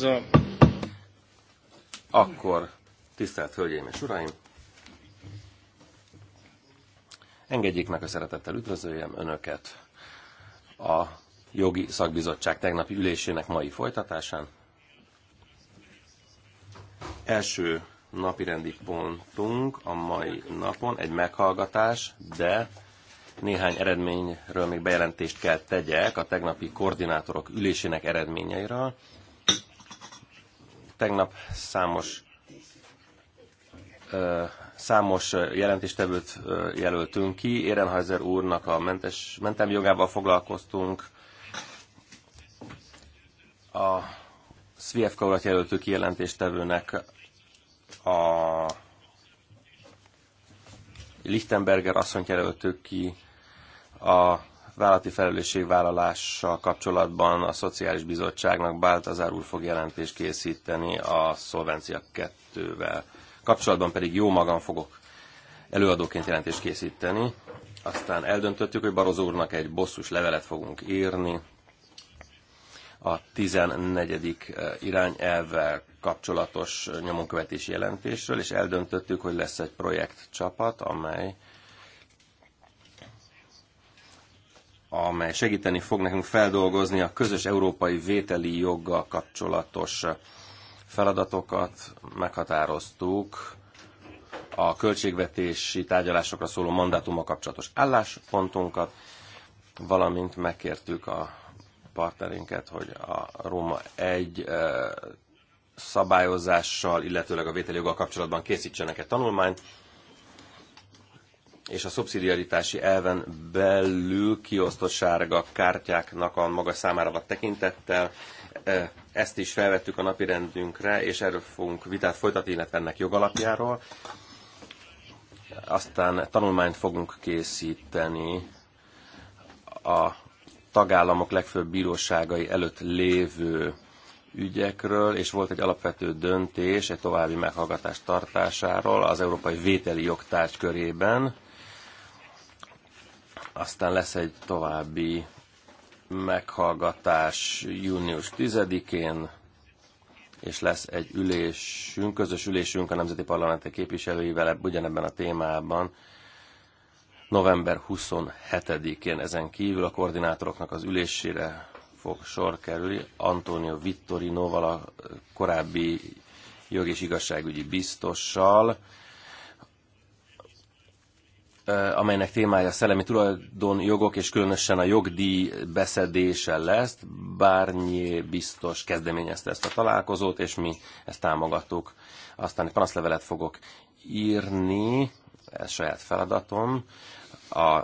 So. Akkor, tisztelt Hölgyeim és Uraim, engedjék meg a szeretettel üdvözöljem Önöket a Jogi Szakbizottság tegnapi ülésének mai folytatásán. Első napirendi pontunk a mai napon egy meghallgatás, de néhány eredményről még bejelentést kell tegyek a tegnapi koordinátorok ülésének eredményeiről. Tegnap számos számos jelentéstevőt jelöltünk ki. Érenhajzer úrnak a mentes, mentem jogával foglalkoztunk. A Szvijevka urat jelöltük ki jelentéstevőnek a Lichtenberger asszonyt jelöltük ki a vállalati felelősségvállalással kapcsolatban a Szociális Bizottságnak Báltazár úr fog jelentést készíteni a Szolvencia 2-vel. Kapcsolatban pedig jó magam fogok előadóként jelentést készíteni. Aztán eldöntöttük, hogy Barozó úrnak egy bosszus levelet fogunk írni a 14. Eh, irányelvvel kapcsolatos nyomonkövetési jelentésről, és eldöntöttük, hogy lesz egy projektcsapat, amely amely segíteni fog nekünk feldolgozni a közös európai vételi joggal kapcsolatos feladatokat. Meghatároztuk a költségvetési tárgyalásokra szóló mandátummal kapcsolatos álláspontunkat, valamint megkértük a partnerinket, hogy a Róma egy szabályozással, illetőleg a vételi joggal kapcsolatban készítsenek egy tanulmányt, és a szubszidiaritási elven belül kiosztott sárga kártyáknak a magas számára a tekintettel. E, ezt is felvettük a napirendünkre, és erről fogunk vitát folytatni, illetve ennek jogalapjáról. Aztán tanulmányt fogunk készíteni a tagállamok legfőbb bíróságai előtt lévő ügyekről, és volt egy alapvető döntés egy további meghallgatás tartásáról az európai vételi jogtárgy körében. Aztán lesz egy további meghallgatás június 10-én, és lesz egy ülésünk, közös ülésünk a Nemzeti Parlamenti képviselőivel ugyanebben a témában, november 27-én. Ezen kívül a koordinátoroknak az ülésére fog sor kerülni. Antonio Vittorinoval, a korábbi jog és igazságügyi biztossal, Eh, amelynek témája szellemi tulajdonjogok és különösen a jogdíj beszedése lesz. Bárnyi biztos kezdeményezte ezt a találkozót, és mi ezt támogattuk. Aztán egy panaszlevelet fogok írni, ez saját feladatom, a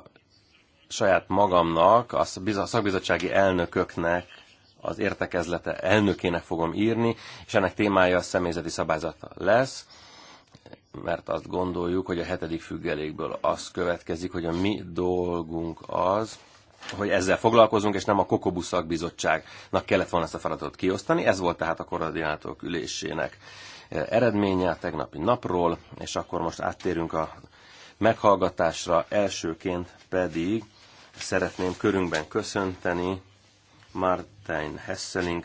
saját magamnak, a szakbizottsági elnököknek az értekezlete elnökének fogom írni, és ennek témája a személyzeti szabályzata lesz mert azt gondoljuk, hogy a hetedik függelékből az következik, hogy a mi dolgunk az, hogy ezzel foglalkozunk, és nem a Kokobusz szakbizottságnak kellett volna ezt a feladatot kiosztani. Ez volt tehát a koordinátorok ülésének e, eredménye a tegnapi napról, és akkor most áttérünk a meghallgatásra. Elsőként pedig szeretném körünkben köszönteni Martin Hesseling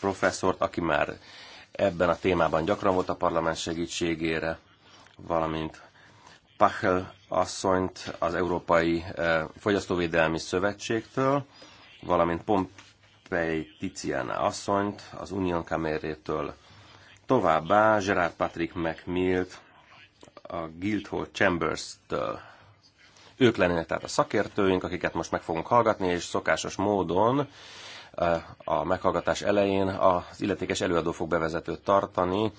professzort, aki már ebben a témában gyakran volt a parlament segítségére, valamint Pachel asszonyt az Európai eh, Fogyasztóvédelmi Szövetségtől, valamint Pompei Tiziana asszonyt az Unión Kamerétől. Továbbá Gerard Patrick McMillt a Guildhall Chambers-től. Ők lennének tehát a szakértőink, akiket most meg fogunk hallgatni, és szokásos módon eh, a meghallgatás elején az illetékes előadó fog bevezetőt tartani,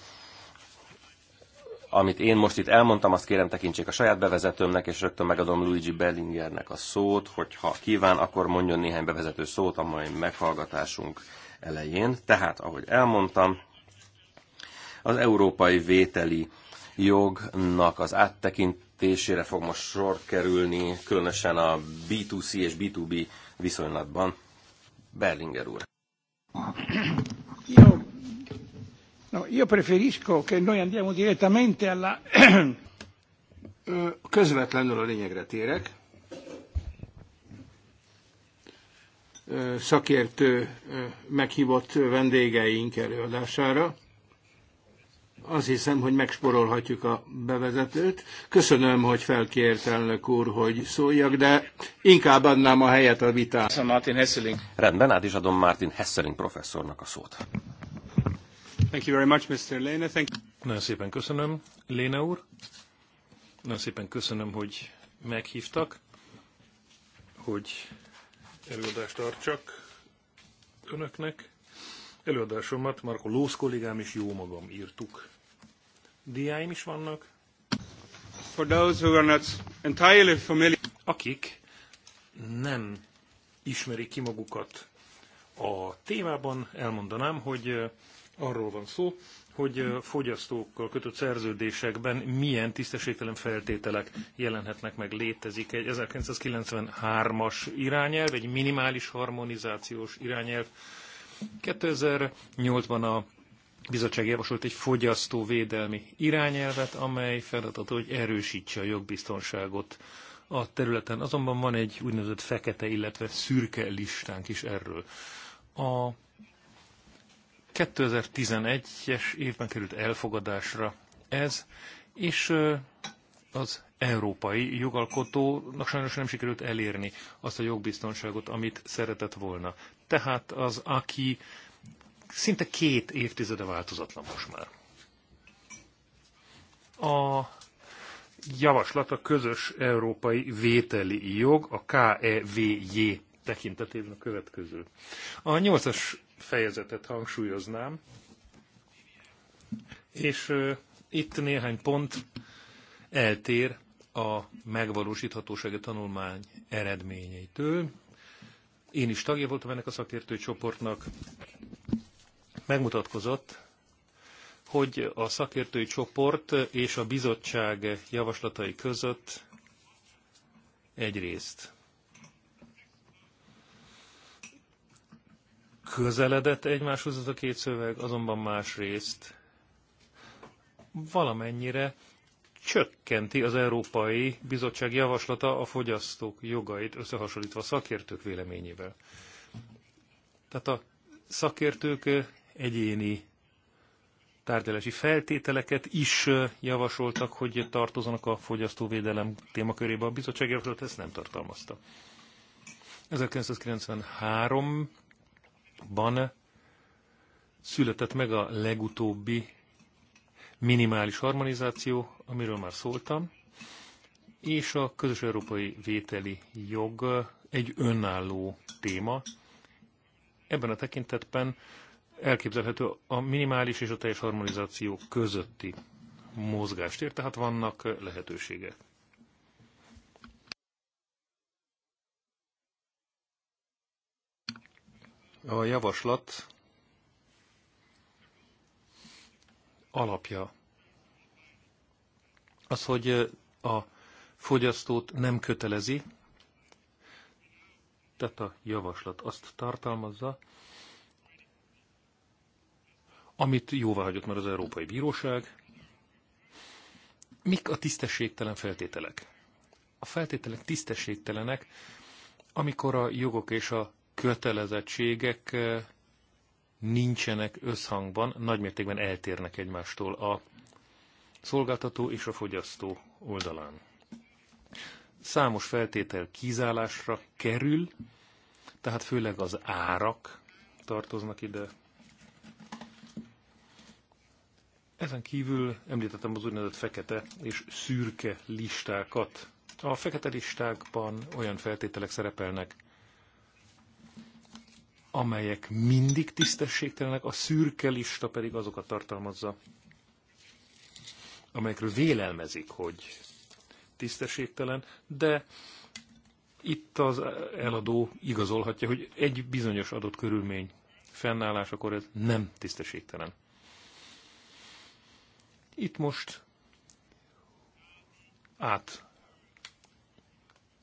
amit én most itt elmondtam, azt kérem tekintsék a saját bevezetőmnek, és rögtön megadom Luigi Bellingernek a szót, hogyha kíván, akkor mondjon néhány bevezető szót a mai meghallgatásunk elején. Tehát, ahogy elmondtam, az európai vételi jognak az áttekintésére fog most sor kerülni, különösen a B2C és B2B viszonylatban. Berlinger úr. Jó, io preferisco che noi andiamo direttamente alla... Közvetlenül a lényegre térek. Szakértő meghívott vendégeink előadására. Azt hiszem, hogy megsporolhatjuk a bevezetőt. Köszönöm, hogy felkért elnök úr, hogy szóljak, de inkább adnám a helyet a vitára. Martin Rendben, át is adom Martin Hesseling professzornak a szót. Thank you very much, Mr. Thank Nagyon szépen köszönöm, Léne úr. Nagyon szépen köszönöm, hogy meghívtak, hogy előadást tartsak önöknek. Előadásomat Marko Lósz kollégám és jó magam írtuk. Diáim is vannak. For those who are not entirely familiar... Akik nem ismerik ki magukat a témában, elmondanám, hogy arról van szó, hogy a fogyasztókkal kötött szerződésekben milyen tisztességtelen feltételek jelenhetnek meg. Létezik egy 1993-as irányelv, egy minimális harmonizációs irányelv. 2008-ban a bizottság javasolt egy fogyasztóvédelmi irányelvet, amely feladat, hogy erősítse a jogbiztonságot a területen. Azonban van egy úgynevezett fekete, illetve szürke listánk is erről. A 2011-es évben került elfogadásra ez, és az európai jogalkotónak sajnos nem sikerült elérni azt a jogbiztonságot, amit szeretett volna. Tehát az, aki szinte két évtizede változatlan most már. A javaslat a közös európai vételi jog, a KEVJ tekintetében a következő. A nyolcas fejezetet hangsúlyoznám. És itt néhány pont eltér a megvalósíthatósági tanulmány eredményeitől. Én is tagja voltam ennek a szakértői csoportnak. Megmutatkozott, hogy a szakértői csoport és a bizottság javaslatai között egyrészt közeledett egymáshoz ez a két szöveg, azonban másrészt valamennyire csökkenti az Európai Bizottság javaslata a fogyasztók jogait összehasonlítva a szakértők véleményével. Tehát a szakértők egyéni tárgyalási feltételeket is javasoltak, hogy tartozanak a fogyasztóvédelem témakörébe. A bizottság javaslat ezt nem tartalmazta. 1993 ban született meg a legutóbbi minimális harmonizáció, amiről már szóltam, és a közös európai vételi jog egy önálló téma. Ebben a tekintetben elképzelhető a minimális és a teljes harmonizáció közötti mozgástér, tehát vannak lehetőségek. A javaslat alapja az, hogy a fogyasztót nem kötelezi, tehát a javaslat azt tartalmazza, amit jóváhagyott már az Európai Bíróság. Mik a tisztességtelen feltételek? A feltételek tisztességtelenek, amikor a jogok és a kötelezettségek nincsenek összhangban, nagymértékben eltérnek egymástól a szolgáltató és a fogyasztó oldalán. Számos feltétel kizálásra kerül, tehát főleg az árak tartoznak ide. Ezen kívül említettem az úgynevezett fekete és szürke listákat. A fekete listákban olyan feltételek szerepelnek, amelyek mindig tisztességtelenek, a szürke lista pedig azokat tartalmazza, amelyekről vélelmezik, hogy tisztességtelen, de itt az eladó igazolhatja, hogy egy bizonyos adott körülmény fennállásakor ez nem tisztességtelen. Itt most át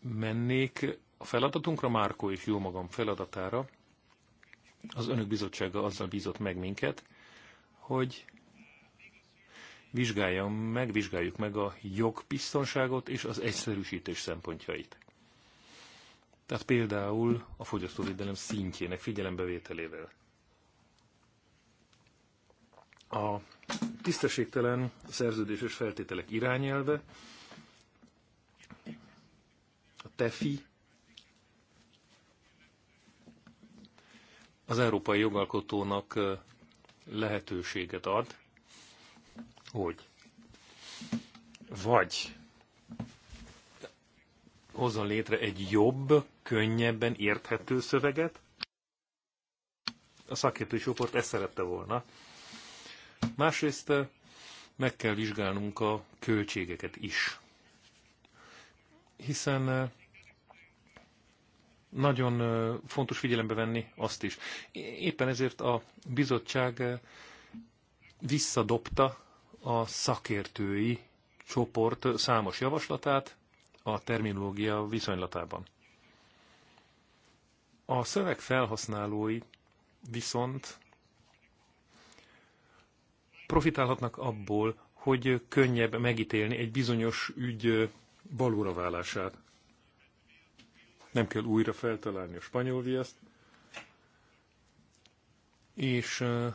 mennék a feladatunkra, Márko és jó magam feladatára, az önök bizottsága azzal bízott meg minket, hogy vizsgáljam meg, vizsgáljuk meg a jogbiztonságot és az egyszerűsítés szempontjait. Tehát például a fogyasztóvédelem szintjének figyelembevételével. A tisztességtelen szerződéses feltételek irányelve, a TEFI az európai jogalkotónak lehetőséget ad, hogy vagy hozzon létre egy jobb, könnyebben érthető szöveget. A szakértői csoport ezt szerette volna. Másrészt meg kell vizsgálnunk a költségeket is. Hiszen nagyon fontos figyelembe venni azt is. Éppen ezért a bizottság visszadobta a szakértői csoport számos javaslatát a terminológia viszonylatában. A szöveg felhasználói viszont profitálhatnak abból, hogy könnyebb megítélni egy bizonyos ügy valóra válását nem kell újra feltalálni a spanyol viaszt, és uh,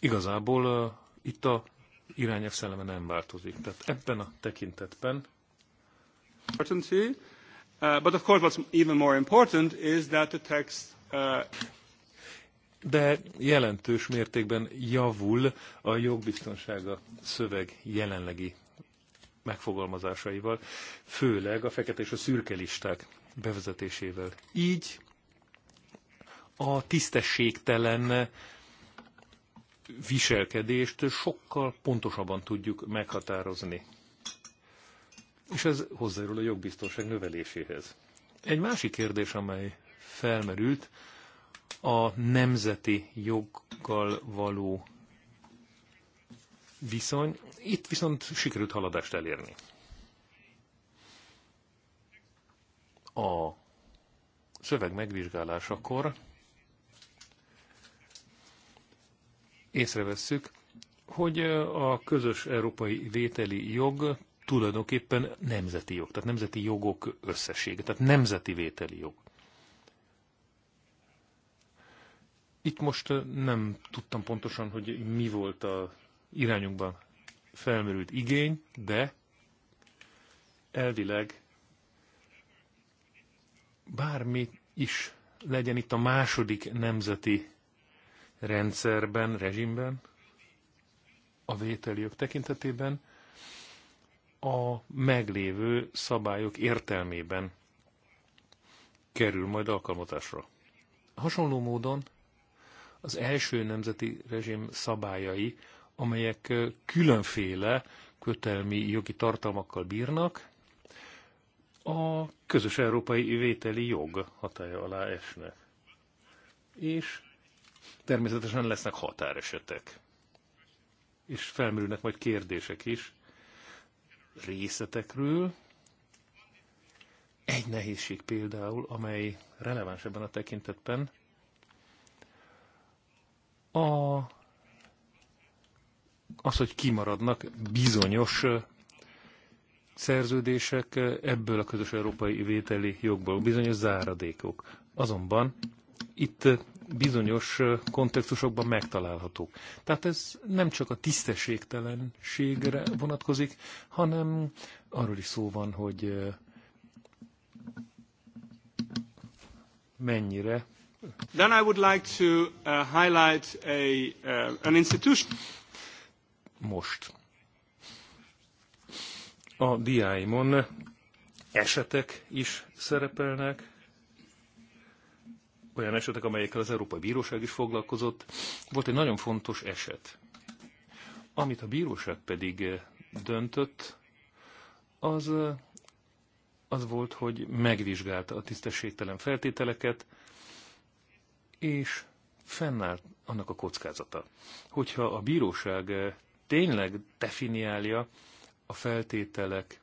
igazából uh, itt a irányelv szelleme nem változik. Tehát ebben a tekintetben uh, But of course, what's even more important is that the text. Uh... De jelentős mértékben javul a jogbiztonsága szöveg jelenlegi megfogalmazásaival, főleg a fekete és a szürke listák bevezetésével. Így a tisztességtelen viselkedést sokkal pontosabban tudjuk meghatározni. És ez hozzájárul a jogbiztonság növeléséhez. Egy másik kérdés, amely felmerült, a nemzeti joggal való viszony. Itt viszont sikerült haladást elérni. A szöveg megvizsgálásakor észrevesszük, hogy a közös európai vételi jog tulajdonképpen nemzeti jog, tehát nemzeti jogok összessége, tehát nemzeti vételi jog. Itt most nem tudtam pontosan, hogy mi volt a irányunkban felmerült igény, de elvileg bármi is legyen itt a második nemzeti rendszerben, rezsimben, a vételjog tekintetében, a meglévő szabályok értelmében kerül majd alkalmatásra. Hasonló módon az első nemzeti rezsim szabályai amelyek különféle kötelmi jogi tartalmakkal bírnak, a közös európai vételi jog hatája alá esnek. És természetesen lesznek határesetek. És felmerülnek majd kérdések is részletekről. Egy nehézség például, amely releváns ebben a tekintetben, a az, hogy kimaradnak bizonyos szerződések ebből a közös európai vételi jogból, bizonyos záradékok. Azonban itt bizonyos kontextusokban megtalálhatók. Tehát ez nem csak a tisztességtelenségre vonatkozik, hanem arról is szó van, hogy mennyire. Then I would like to uh, highlight a, uh, an institution most. A diáimon esetek is szerepelnek, olyan esetek, amelyekkel az Európai Bíróság is foglalkozott. Volt egy nagyon fontos eset, amit a bíróság pedig eh, döntött, az, eh, az volt, hogy megvizsgálta a tisztességtelen feltételeket, és fennállt annak a kockázata, hogyha a bíróság eh, tényleg definiálja a feltételek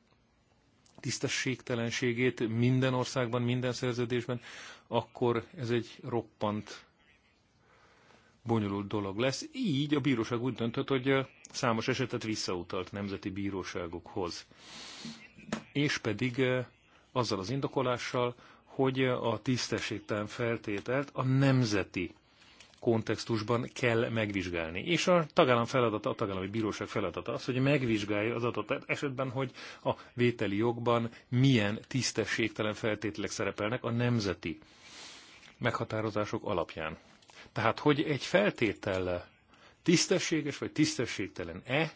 tisztességtelenségét minden országban, minden szerződésben, akkor ez egy roppant bonyolult dolog lesz. Így a bíróság úgy döntött, hogy számos esetet visszautalt nemzeti bíróságokhoz. És pedig azzal az indokolással, hogy a tisztességtelen feltételt a nemzeti kontextusban kell megvizsgálni. És a tagállam feladata, a tagállami bíróság feladata az, hogy megvizsgálja az adott esetben, hogy a vételi jogban milyen tisztességtelen feltételek szerepelnek a nemzeti meghatározások alapján. Tehát, hogy egy feltétel tisztességes vagy tisztességtelen-e,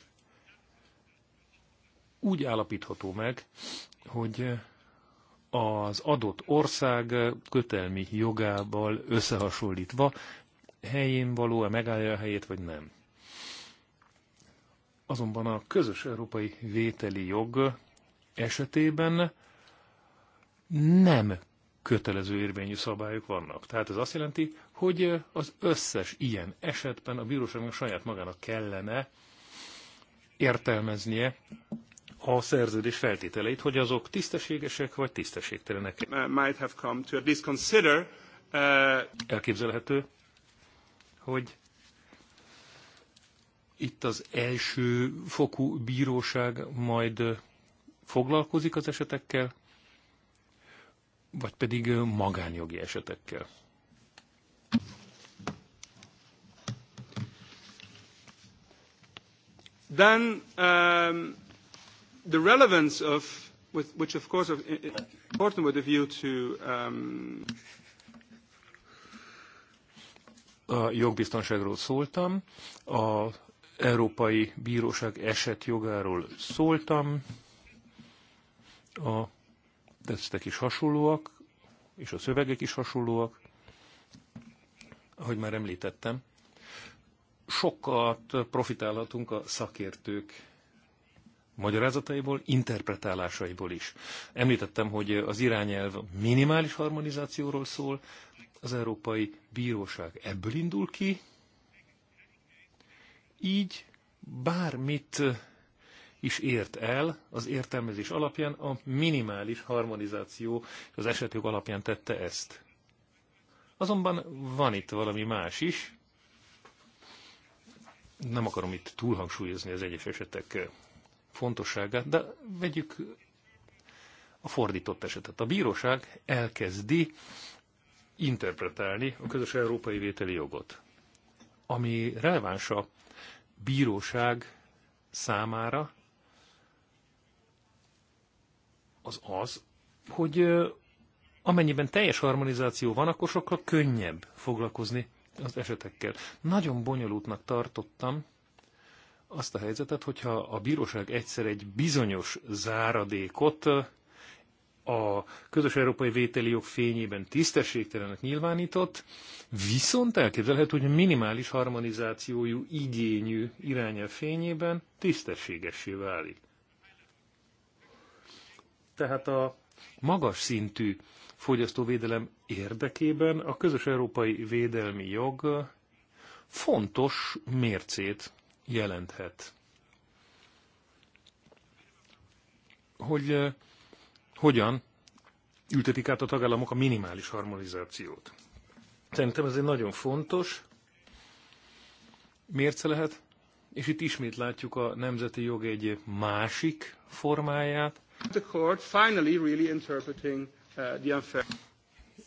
úgy állapítható meg, hogy az adott ország kötelmi jogával összehasonlítva helyén való-e, megállja a helyét, vagy nem. Azonban a közös európai vételi jog esetében nem kötelező érvényű szabályok vannak. Tehát ez azt jelenti, hogy az összes ilyen esetben a bíróságnak saját magának kellene értelmeznie a szerződés feltételeit, hogy azok tisztességesek vagy tisztességtelenek. Might have come to at least consider, uh, Elképzelhető, hogy itt az első fokú bíróság majd foglalkozik az esetekkel, vagy pedig magánjogi esetekkel? Then um, the relevance of, which of course is important with a view to um, a jogbiztonságról szóltam, a Európai Bíróság esetjogáról szóltam, a tesztek is hasonlóak, és a szövegek is hasonlóak, ahogy már említettem. Sokat profitálhatunk a szakértők magyarázataiból, interpretálásaiból is. Említettem, hogy az irányelv minimális harmonizációról szól, az Európai Bíróság ebből indul ki, így bármit is ért el az értelmezés alapján, a minimális harmonizáció az esetük alapján tette ezt. Azonban van itt valami más is, nem akarom itt túlhangsúlyozni az egyes esetek fontosságát, de vegyük a fordított esetet. A bíróság elkezdi interpretálni a közös európai vételi jogot, ami releváns a bíróság számára, az az, hogy amennyiben teljes harmonizáció van, akkor sokkal könnyebb foglalkozni az esetekkel. Nagyon bonyolultnak tartottam azt a helyzetet, hogyha a bíróság egyszer egy bizonyos záradékot a közös európai vételi jog fényében tisztességtelenek nyilvánított, viszont elképzelhető, hogy minimális harmonizációjú igényű irányel fényében tisztességessé válik. Tehát a magas szintű fogyasztóvédelem érdekében a közös európai védelmi jog fontos mércét jelenthet. Hogy eh, hogyan ültetik át a tagállamok a minimális harmonizációt. Szerintem ez egy nagyon fontos mérce lehet, és itt ismét látjuk a nemzeti jog egy másik formáját. The court finally really interpreting uh, the unfair.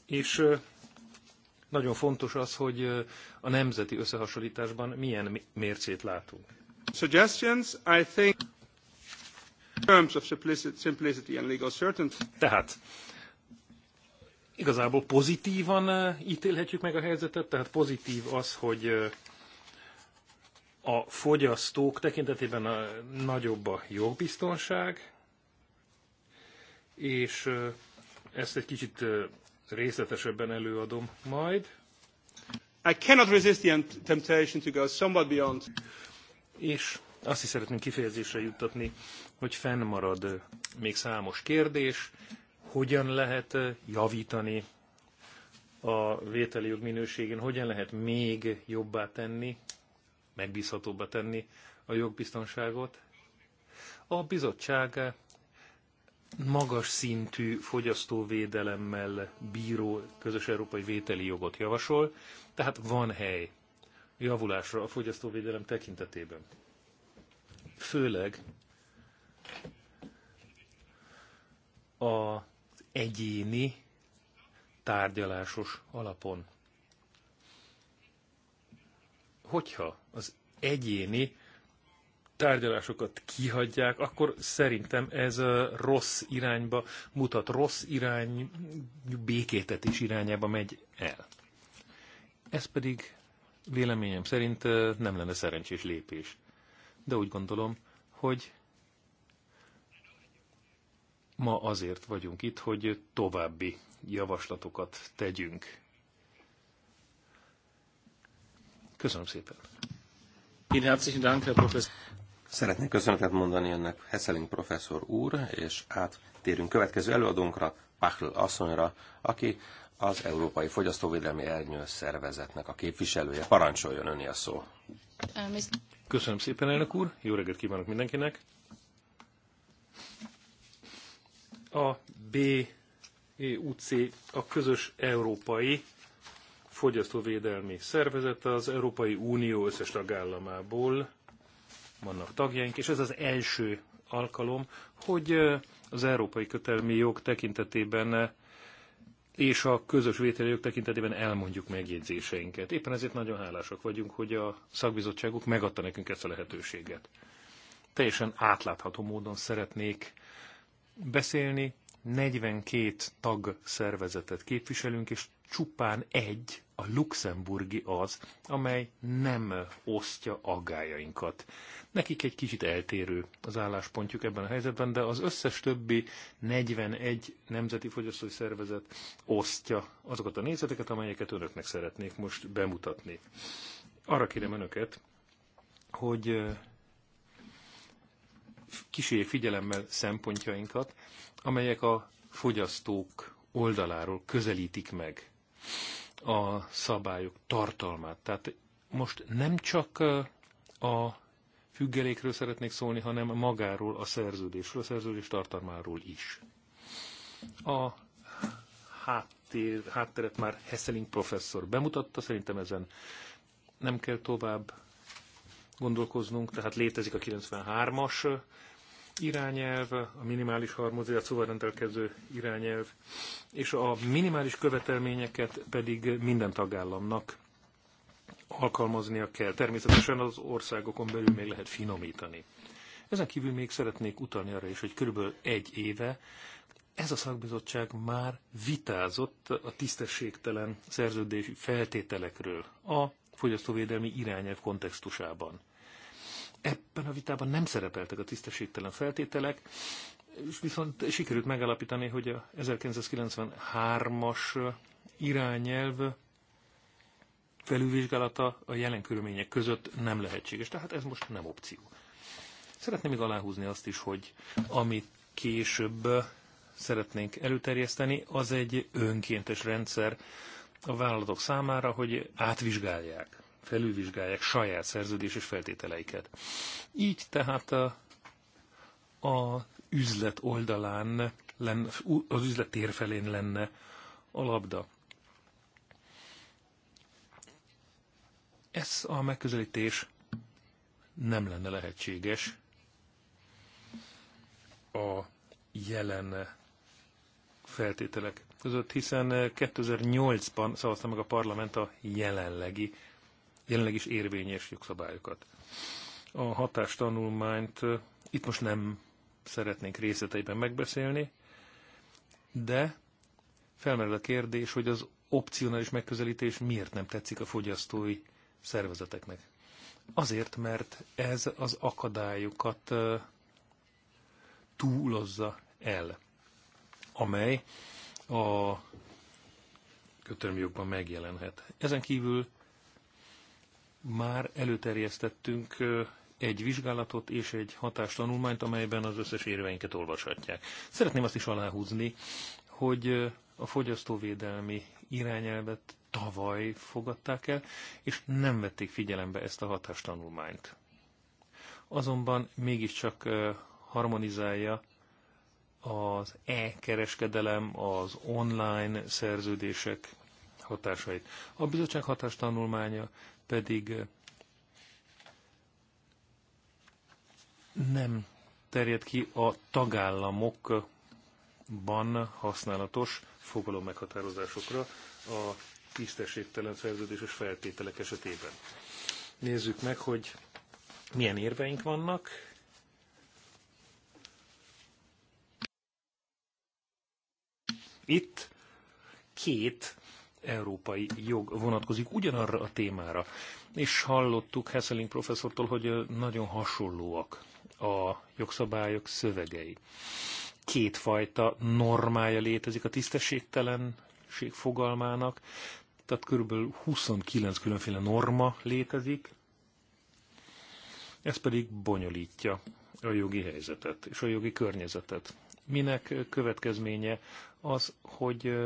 És uh, nagyon fontos az, hogy uh, a nemzeti összehasonlításban milyen mércét látunk. Suggestions, I think... Tehát igazából pozitívan eh, ítélhetjük meg a helyzetet, tehát pozitív az, hogy eh, a fogyasztók tekintetében a eh, nagyobb a jogbiztonság, és ezt egy kicsit részletesebben előadom majd. I cannot resist the temptation to go somewhat beyond. És azt is szeretném kifejezésre juttatni, hogy fennmarad még számos kérdés, hogyan lehet javítani a vételi jog minőségén, hogyan lehet még jobbá tenni, megbízhatóbbá tenni a jogbiztonságot. A bizottság magas szintű fogyasztóvédelemmel bíró közös európai vételi jogot javasol, tehát van hely javulásra a fogyasztóvédelem tekintetében főleg az egyéni tárgyalásos alapon. Hogyha az egyéni tárgyalásokat kihagyják, akkor szerintem ez a rossz irányba mutat, rossz irány, békétetés irányába megy el. Ez pedig véleményem szerint nem lenne szerencsés lépés de úgy gondolom, hogy ma azért vagyunk itt, hogy további javaslatokat tegyünk. Köszönöm szépen. Szeretnék köszönetet mondani önnek, Hesseling professzor úr, és áttérünk következő előadónkra, Pachl asszonyra, aki az Európai Fogyasztóvédelmi Ernyő Szervezetnek a képviselője. Parancsoljon öné a szó. Köszönöm szépen, elnök úr. Jó reggelt kívánok mindenkinek. A e, C a közös európai fogyasztóvédelmi szervezet az Európai Unió összes tagállamából vannak tagjaink, és ez az első alkalom, hogy az európai kötelmi jog tekintetében és a közös vételjog tekintetében elmondjuk megjegyzéseinket. Éppen ezért nagyon hálásak vagyunk, hogy a szakbizottságuk megadta nekünk ezt a lehetőséget. Teljesen átlátható módon szeretnék beszélni. 42 tag szervezetet képviselünk, és csupán egy, a luxemburgi az, amely nem osztja aggájainkat. Nekik egy kicsit eltérő az álláspontjuk ebben a helyzetben, de az összes többi 41 nemzeti fogyasztói szervezet osztja azokat a nézeteket, amelyeket önöknek szeretnék most bemutatni. Arra kérem önöket, hogy kísérjék figyelemmel szempontjainkat, amelyek a fogyasztók oldaláról közelítik meg a szabályok tartalmát. Tehát most nem csak a függelékről szeretnék szólni, hanem magáról, a szerződésről, a szerződés tartalmáról is. A háttér, hátteret már Hesseling professzor bemutatta, szerintem ezen nem kell tovább gondolkoznunk, tehát létezik a 93-as irányelv, a minimális szóval rendelkező irányelv, és a minimális követelményeket pedig minden tagállamnak alkalmaznia kell. Természetesen az országokon belül még lehet finomítani. Ezen kívül még szeretnék utalni arra is, hogy körülbelül egy éve ez a szakbizottság már vitázott a tisztességtelen szerződési feltételekről a fogyasztóvédelmi irányelv kontextusában ebben a vitában nem szerepeltek a tisztességtelen feltételek, és viszont sikerült megállapítani, hogy a 1993-as irányelv felülvizsgálata a jelen körülmények között nem lehetséges. Tehát ez most nem opció. Szeretném még aláhúzni azt is, hogy amit később szeretnénk előterjeszteni, az egy önkéntes rendszer a vállalatok számára, hogy átvizsgálják felülvizsgálják saját szerződéses feltételeiket. Így tehát a, eh, a üzlet oldalán, lenne, az üzlet tér felén lenne a labda. Ez a megközelítés nem lenne lehetséges a jelen feltételek között, hiszen eh, 2008-ban szavazta meg a parlament a jelenlegi jelenleg is érvényes jogszabályokat. A hatástanulmányt itt most nem szeretnénk részleteiben megbeszélni, de felmerül a kérdés, hogy az opcionális megközelítés miért nem tetszik a fogyasztói szervezeteknek. Azért, mert ez az akadályokat túlozza el, amely a kötelmi jogban megjelenhet. Ezen kívül már előterjesztettünk egy vizsgálatot és egy hatástanulmányt, amelyben az összes érveinket olvashatják. Szeretném azt is aláhúzni, hogy a fogyasztóvédelmi irányelvet tavaly fogadták el, és nem vették figyelembe ezt a hatástanulmányt. Azonban mégiscsak harmonizálja az e-kereskedelem, az online szerződések hatásait. A bizottság hatástanulmánya pedig eh, nem terjed ki a tagállamokban használatos meghatározásokra a tisztességtelen szerződéses feltételek esetében. Nézzük meg, hogy milyen érveink vannak. Itt két európai jog vonatkozik ugyanarra a témára. És hallottuk Hesseling professzortól, hogy nagyon hasonlóak a jogszabályok szövegei. Kétfajta normája létezik a tisztességtelenség fogalmának, tehát körülbelül 29 különféle norma létezik, ez pedig bonyolítja a jogi helyzetet és a jogi környezetet. Minek következménye az, hogy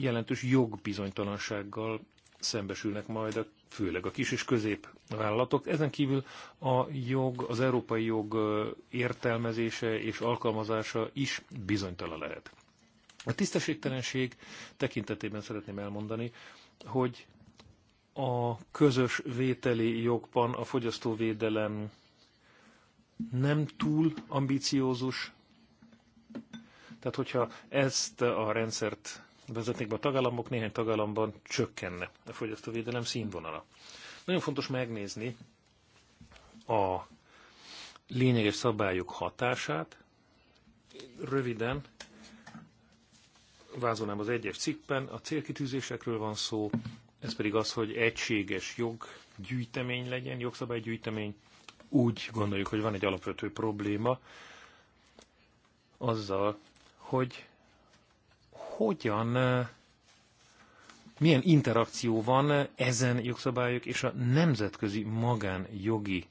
jelentős jogbizonytalansággal szembesülnek majd a főleg a kis és közép vállalatok. Ezen kívül a jog, az európai jog értelmezése és alkalmazása is bizonytalan lehet. A tisztességtelenség tekintetében szeretném elmondani, hogy a közös vételi jogban a fogyasztóvédelem nem túl ambiciózus. Tehát, hogyha ezt a rendszert vezetnék be a tagállamok, néhány tagállamban csökkenne a fogyasztóvédelem színvonala. Nagyon fontos megnézni a lényeges szabályok hatását. Röviden vázolnám az egyes cikkben, a célkitűzésekről van szó, ez pedig az, hogy egységes joggyűjtemény legyen, jogszabálygyűjtemény. Úgy gondoljuk, hogy van egy alapvető probléma azzal, hogy hogyan, milyen interakció van ezen jogszabályok és a nemzetközi magánjogi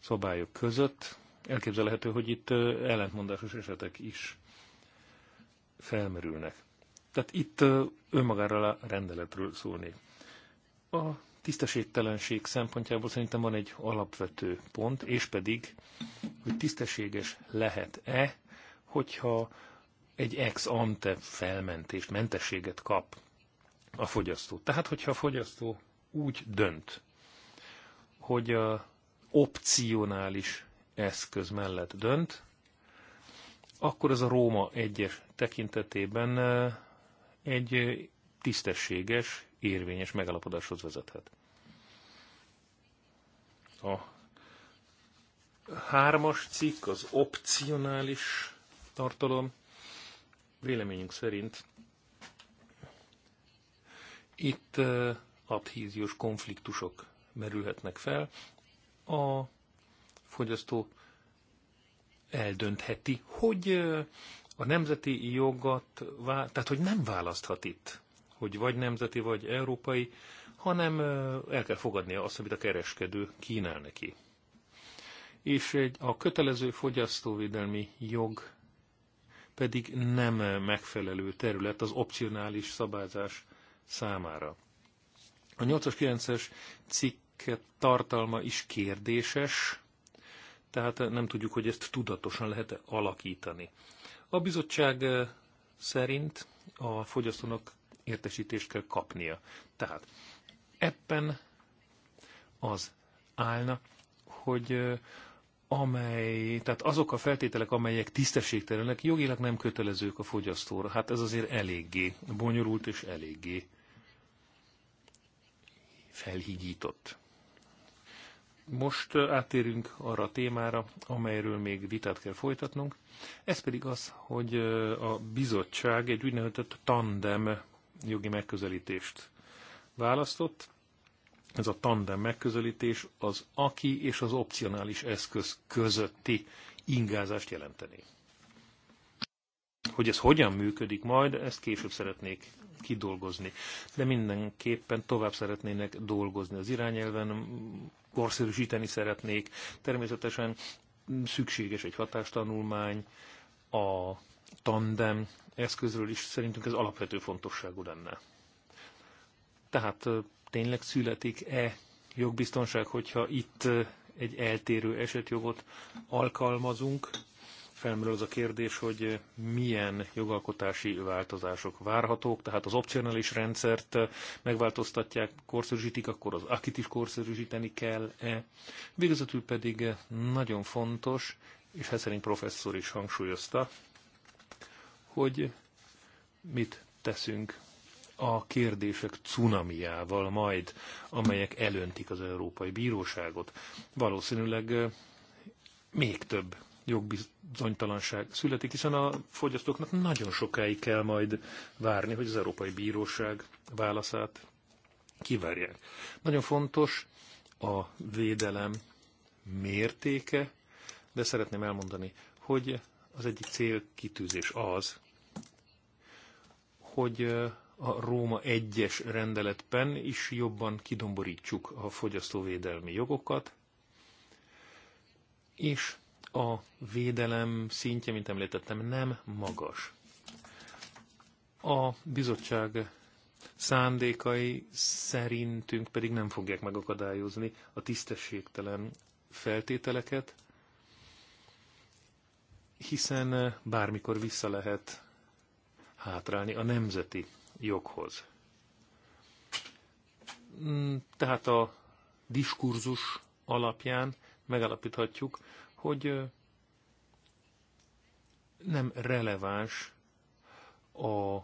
szabályok között. Elképzelhető, hogy itt ellentmondásos esetek is felmerülnek. Tehát itt önmagára a rendeletről szólnék. A tisztességtelenség szempontjából szerintem van egy alapvető pont, és pedig, hogy tisztességes lehet-e, hogyha egy ex ante felmentést, mentességet kap a fogyasztó. Tehát, hogyha a fogyasztó úgy dönt, hogy a opcionális eszköz mellett dönt, akkor ez a Róma egyes tekintetében egy tisztességes, érvényes megalapodáshoz vezethet. A hármas cikk, az opcionális tartalom, Véleményünk szerint itt adhíziós konfliktusok merülhetnek fel. A fogyasztó eldöntheti, hogy a nemzeti jogat, tehát hogy nem választhat itt, hogy vagy nemzeti, vagy európai, hanem el kell fogadnia azt, amit a kereskedő kínál neki. És egy, a kötelező fogyasztóvédelmi jog pedig nem megfelelő terület az opcionális szabályzás számára. A 8 9-es cikk tartalma is kérdéses, tehát nem tudjuk, hogy ezt tudatosan lehet -e alakítani. A bizottság eh, szerint a fogyasztónak értesítést kell kapnia. Tehát ebben az állna, hogy eh, amely, tehát azok a feltételek, amelyek tisztességtelenek, jogilag nem kötelezők a fogyasztóra. Hát ez azért eléggé bonyolult és eléggé felhigított. Most eh, áttérünk arra a témára, amelyről még vitát kell folytatnunk. Ez pedig az, hogy eh, a bizottság egy úgynevezett tandem jogi megközelítést választott ez a tandem megközelítés az aki és az opcionális eszköz közötti ingázást jelenteni. Hogy ez hogyan működik majd, ezt később szeretnék kidolgozni. De mindenképpen tovább szeretnének dolgozni az irányelven, korszerűsíteni szeretnék. Természetesen szükséges egy hatástanulmány, a tandem eszközről is szerintünk ez alapvető fontosságú lenne. Tehát tényleg születik-e jogbiztonság, hogyha itt egy eltérő esetjogot alkalmazunk. Felmerül az a kérdés, hogy milyen jogalkotási változások várhatók, tehát az opcionális rendszert megváltoztatják, korszerűsítik, akkor az akit is korszerűsíteni kell-e. Végezetül pedig nagyon fontos, és Heszerink hát professzor is hangsúlyozta, hogy mit teszünk a kérdések cunamiával majd, amelyek elöntik az Európai Bíróságot. Valószínűleg még több jogbizonytalanság születik, hiszen a fogyasztóknak nagyon sokáig kell majd várni, hogy az Európai Bíróság válaszát kivárják. Nagyon fontos a védelem mértéke, de szeretném elmondani, hogy az egyik célkitűzés az, hogy a Róma 1-es rendeletben is jobban kidomborítsuk a fogyasztóvédelmi jogokat, és a védelem szintje, mint említettem, nem magas. A bizottság szándékai szerintünk pedig nem fogják megakadályozni a tisztességtelen feltételeket, hiszen bármikor vissza lehet hátrálni a nemzeti joghoz. Mm, tehát a diskurzus alapján megalapíthatjuk, hogy nem releváns a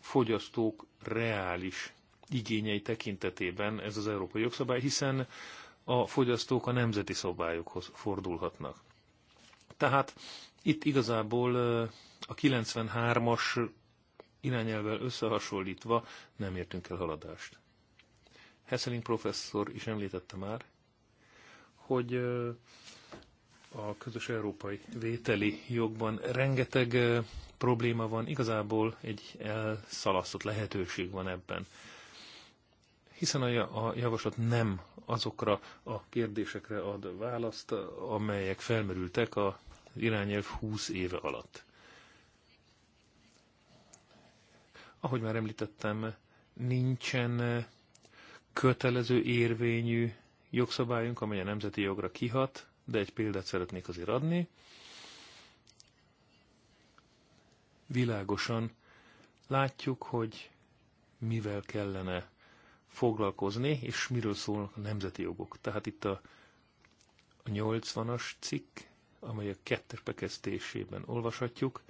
fogyasztók reális igényei tekintetében ez az európai jogszabály, hiszen a fogyasztók a nemzeti szabályokhoz fordulhatnak. Tehát itt igazából a 93-as irányelvvel összehasonlítva nem értünk el haladást. Hesseling professzor is említette már, hogy a közös európai vételi jogban rengeteg probléma van, igazából egy elszalasztott lehetőség van ebben. Hiszen a javaslat nem azokra a kérdésekre ad választ, amelyek felmerültek a irányelv 20 éve alatt. Ahogy már említettem, nincsen eh, kötelező érvényű jogszabályunk, amely a nemzeti jogra kihat, de egy példát szeretnék azért adni. Világosan látjuk, hogy mivel kellene foglalkozni, és miről szólnak a nemzeti jogok. Tehát itt a, a 80-as cikk, amely a kettes bekezdésében olvashatjuk,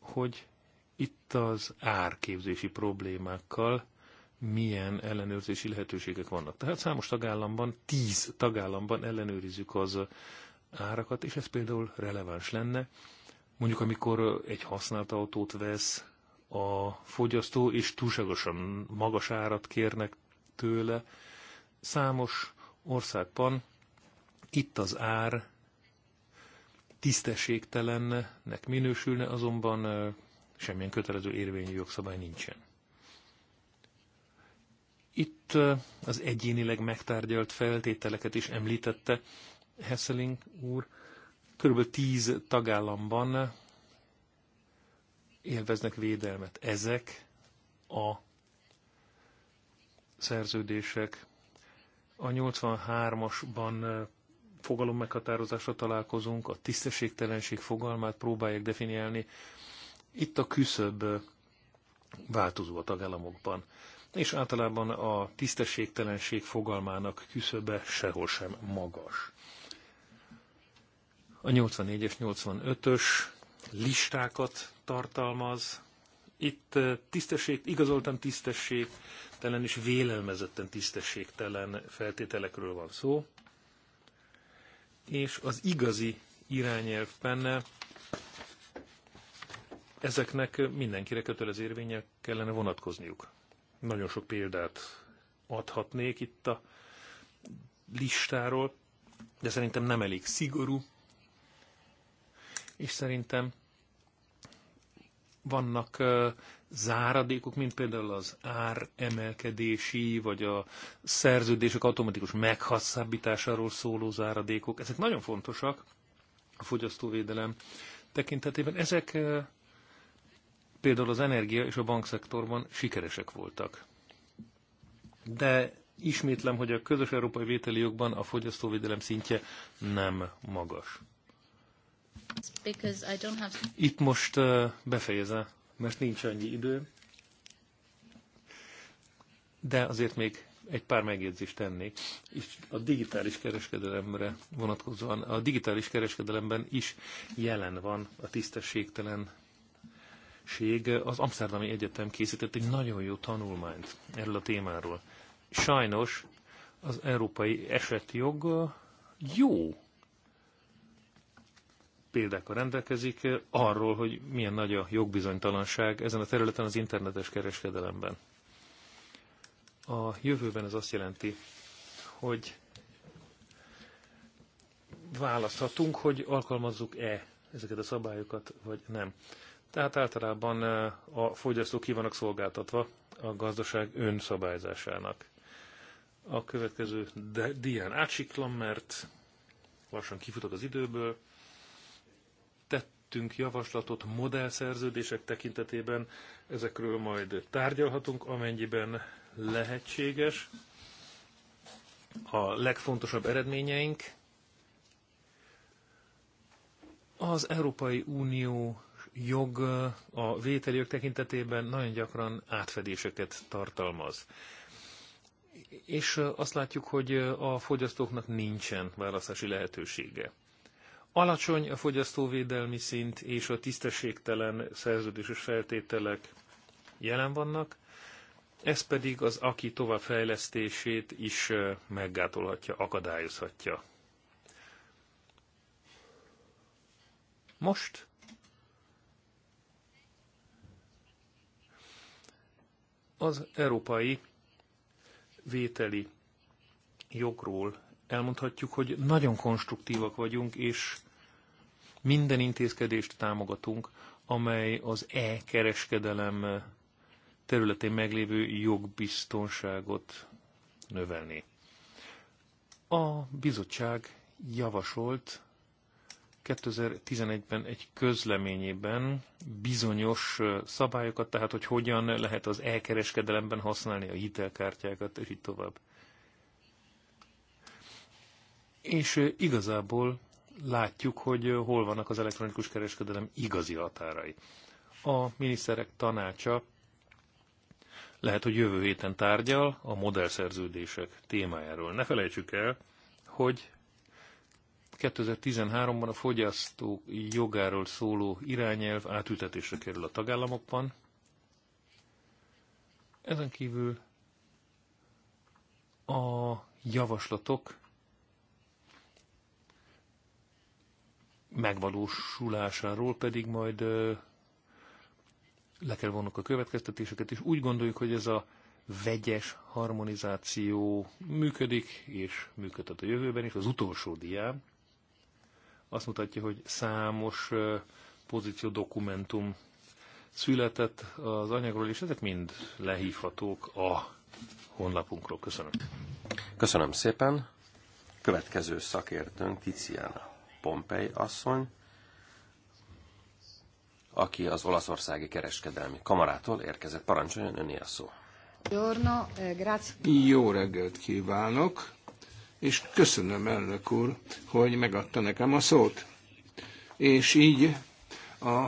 hogy itt az árképzési problémákkal milyen ellenőrzési lehetőségek vannak. Tehát számos tagállamban, tíz tagállamban ellenőrizzük az árakat, és ez például releváns lenne. Mondjuk, amikor egy használt autót vesz a fogyasztó, és túlságosan magas árat kérnek tőle, számos országban itt az ár tisztességtelennek minősülne, azonban semmilyen kötelező érvényű jogszabály nincsen. Itt az egyénileg megtárgyalt feltételeket is említette Hesseling úr. Körülbelül tíz tagállamban élveznek védelmet ezek a szerződések. A 83-asban fogalom meghatározásra találkozunk, a tisztességtelenség fogalmát próbálják definiálni, itt a küszöbb változó a tagállamokban, és általában a tisztességtelenség fogalmának küszöbe sehol sem magas. A 84-es, 85-ös listákat tartalmaz. Itt tisztesség, igazoltan tisztességtelen és vélelmezetten tisztességtelen feltételekről van szó. És az igazi irányelv benne ezeknek mindenkire kötelező érvények kellene vonatkozniuk. Nagyon sok példát adhatnék itt a listáról, de szerintem nem elég szigorú, és szerintem vannak záradékok, mint például az emelkedési, vagy a szerződések automatikus meghosszabbításáról szóló záradékok. Ezek nagyon fontosak a fogyasztóvédelem tekintetében. Ezek például az energia és a bankszektorban sikeresek voltak. De ismétlem, hogy a közös európai vételi jogban a fogyasztóvédelem szintje nem magas. Itt most befejezem, mert nincs annyi idő, de azért még egy pár megjegyzést tennék, és a digitális kereskedelemre vonatkozóan, a digitális kereskedelemben is jelen van a tisztességtelen Ség az Amsterdami Egyetem készített egy nagyon jó tanulmányt erről a témáról. Sajnos az európai esetjog jó példákkal rendelkezik arról, hogy milyen nagy a jogbizonytalanság ezen a területen az internetes kereskedelemben. A jövőben ez azt jelenti, hogy választhatunk, hogy alkalmazzuk-e ezeket a szabályokat, vagy nem. Tehát általában a fogyasztók ki vannak szolgáltatva a gazdaság önszabályzásának. A következő dián átsiklom, mert lassan kifutok az időből. Tettünk javaslatot modellszerződések tekintetében, ezekről majd tárgyalhatunk, amennyiben lehetséges. A legfontosabb eredményeink az Európai Unió jog a jog tekintetében nagyon gyakran átfedéseket tartalmaz. És azt látjuk, hogy a fogyasztóknak nincsen választási lehetősége. Alacsony a fogyasztóvédelmi szint és a tisztességtelen szerződéses feltételek jelen vannak, ez pedig az aki továbbfejlesztését is meggátolhatja, akadályozhatja. Most Az európai vételi jogról elmondhatjuk, hogy nagyon konstruktívak vagyunk, és minden intézkedést támogatunk, amely az e-kereskedelem területén meglévő jogbiztonságot növelni. A bizottság javasolt 2011-ben egy közleményében bizonyos szabályokat, tehát hogy hogyan lehet az elkereskedelemben használni a hitelkártyákat, és így tovább. És igazából látjuk, hogy hol vannak az elektronikus kereskedelem igazi határai. A miniszterek tanácsa lehet, hogy jövő héten tárgyal a modellszerződések témájáról. Ne felejtsük el, hogy 2013-ban a fogyasztók jogáról szóló irányelv átültetésre kerül a tagállamokban. Ezen kívül a javaslatok megvalósulásáról pedig majd le kell vonnunk a következtetéseket, és úgy gondoljuk, hogy ez a vegyes harmonizáció működik, és működhet a jövőben is. Az utolsó diám, azt mutatja, hogy számos pozíció dokumentum született az anyagról, és ezek mind lehívhatók a honlapunkról. Köszönöm. Köszönöm szépen. Következő szakértőnk Tiziana Pompei asszony, aki az Olaszországi Kereskedelmi Kamarától érkezett. Parancsoljon, öné a szó. Eh, Jó reggelt kívánok! és köszönöm elnök úr, hogy megadta nekem a szót. És így a,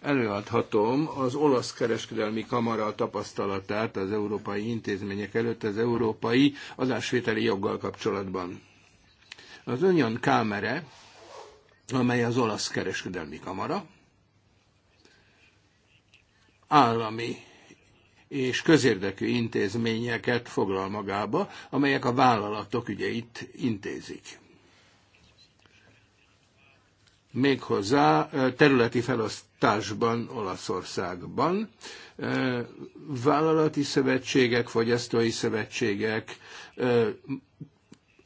előadhatom az olasz kereskedelmi kamara tapasztalatát az európai intézmények előtt az európai adásvételi joggal kapcsolatban. Az Önjön Kámere, amely az olasz kereskedelmi kamara, állami és közérdekű intézményeket foglal magába, amelyek a vállalatok ügyeit intézik. Méghozzá területi felosztásban Olaszországban vállalati szövetségek, fogyasztói szövetségek,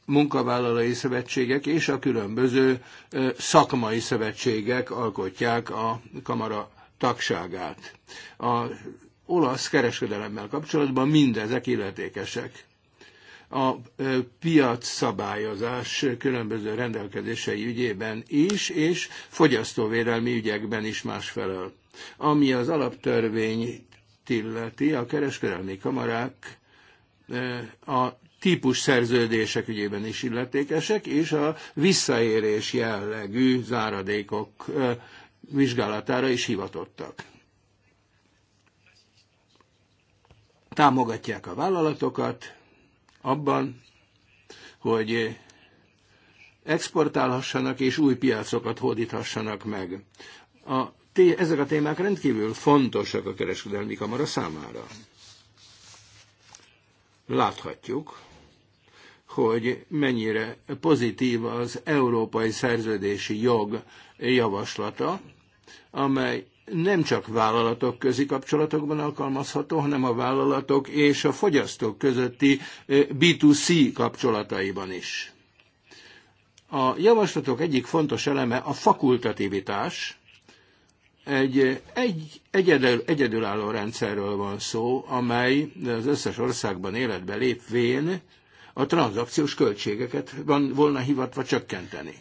munkavállalói szövetségek és a különböző szakmai szövetségek alkotják a kamara tagságát. A olasz kereskedelemmel kapcsolatban mindezek illetékesek. A piac szabályozás különböző rendelkezései ügyében is, és fogyasztóvédelmi ügyekben is másfelől. Ami az alaptörvény illeti, a kereskedelmi kamarák a típus szerződések ügyében is illetékesek, és a visszaérés jellegű záradékok vizsgálatára is hivatottak. támogatják a vállalatokat abban, hogy exportálhassanak és új piacokat hódíthassanak meg. A, ezek a témák rendkívül fontosak a kereskedelmi kamara számára. Láthatjuk, hogy mennyire pozitív az európai szerződési jog javaslata, amely nem csak vállalatok közi kapcsolatokban alkalmazható, hanem a vállalatok és a fogyasztók közötti B2C kapcsolataiban is. A javaslatok egyik fontos eleme a fakultativitás. Egy, egy egyedül, egyedülálló rendszerről van szó, amely az összes országban életbe lépvén a tranzakciós költségeket van volna hivatva csökkenteni.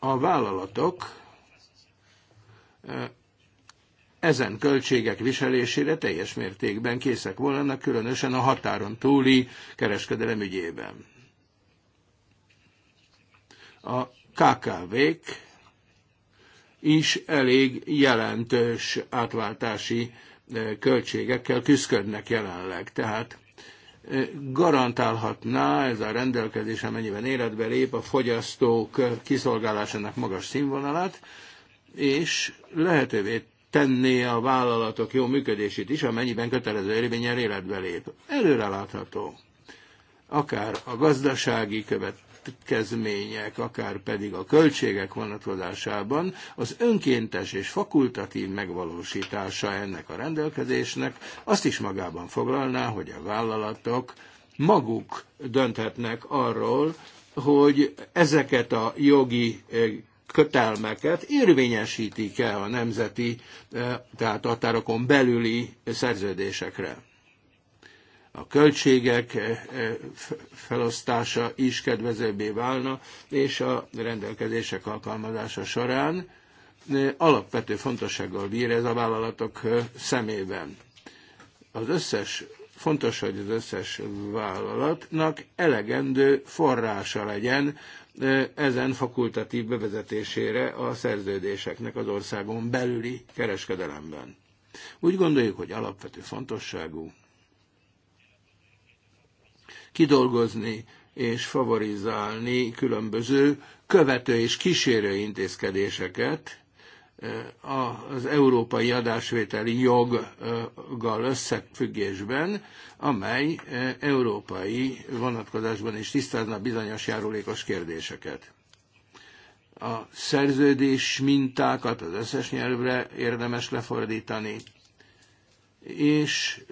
A vállalatok ezen költségek viselésére teljes mértékben készek volna, különösen a határon túli kereskedelem ügyében. A KKV-k is elég jelentős átváltási költségekkel küzdködnek jelenleg. Tehát garantálhatná ez a rendelkezés, amennyiben életbe lép a fogyasztók kiszolgálásának magas színvonalát, és lehetővé tenné a vállalatok jó működését is, amennyiben kötelező érvényen életbe lép. Előrelátható. Akár a gazdasági követ, következmények, akár pedig a költségek vonatkozásában az önkéntes és fakultatív megvalósítása ennek a rendelkezésnek azt is magában foglalná, hogy a vállalatok maguk dönthetnek arról, hogy ezeket a jogi eh, kötelmeket érvényesítik-e a nemzeti, eh, tehát határokon belüli szerződésekre a költségek e, e, felosztása is kedvezőbbé válna, és a rendelkezések alkalmazása során e, alapvető fontossággal bír ez a vállalatok szemében. Az összes fontos, hogy az összes vállalatnak elegendő forrása legyen ezen fakultatív bevezetésére a szerződéseknek az országon belüli kereskedelemben. Úgy gondoljuk, hogy alapvető fontosságú, kidolgozni és favorizálni különböző követő és kísérő intézkedéseket eh, az európai adásvételi joggal összefüggésben, amely eh, európai vonatkozásban is tisztázna bizonyos járulékos kérdéseket. A szerződés mintákat az összes nyelvre érdemes lefordítani, és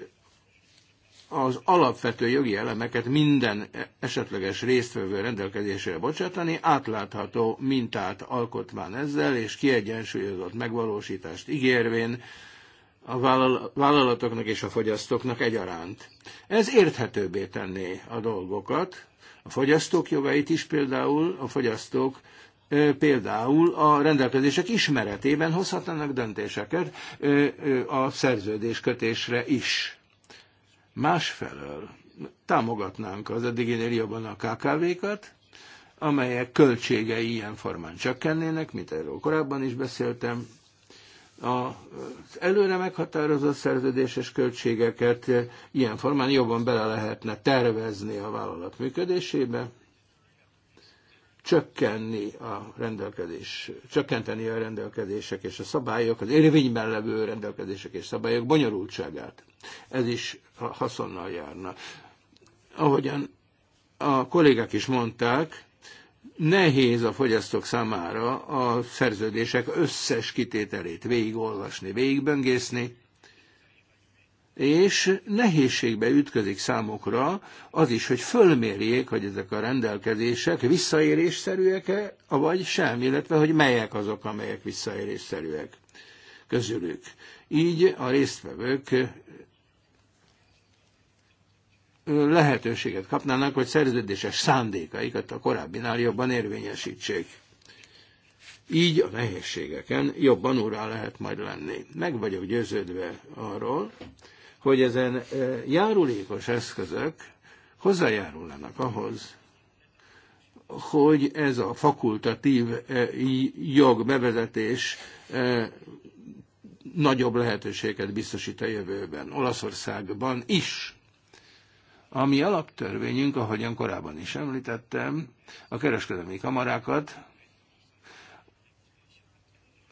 az alapvető jogi elemeket minden esetleges résztvevő rendelkezésére bocsátani, átlátható mintát alkotván ezzel, és kiegyensúlyozott megvalósítást ígérvén a vállalatoknak és a fogyasztóknak egyaránt. Ez érthetőbbé tenné a dolgokat, a fogyasztók jogait is például, a fogyasztók például a rendelkezések ismeretében hozhatnának döntéseket a szerződéskötésre is Másfelől támogatnánk az eddig jobban a KKV-kat, amelyek költségei ilyen formán csökkennének, mint erről korábban is beszéltem. Az előre meghatározott szerződéses költségeket ilyen formán jobban bele lehetne tervezni a vállalat működésébe, csökkenni a rendelkezés, csökkenteni a rendelkezések és a szabályok, az érvényben levő rendelkezések és szabályok bonyolultságát. Ez is haszonnal járna. Ahogyan a kollégák is mondták, nehéz a fogyasztók számára a szerződések összes kitételét végigolvasni, végigböngészni, és nehézségbe ütközik számokra az is, hogy fölmérjék, hogy ezek a rendelkezések visszaérésszerűek-e, vagy sem, illetve hogy melyek azok, amelyek visszaérésszerűek közülük. Így a résztvevők lehetőséget kapnának, hogy szerződéses szándékaikat a korábbinál jobban érvényesítsék. Így a nehézségeken jobban úrá lehet majd lenni. Meg vagyok győződve arról, hogy ezen e, járulékos eszközök hozzájárulnak ahhoz, hogy ez a fakultatív e, jog bevezetés e, nagyobb lehetőséget biztosít a jövőben. Olaszországban is ami alaptörvényünk, ahogyan korábban is említettem, a kereskedelmi kamarákat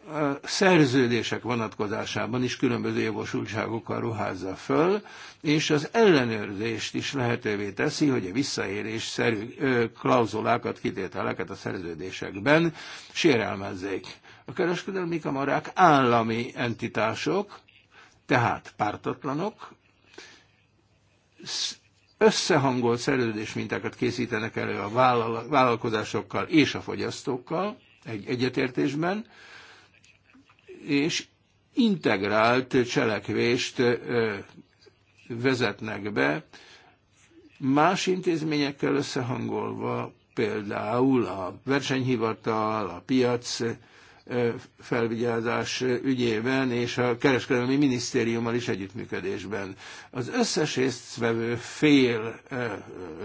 a szerződések vonatkozásában is különböző jogosultságokkal ruházza föl, és az ellenőrzést is lehetővé teszi, hogy a visszaérés visszaélésszerű klauzulákat, kitételeket a szerződésekben sérelmezzék. A kereskedelmi kamarák állami entitások, tehát pártatlanok, összehangolt szerződés mintákat készítenek elő a vállalkozásokkal és a fogyasztókkal egy egyetértésben, és integrált cselekvést vezetnek be, más intézményekkel összehangolva, például a versenyhivatal, a piac, felvigyázás ügyében és a kereskedelmi minisztériummal is együttműködésben. Az összes résztvevő fél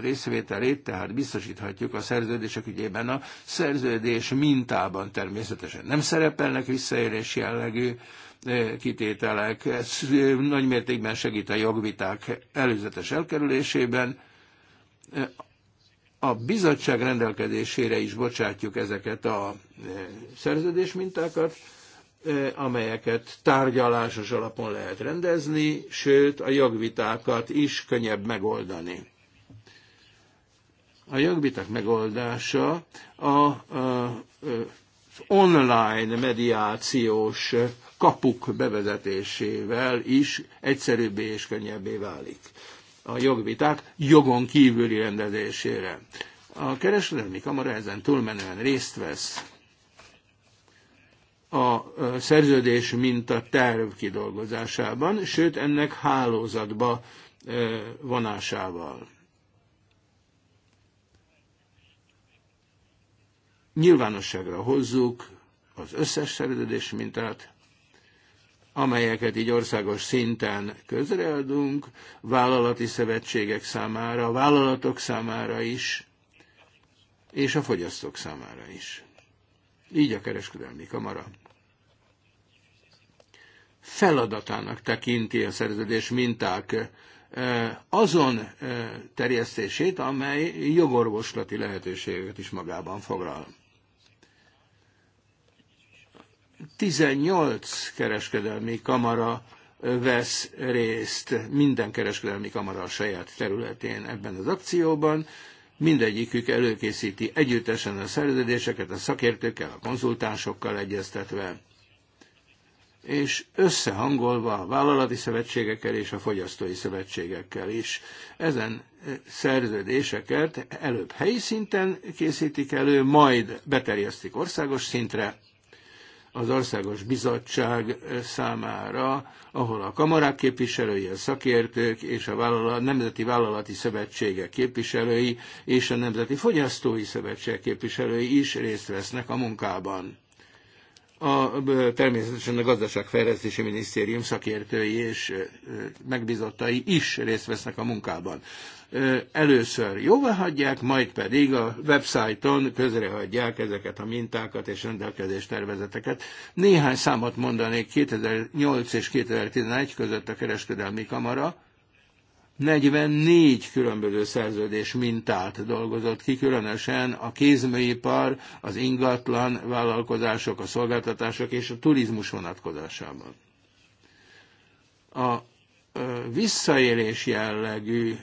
részvételét tehát biztosíthatjuk a szerződések ügyében a szerződés mintában természetesen. Nem szerepelnek visszaélés jellegű kitételek, ez nagy mértékben segít a jogviták előzetes elkerülésében, a bizottság rendelkezésére is bocsátjuk ezeket a e, szerződésmintákat, e, amelyeket tárgyalásos alapon lehet rendezni, sőt a jogvitákat is könnyebb megoldani. A jogviták megoldása a, a, e, az online mediációs kapuk bevezetésével is egyszerűbbé és könnyebbé válik a jogviták jogon kívüli rendezésére. A kereskedelmi kamara ezen túlmenően részt vesz a szerződés minta terv kidolgozásában, sőt ennek hálózatba vonásával. Nyilvánosságra hozzuk az összes szerződés mintát, amelyeket így országos szinten közreadunk, vállalati szövetségek számára, a vállalatok számára is, és a fogyasztók számára is. Így a kereskedelmi kamara feladatának tekinti a szerződés minták eh, azon eh, terjesztését, amely jogorvoslati lehetőségeket is magában foglal. 18 kereskedelmi kamara vesz részt, minden kereskedelmi kamara a saját területén ebben az akcióban, mindegyikük előkészíti együttesen a szerződéseket a szakértőkkel, a konzultánsokkal egyeztetve, és összehangolva a vállalati szövetségekkel és a fogyasztói szövetségekkel is. Ezen szerződéseket előbb helyi szinten készítik elő, majd beterjesztik országos szintre, az Országos Bizottság számára, ahol a kamarák képviselői, a szakértők és a vállalat, Nemzeti Vállalati Szövetsége képviselői és a Nemzeti Fogyasztói Szövetség képviselői is részt vesznek a munkában a, természetesen a gazdaságfejlesztési minisztérium szakértői és megbizottai is részt vesznek a munkában. Először hagyják, majd pedig a websájton közrehagyják ezeket a mintákat és rendelkezés tervezeteket. Néhány számot mondanék 2008 és 2011 között a kereskedelmi kamara 44 különböző szerződés mintát dolgozott ki, különösen a kézműipar, az ingatlan vállalkozások, a szolgáltatások és a turizmus vonatkozásában. A visszaélés jellegű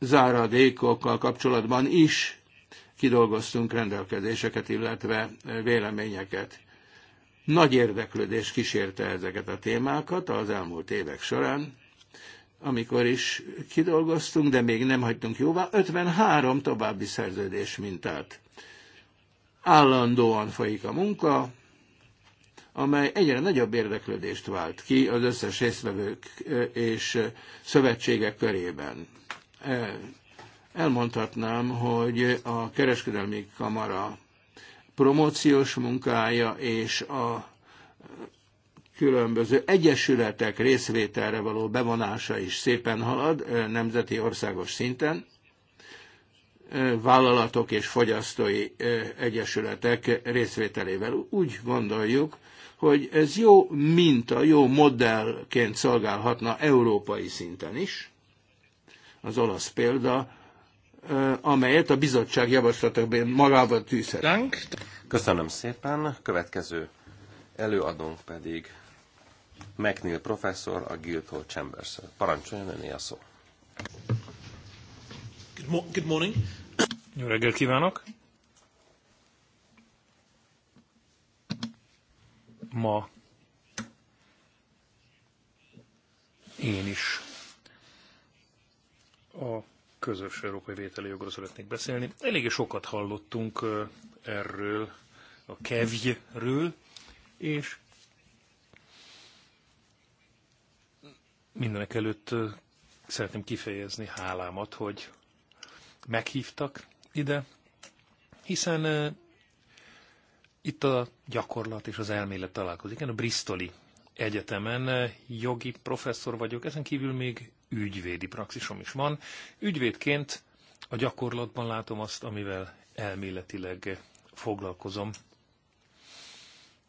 záradékokkal kapcsolatban is kidolgoztunk rendelkezéseket, illetve véleményeket. Nagy érdeklődés kísérte ezeket a témákat az elmúlt évek során, amikor is kidolgoztunk, de még nem hagytunk jóvá, 53 további szerződés mintát. Állandóan folyik a munka, amely egyre nagyobb érdeklődést vált ki az összes részvevők és szövetségek körében. Elmondhatnám, hogy a kereskedelmi kamara promóciós munkája és a különböző egyesületek részvételre való bevonása is szépen halad nemzeti országos szinten. Vállalatok és fogyasztói egyesületek részvételével úgy gondoljuk, hogy ez jó minta, jó modellként szolgálhatna európai szinten is. Az olasz példa, amelyet a bizottság javaslatokban magával tűzhet. Köszönöm szépen. Következő előadónk pedig McNeil professzor, a Guildhall chambers -el. Parancsoljon, öné a szó. Good, mo good morning. Jó kívánok! Ma én is a közös európai vételi jogról szeretnék beszélni. Eléggé sokat hallottunk erről, a kevjről, és Mindenek előtt szeretném kifejezni hálámat, hogy meghívtak ide, hiszen itt a gyakorlat és az elmélet találkozik. Én a Bristoli Egyetemen jogi professzor vagyok, ezen kívül még ügyvédi praxisom is van. Ügyvédként a gyakorlatban látom azt, amivel elméletileg foglalkozom,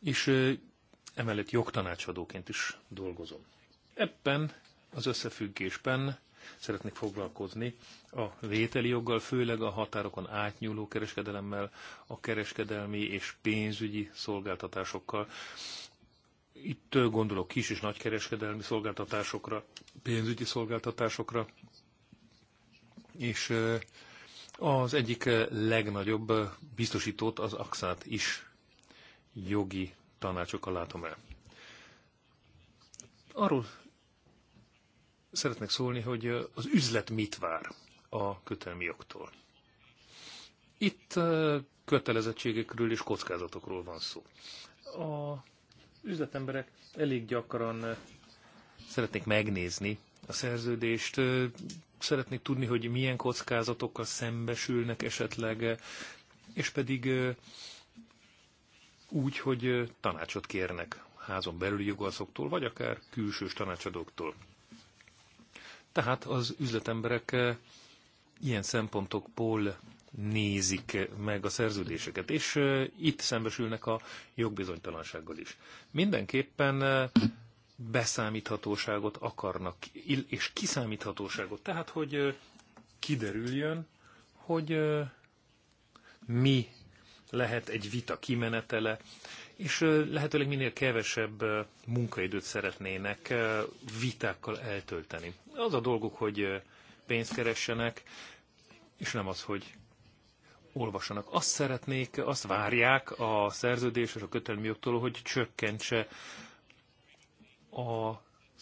és emellett jogtanácsadóként is dolgozom. Ebben az összefüggésben szeretnék foglalkozni a vételi joggal, főleg a határokon átnyúló kereskedelemmel, a kereskedelmi és pénzügyi szolgáltatásokkal. Itt gondolok kis és nagy kereskedelmi szolgáltatásokra, pénzügyi szolgáltatásokra, és az egyik legnagyobb biztosítót, az AXÁT is jogi tanácsokkal látom el. Arról szeretnék szólni, hogy az üzlet mit vár a kötelmi jogtól. Itt kötelezettségekről és kockázatokról van szó. A üzletemberek elég gyakran szeretnék megnézni a szerződést, szeretnék tudni, hogy milyen kockázatokkal szembesülnek esetleg, és pedig úgy, hogy tanácsot kérnek házon belüli jogászoktól, vagy akár külsős tanácsadóktól. Tehát az üzletemberek eh, ilyen szempontokból nézik meg a szerződéseket, és eh, itt szembesülnek a jogbizonytalansággal is. Mindenképpen eh, beszámíthatóságot akarnak, és kiszámíthatóságot. Tehát, hogy kiderüljön, hogy mi lehet egy vita kimenetele, és lehetőleg minél kevesebb munkaidőt szeretnének vitákkal eltölteni. Az a dolguk, hogy pénzt keressenek, és nem az, hogy olvasanak. Azt szeretnék, azt várják a szerződés és a kötelmi jogtól, hogy csökkentse az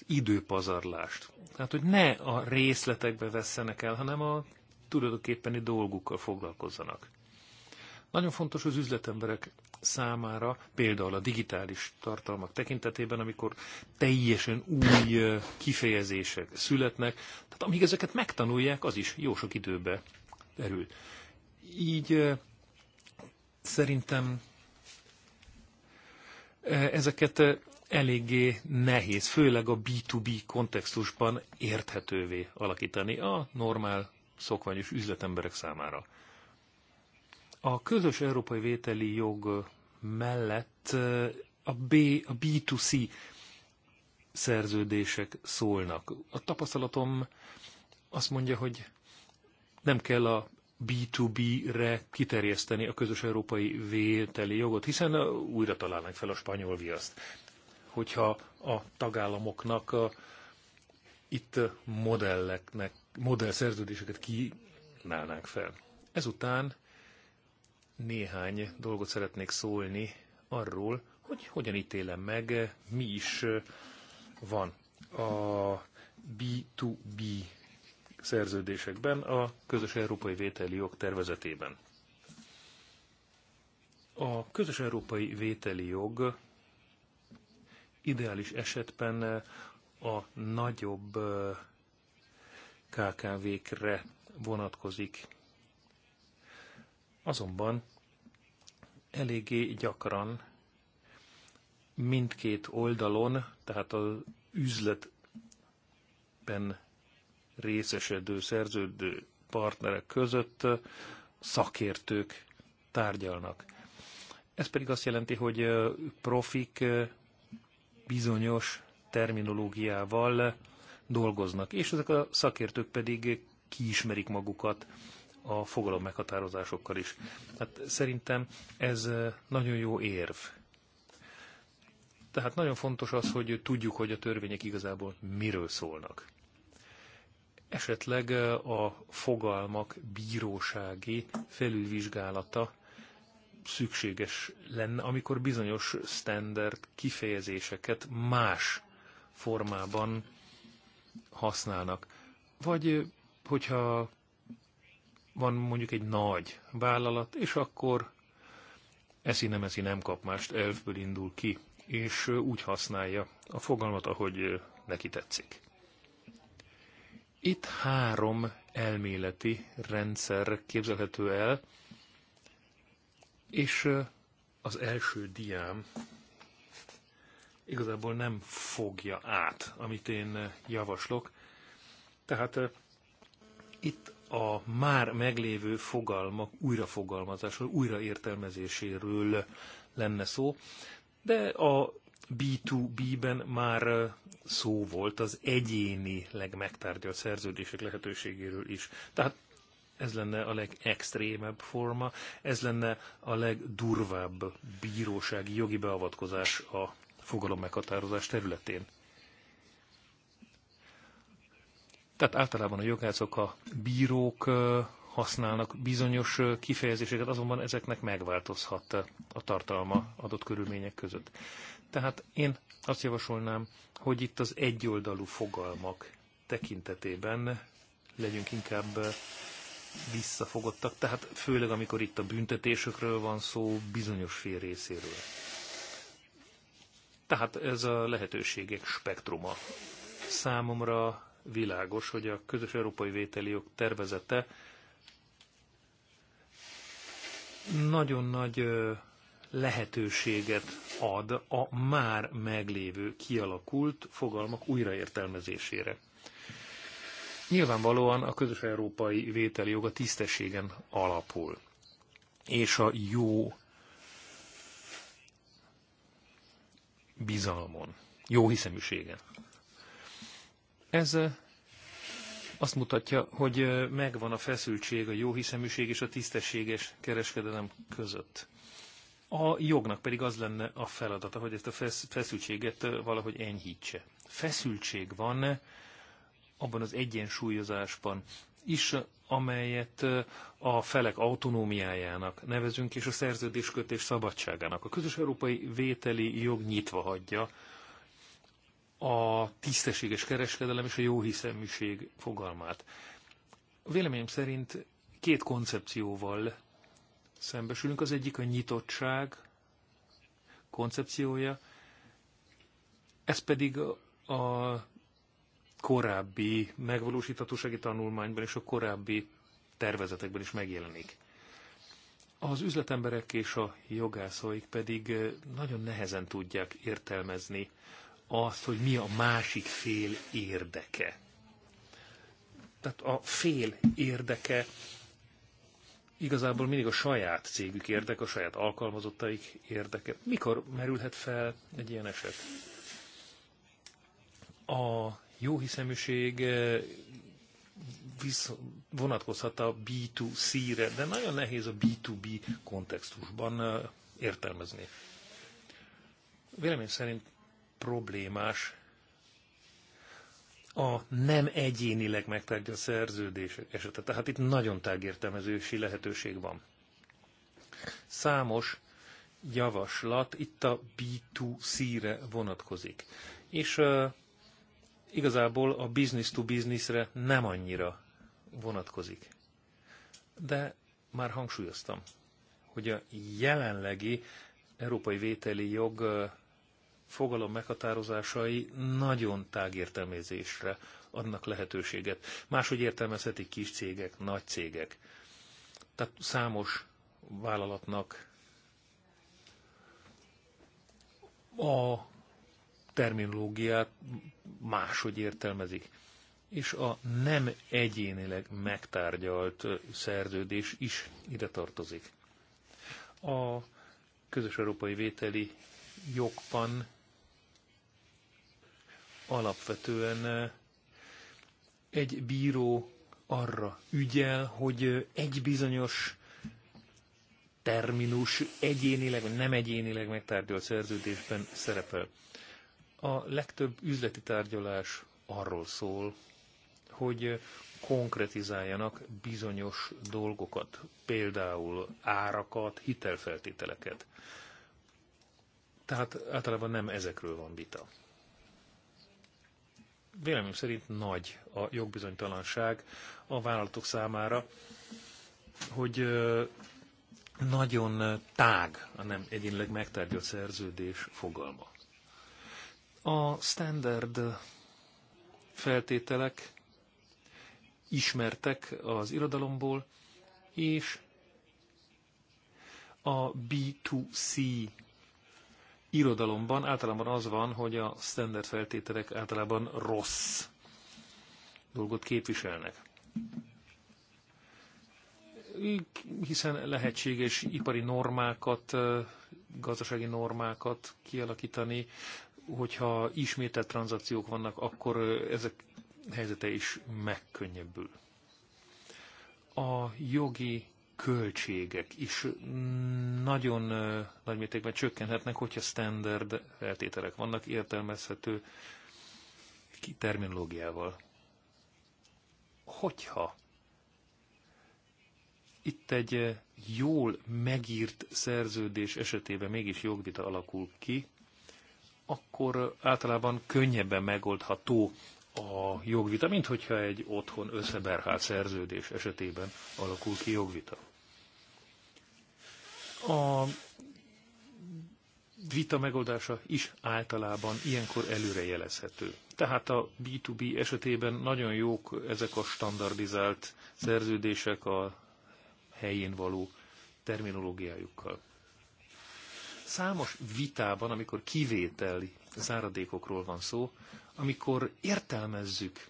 időpazarlást. Tehát, hogy ne a részletekbe vesszenek el, hanem a tudatoképpeni dolgukkal foglalkozzanak. Nagyon fontos az üzletemberek számára, például a digitális tartalmak tekintetében, amikor teljesen új kifejezések születnek, tehát amíg ezeket megtanulják, az is jó sok időbe erül. Így szerintem ezeket eléggé nehéz, főleg a B2B kontextusban érthetővé alakítani a normál, szokványos üzletemberek számára. A közös európai vételi jog mellett a, B, a B2C szerződések szólnak. A tapasztalatom azt mondja, hogy nem kell a B2B-re kiterjeszteni a közös európai vételi jogot, hiszen újra találnánk fel a spanyol viaszt. Hogyha a tagállamoknak a, itt modelleknek, modellszerződéseket kínálnánk fel. Ezután néhány dolgot szeretnék szólni arról, hogy hogyan ítélem meg, mi is van a B2B szerződésekben, a közös európai vételi jog tervezetében. A közös európai vételi jog ideális esetben a nagyobb KKV-kre vonatkozik, Azonban eléggé gyakran mindkét oldalon, tehát az üzletben részesedő, szerződő partnerek között szakértők tárgyalnak. Ez pedig azt jelenti, hogy profik bizonyos terminológiával dolgoznak, és ezek a szakértők pedig kiismerik magukat a fogalom meghatározásokkal is. Hát szerintem ez nagyon jó érv. Tehát nagyon fontos az, hogy tudjuk, hogy a törvények igazából miről szólnak. Esetleg a fogalmak bírósági felülvizsgálata szükséges lenne, amikor bizonyos standard kifejezéseket más formában használnak. Vagy hogyha van mondjuk egy nagy vállalat, és akkor eszi nem eszi nem kap mást, elfből indul ki, és úgy használja a fogalmat, ahogy neki tetszik. Itt három elméleti rendszer képzelhető el, és az első diám igazából nem fogja át, amit én javaslok. Tehát itt a már meglévő fogalmak újrafogalmazásról, újraértelmezéséről lenne szó, de a B2B-ben már szó volt az egyéni legmegtárgyalt szerződések lehetőségéről is. Tehát ez lenne a legextrémebb forma, ez lenne a legdurvább bírósági jogi beavatkozás a fogalom meghatározás területén. Tehát általában a jogászok, a bírók használnak bizonyos kifejezéseket, azonban ezeknek megváltozhat a tartalma adott körülmények között. Tehát én azt javasolnám, hogy itt az egyoldalú fogalmak tekintetében legyünk inkább visszafogottak, tehát főleg amikor itt a büntetésekről van szó, bizonyos fél részéről. Tehát ez a lehetőségek spektruma. Számomra világos, hogy a közös európai vételi jog tervezete nagyon nagy lehetőséget ad a már meglévő, kialakult fogalmak újraértelmezésére. Nyilvánvalóan a közös európai vételi jog a tisztességen alapul, és a jó bizalmon, jó hiszeműségen. Ez azt mutatja, hogy megvan a feszültség a jóhiszeműség és a tisztességes kereskedelem között. A jognak pedig az lenne a feladata, hogy ezt a feszültséget valahogy enyhítse. Feszültség van abban az egyensúlyozásban is, amelyet a felek autonómiájának nevezünk, és a szerződéskötés szabadságának. A közös európai vételi jog nyitva hagyja a tisztességes kereskedelem és a jóhiszeműség fogalmát. Véleményem szerint két koncepcióval szembesülünk. Az egyik a nyitottság koncepciója, ez pedig a korábbi megvalósíthatósági tanulmányban és a korábbi tervezetekben is megjelenik. Az üzletemberek és a jogászaik pedig nagyon nehezen tudják értelmezni azt, hogy mi a másik fél érdeke. Tehát a fél érdeke igazából mindig a saját cégük érdeke, a saját alkalmazottaik érdeke. Mikor merülhet fel egy ilyen eset? A jóhiszeműség eh, vonatkozhat a B2C-re, de nagyon nehéz a B2B kontextusban eh, értelmezni. Vélemény szerint problémás a nem egyénileg megtárgyalt szerződések esete. Tehát itt nagyon tágértelmezősi lehetőség van. Számos javaslat itt a B2C-re vonatkozik. És uh, igazából a business to businessre nem annyira vonatkozik. De már hangsúlyoztam, hogy a jelenlegi európai vételi jog fogalom meghatározásai nagyon tágértelmezésre adnak lehetőséget. Máshogy értelmezhetik kis cégek, nagy cégek. Tehát számos vállalatnak a terminológiát máshogy értelmezik. És a nem egyénileg megtárgyalt szerződés is ide tartozik. A közös európai vételi jogban alapvetően egy bíró arra ügyel, hogy egy bizonyos terminus egyénileg vagy nem egyénileg megtárgyalt szerződésben szerepel. A legtöbb üzleti tárgyalás arról szól, hogy konkretizáljanak bizonyos dolgokat, például árakat, hitelfeltételeket. Tehát általában nem ezekről van vita véleményem szerint nagy a jogbizonytalanság a vállalatok számára, hogy nagyon tág a nem egyénileg megtárgyalt szerződés fogalma. A standard feltételek ismertek az irodalomból, és a B2C irodalomban általában az van, hogy a standard feltételek általában rossz dolgot képviselnek. Hiszen lehetséges ipari normákat, gazdasági normákat kialakítani, hogyha ismételt tranzakciók vannak, akkor ezek helyzete is megkönnyebbül. A jogi költségek is nagyon nagy mértékben csökkenhetnek, hogyha standard feltételek vannak értelmezhető terminológiával. Hogyha itt egy jól megírt szerződés esetében mégis jogvita alakul ki, akkor általában könnyebben megoldható a jogvita, mint hogyha egy otthon összeberhált szerződés esetében alakul ki jogvita. A vita megoldása is általában ilyenkor előrejelezhető. Tehát a B2B esetében nagyon jók ezek a standardizált szerződések a helyén való terminológiájukkal. Számos vitában, amikor kivételi záradékokról van szó, amikor értelmezzük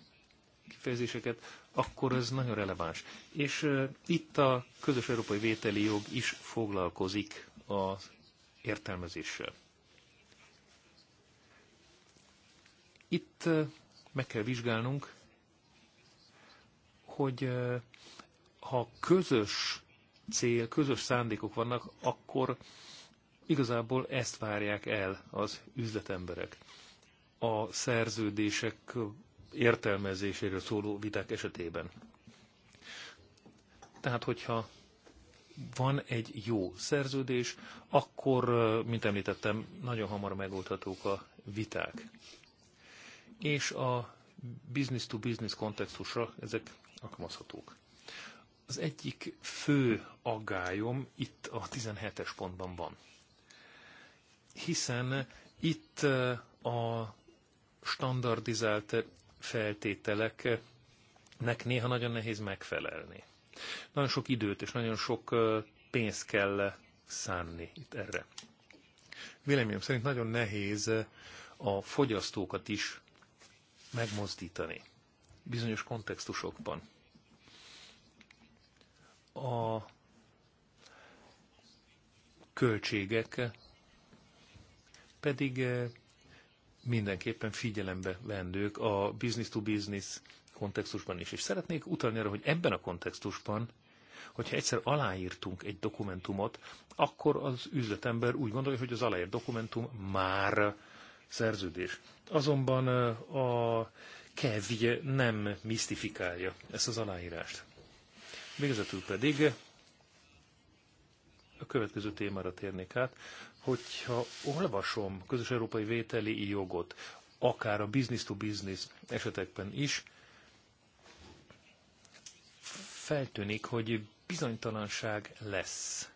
kifejezéseket, akkor ez nagyon releváns. És uh, itt a közös európai vételi jog is foglalkozik az értelmezéssel. Itt uh, meg kell vizsgálnunk, hogy uh, ha közös cél, közös szándékok vannak, akkor Igazából ezt várják el az üzletemberek. A szerződések értelmezéséről szóló viták esetében. Tehát, hogyha van egy jó szerződés, akkor, mint említettem, nagyon hamar megoldhatók a viták. És a business-to-business kontextusra ezek alkalmazhatók. Az egyik fő aggályom itt a 17-es pontban van hiszen itt eh, a standardizált feltételeknek néha nagyon nehéz megfelelni. Nagyon sok időt és nagyon sok eh, pénzt kell szánni itt erre. Véleményem szerint nagyon nehéz eh, a fogyasztókat is megmozdítani bizonyos kontextusokban. A költségek pedig eh, mindenképpen figyelembe vendők a business to business kontextusban is. És szeretnék utalni arra, hogy ebben a kontextusban, hogyha egyszer aláírtunk egy dokumentumot, akkor az üzletember úgy gondolja, hogy az aláírt dokumentum már szerződés. Azonban eh, a kevj nem misztifikálja ezt az aláírást. Végezetül pedig a következő témára térnék át, hogyha olvasom közös európai vételi jogot, akár a business-to-business business esetekben is, feltűnik, hogy bizonytalanság lesz.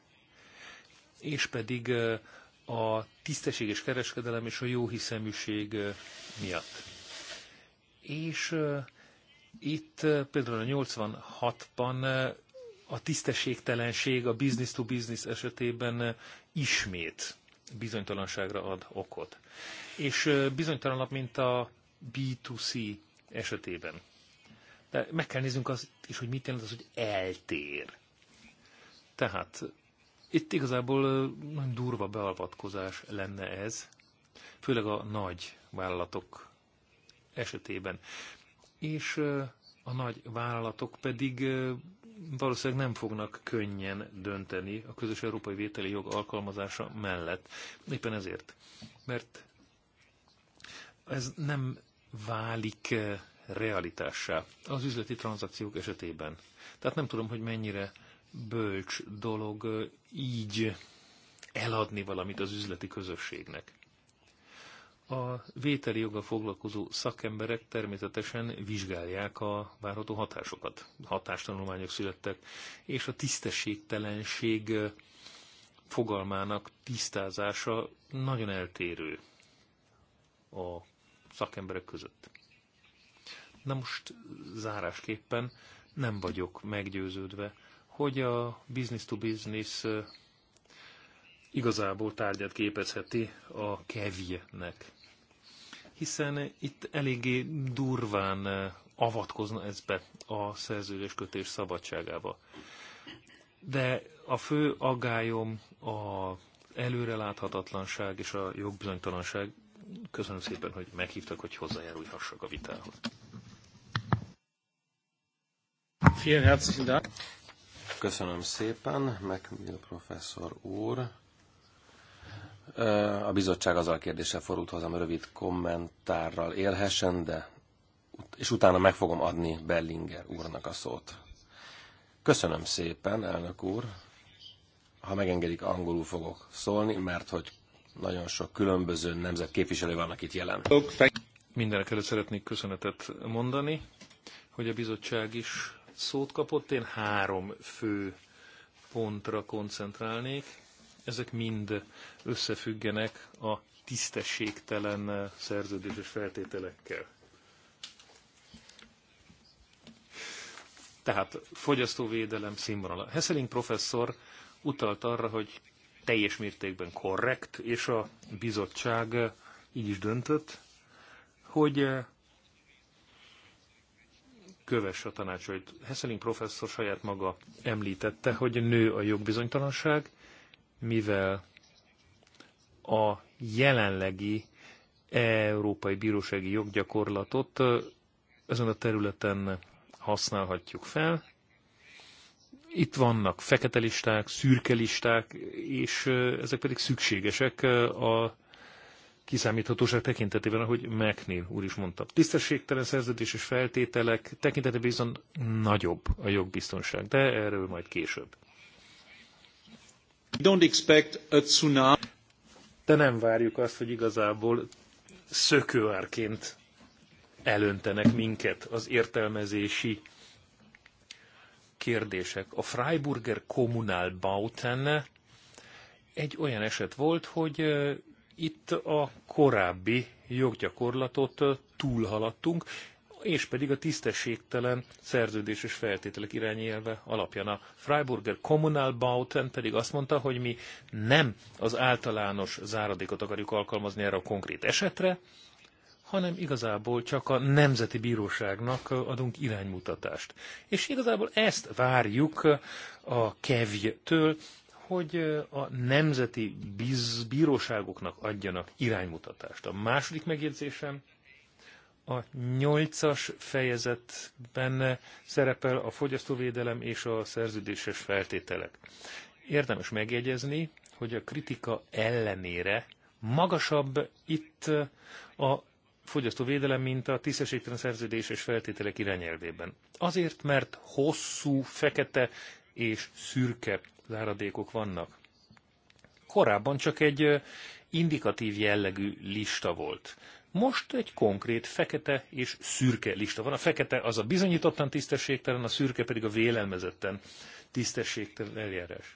És pedig eh, a tisztességes kereskedelem és a jó hiszeműség eh, miatt. És eh, itt például a 86-ban a tisztességtelenség a business to business esetében eh, ismét bizonytalanságra ad okot. És eh, bizonytalanabb, mint a B2C esetében. De meg kell néznünk azt is, hogy mit jelent az, hogy eltér. Tehát eh, itt igazából nagyon durva beavatkozás lenne ez, főleg a nagy vállalatok esetében. És a nagy vállalatok pedig valószínűleg nem fognak könnyen dönteni a közös európai vételi jog alkalmazása mellett. Éppen ezért, mert ez nem válik eh, realitássá az üzleti tranzakciók esetében. Tehát nem tudom, hogy mennyire bölcs dolog eh, így eladni valamit az üzleti közösségnek. A vételi joga foglalkozó szakemberek természetesen vizsgálják a várható hatásokat. Hatástanulmányok születtek, és a tisztességtelenség fogalmának tisztázása nagyon eltérő a szakemberek között. Na most zárásképpen nem vagyok meggyőződve, hogy a business to business igazából tárgyat képezheti a nek hiszen itt eléggé durván eh, avatkozna ez be a szerződéskötés szabadságába. De a fő aggályom a előreláthatatlanság és a jogbizonytalanság. Köszönöm szépen, hogy meghívtak, hogy hozzájárulhassak a vitához. Köszönöm szépen, Macmillan professzor úr a bizottság azzal a kérdéssel fordult hozzám, rövid kommentárral élhessen, de és utána meg fogom adni Bellinger úrnak a szót. Köszönöm szépen, elnök úr. Ha megengedik, angolul fogok szólni, mert hogy nagyon sok különböző nemzet képviselő vannak itt jelen. Mindenek előtt szeretnék köszönetet mondani, hogy a bizottság is szót kapott. Én három fő pontra koncentrálnék ezek mind összefüggenek a tisztességtelen eh, szerződéses feltételekkel. Tehát fogyasztóvédelem színvonala. Hesseling professzor utalt arra, hogy teljes mértékben korrekt, és a bizottság eh, így is döntött, hogy eh, kövesse a tanácsait. Hesseling professzor saját maga említette, hogy nő a jogbizonytalanság, mivel a jelenlegi európai bírósági joggyakorlatot ezen a területen használhatjuk fel. Itt vannak fekete listák, szürke listák, és ezek pedig szükségesek a kiszámíthatóság tekintetében, ahogy McNeil úr is mondta. Tisztességtelen és feltételek tekintetében bizony nagyobb a jogbiztonság, de erről majd később don't expect a tsunami. De nem várjuk azt, hogy igazából szökőárként elöntenek minket az értelmezési kérdések. A Freiburger Kommunalbauten egy olyan eset volt, hogy itt a korábbi joggyakorlatot túlhaladtunk, és pedig a tisztességtelen szerződéses feltételek irányelve alapján. A Freiburger Kommunalbauten pedig azt mondta, hogy mi nem az általános záradékot akarjuk alkalmazni erre a konkrét esetre, hanem igazából csak a Nemzeti Bíróságnak adunk iránymutatást. És igazából ezt várjuk a kevjtől, hogy a nemzeti bíz, bíróságoknak adjanak iránymutatást. A második megjegyzésem a nyolcas fejezetben szerepel a fogyasztóvédelem és a szerződéses feltételek. Érdemes megjegyezni, hogy a kritika ellenére magasabb itt a fogyasztóvédelem, mint a tisztességtelen szerződéses feltételek irányelvében. Azért, mert hosszú, fekete és szürke záradékok vannak. Korábban csak egy indikatív jellegű lista volt. Most egy konkrét fekete és szürke lista van. A fekete az a bizonyítottan tisztességtelen, a szürke pedig a vélelmezetten tisztességtelen eljárás.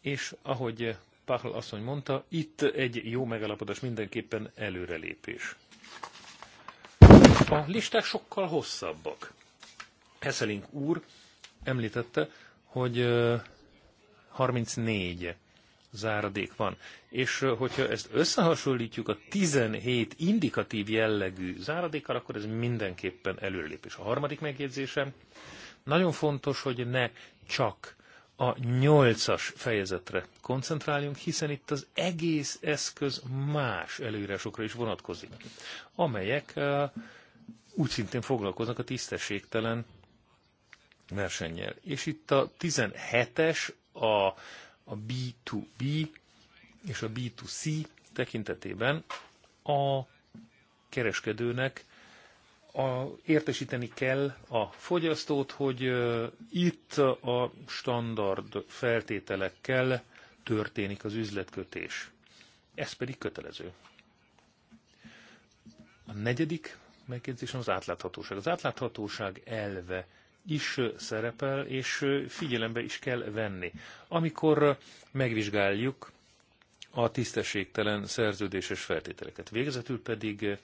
És ahogy Pahl asszony mondta, itt egy jó megalapodás mindenképpen előrelépés. A listák sokkal hosszabbak. Hesselink úr említette, hogy 34 záradék van. És hogyha ezt összehasonlítjuk a 17 indikatív jellegű záradékkal, akkor ez mindenképpen előrelépés. A harmadik megjegyzésem, nagyon fontos, hogy ne csak a nyolcas fejezetre koncentráljunk, hiszen itt az egész eszköz más előírásokra is vonatkozik, amelyek úgy szintén foglalkoznak a tisztességtelen versennyel. És itt a 17-es a a B2B és a B2C tekintetében a kereskedőnek a, értesíteni kell a fogyasztót, hogy itt a standard feltételekkel történik az üzletkötés. Ez pedig kötelező. A negyedik megjegyzésem az átláthatóság. Az átláthatóság elve is szerepel, és figyelembe is kell venni, amikor megvizsgáljuk a tisztességtelen szerződéses feltételeket. Végezetül pedig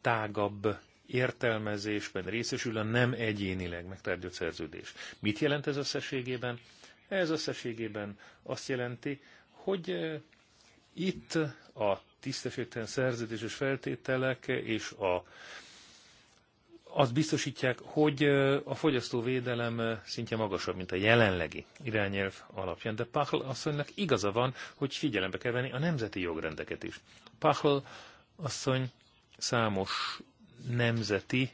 tágabb értelmezésben részesül a nem egyénileg megtárgyott szerződés. Mit jelent ez összességében? Ez összességében azt jelenti, hogy itt a tisztességtelen szerződéses feltételek és a azt biztosítják, hogy a fogyasztóvédelem szintje magasabb, mint a jelenlegi irányelv alapján. De Pachl asszonynak igaza van, hogy figyelembe kell venni a nemzeti jogrendeket is. Pachl asszony számos nemzeti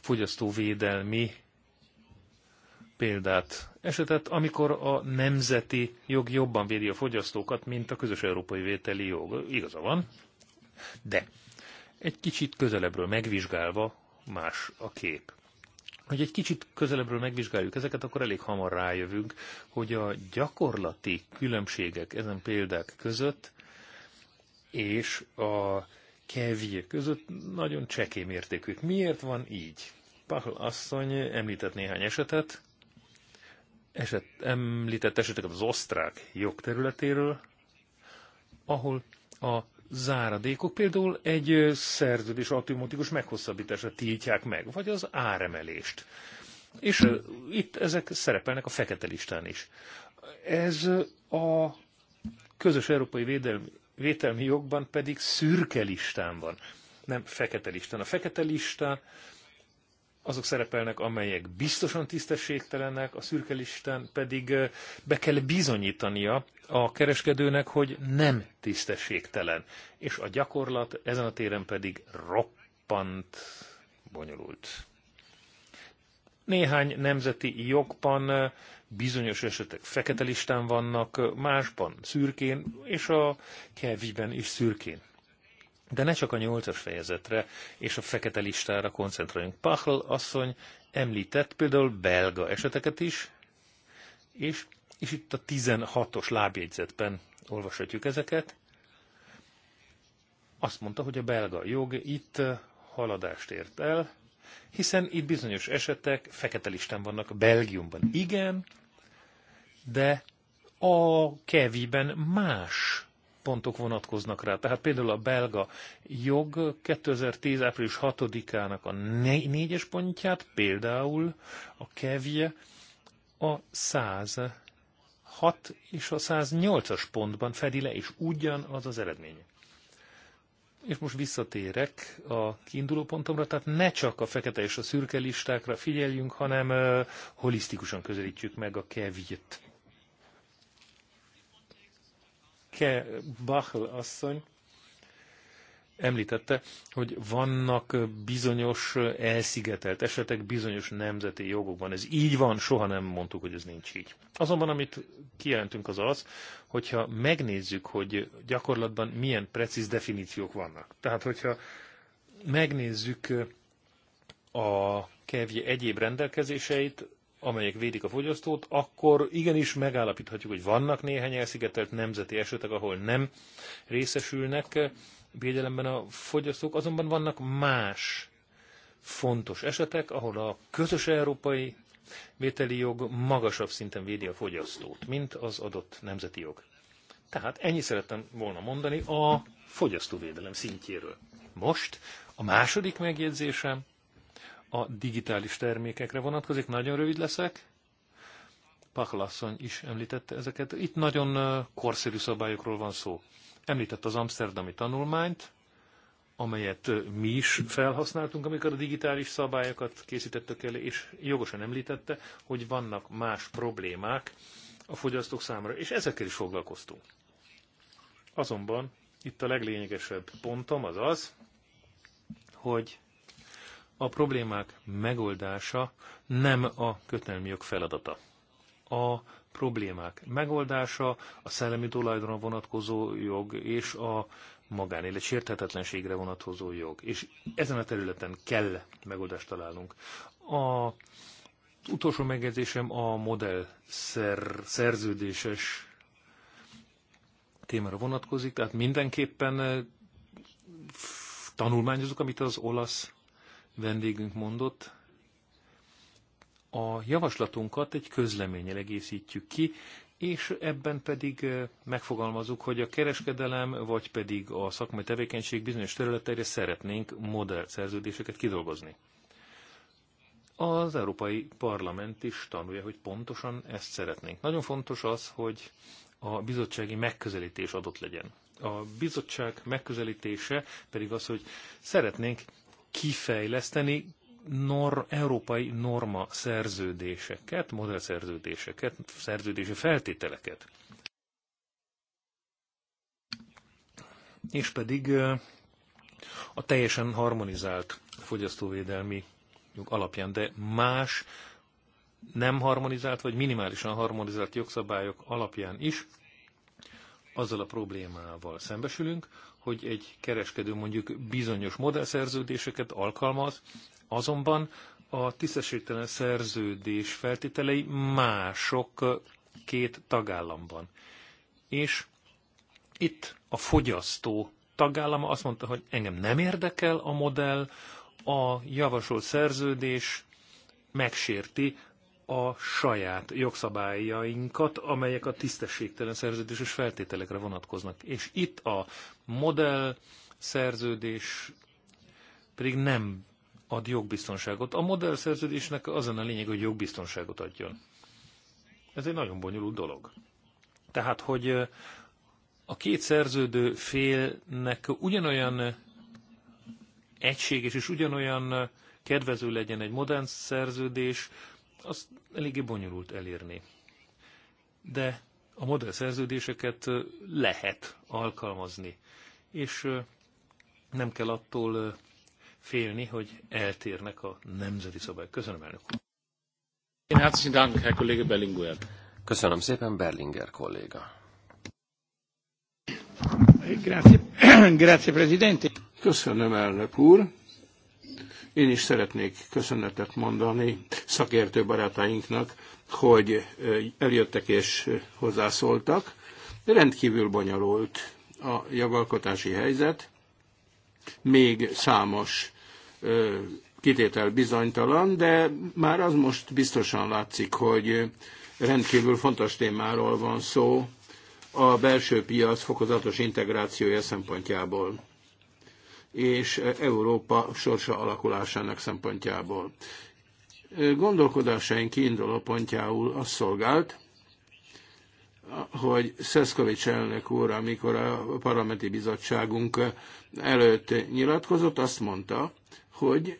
fogyasztóvédelmi példát esetet, amikor a nemzeti jog jobban védi a fogyasztókat, mint a közös európai vételi jog. Igaza van, de egy kicsit közelebbről megvizsgálva más a kép. Hogy egy kicsit közelebbről megvizsgáljuk ezeket, akkor elég hamar rájövünk, hogy a gyakorlati különbségek ezen példák között és a kevje között nagyon csekély mértékűek. Miért van így? Pahl asszony említett néhány esetet, eset, említett eseteket az osztrák jogterületéről, ahol a záradékok például egy szerződés automatikus meghosszabbítása tiltják meg, vagy az áremelést. És itt ezek szerepelnek a fekete listán is. Ez a közös európai védelmi, vételmi jogban pedig szürke listán van, nem fekete listán. A fekete lista azok szerepelnek, amelyek biztosan tisztességtelenek, a szürke listán pedig be kell bizonyítania a kereskedőnek, hogy nem tisztességtelen. És a gyakorlat ezen a téren pedig roppant bonyolult. Néhány nemzeti jogban bizonyos esetek fekete listán vannak, másban szürkén, és a kevjben is szürkén de ne csak a nyolcas fejezetre és a fekete listára koncentráljunk. Pachl asszony említett például belga eseteket is, és, és itt a 16-os lábjegyzetben olvashatjuk ezeket. Azt mondta, hogy a belga jog itt eh, haladást ért el, hiszen itt bizonyos esetek fekete listán vannak Belgiumban. Igen, de a keviben más pontok vonatkoznak rá. Tehát például a belga jog 2010. április 6-ának a négyes pontját, például a kevje a 106 és a 108-as pontban fedi le, és ugyanaz az eredmény. És most visszatérek a kiinduló pontomra, tehát ne csak a fekete és a szürke listákra figyeljünk, hanem holisztikusan közelítjük meg a kevjét. Ke Bachel asszony említette, hogy vannak bizonyos elszigetelt esetek bizonyos nemzeti jogokban. Ez így van, soha nem mondtuk, hogy ez nincs így. Azonban amit kijelentünk az az, hogyha megnézzük, hogy gyakorlatban milyen precíz definíciók vannak. Tehát, hogyha megnézzük a kevje egyéb rendelkezéseit, amelyek védik a fogyasztót, akkor igenis megállapíthatjuk, hogy vannak néhány elszigetelt nemzeti esetek, ahol nem részesülnek védelemben a fogyasztók, azonban vannak más fontos esetek, ahol a közös európai vételi jog magasabb szinten védi a fogyasztót, mint az adott nemzeti jog. Tehát ennyi szerettem volna mondani a fogyasztóvédelem szintjéről. Most a második megjegyzésem a digitális termékekre vonatkozik. Nagyon rövid leszek. Paklasszony is említette ezeket. Itt nagyon korszerű szabályokról van szó. Említett az amsterdami tanulmányt, amelyet mi is felhasználtunk, amikor a digitális szabályokat készítettük elő, és jogosan említette, hogy vannak más problémák a fogyasztók számára, és ezekkel is foglalkoztunk. Azonban itt a leglényegesebb pontom az az, hogy a problémák megoldása nem a kötelmi jog feladata. A problémák megoldása a szellemi tulajdonra vonatkozó jog és a magánélet sérthetetlenségre vonatkozó jog. És ezen a területen kell megoldást találnunk. A utolsó megjegyzésem a modell szer, szerződéses témára vonatkozik, tehát mindenképpen eh, tanulmányozunk, amit az olasz vendégünk mondott, a javaslatunkat egy közleménnyel egészítjük ki, és ebben pedig megfogalmazunk, hogy a kereskedelem, vagy pedig a szakmai tevékenység bizonyos területeire szeretnénk modell szerződéseket kidolgozni. Az Európai Parlament is tanulja, hogy pontosan ezt szeretnénk. Nagyon fontos az, hogy a bizottsági megközelítés adott legyen. A bizottság megközelítése pedig az, hogy szeretnénk kifejleszteni nor, európai norma szerződéseket, modellszerződéseket, szerződési feltételeket. És pedig a teljesen harmonizált fogyasztóvédelmi alapján, de más nem harmonizált, vagy minimálisan harmonizált jogszabályok alapján is azzal a problémával szembesülünk, hogy egy kereskedő mondjuk bizonyos modellszerződéseket alkalmaz, azonban a tisztességtelen szerződés feltételei mások két tagállamban. És itt a fogyasztó tagállama azt mondta, hogy engem nem érdekel a modell, a javasolt szerződés megsérti a saját jogszabályainkat, amelyek a tisztességtelen szerződéses feltételekre vonatkoznak. És itt a modell szerződés pedig nem ad jogbiztonságot. A modell szerződésnek az a lényeg, hogy jogbiztonságot adjon. Ez egy nagyon bonyolult dolog. Tehát, hogy a két szerződő félnek ugyanolyan egységes és ugyanolyan kedvező legyen egy modern szerződés, azt eléggé bonyolult elérni. De a modell szerződéseket lehet alkalmazni, és nem kell attól félni, hogy eltérnek a nemzeti szabályok. Köszönöm, elnök úr. Köszönöm szépen, Berlinger kolléga. Grazie, grazie, Presidente. Köszönöm, elnök úr. Én is szeretnék köszönetet mondani szakértő barátainknak, hogy eljöttek és hozzászóltak. Rendkívül bonyolult a jogalkotási helyzet, még számos kitétel bizonytalan, de már az most biztosan látszik, hogy rendkívül fontos témáról van szó a belső piac fokozatos integrációja szempontjából és Európa sorsa alakulásának szempontjából. Gondolkodásaink kiinduló pontjául az szolgált, hogy Szeszkovics elnök úr, amikor a parlamenti bizottságunk előtt nyilatkozott, azt mondta, hogy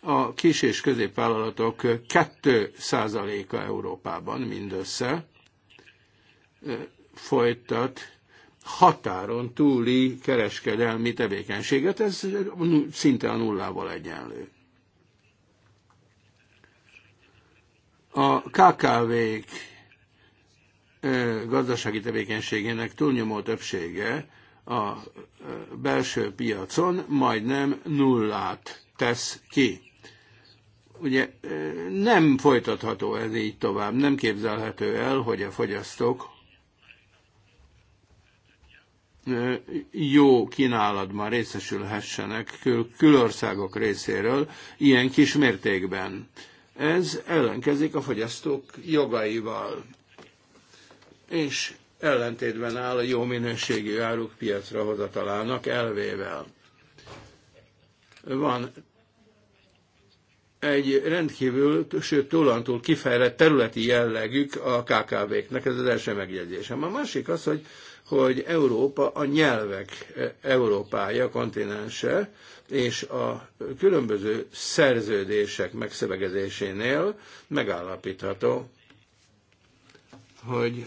a kis és középvállalatok 2%-a Európában mindössze folytat határon túli kereskedelmi tevékenységet, ez szinte a nullával egyenlő. A KKV-k gazdasági tevékenységének túlnyomó többsége a belső piacon majdnem nullát tesz ki. Ugye nem folytatható ez így tovább, nem képzelhető el, hogy a fogyasztók jó kínálatban részesülhessenek kül- külországok részéről ilyen kis mértékben. Ez ellenkezik a fogyasztók jogaival, és ellentétben áll a jó minőségű áruk piacra hozatalának elvével. Van egy rendkívül, sőt túlantúl kifejlett területi jellegük a KKV-knek, ez az első megjegyzésem. A másik az, hogy hogy Európa a nyelvek e, Európája, kontinense, és a különböző szerződések megszövegezésénél megállapítható, hogy e,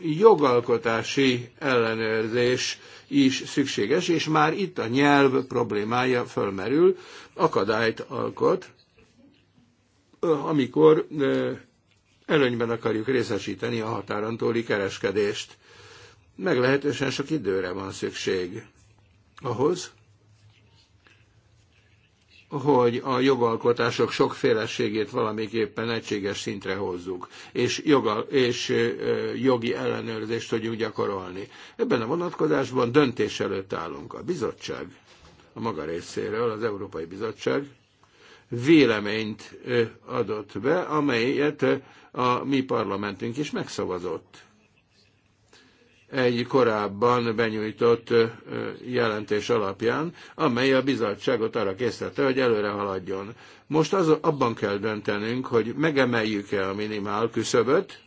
jogalkotási ellenőrzés is szükséges, és már itt a nyelv problémája fölmerül, akadályt alkot, amikor e, előnyben akarjuk részesíteni a határon túli kereskedést meglehetősen sok időre van szükség ahhoz, hogy a jogalkotások sokféleségét valamiképpen egységes szintre hozzuk, és, joga, és jogi ellenőrzést tudjuk gyakorolni. Ebben a vonatkozásban döntés előtt állunk. A bizottság a maga részéről, az Európai Bizottság véleményt adott be, amelyet a mi parlamentünk is megszavazott egy korábban benyújtott jelentés alapján, amely a bizottságot arra készítette, hogy előre haladjon. Most az, abban kell döntenünk, hogy megemeljük-e a minimál küszöböt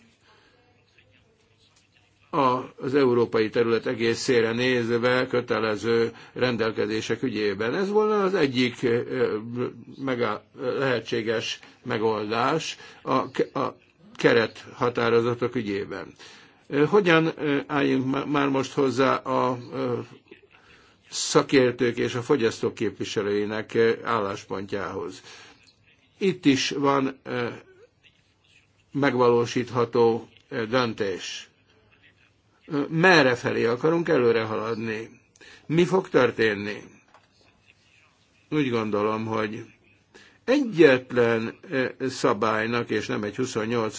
az európai terület egészére nézve kötelező rendelkezések ügyében. Ez volna az egyik megá- lehetséges megoldás a, a keret határozatok ügyében. Hogyan álljunk már most hozzá a szakértők és a fogyasztók képviselőinek álláspontjához? Itt is van megvalósítható döntés. Merre felé akarunk előre haladni? Mi fog történni? Úgy gondolom, hogy egyetlen szabálynak, és nem egy 28.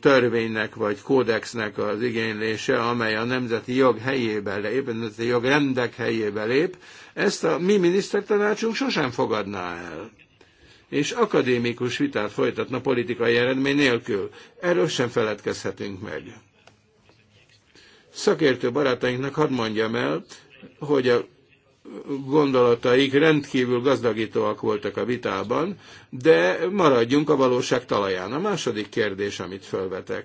törvénynek vagy kódexnek az igénylése, amely a nemzeti jog helyébe lép, a nemzeti rendek helyébe lép, ezt a mi minisztertanácsunk sosem fogadná el és akadémikus vitát folytatna politikai eredmény nélkül. Erről sem feledkezhetünk meg. Szakértő barátainknak hadd mondjam el, hogy a gondolataik rendkívül gazdagítóak voltak a vitában, de maradjunk a valóság talaján. A második kérdés, amit felvetek.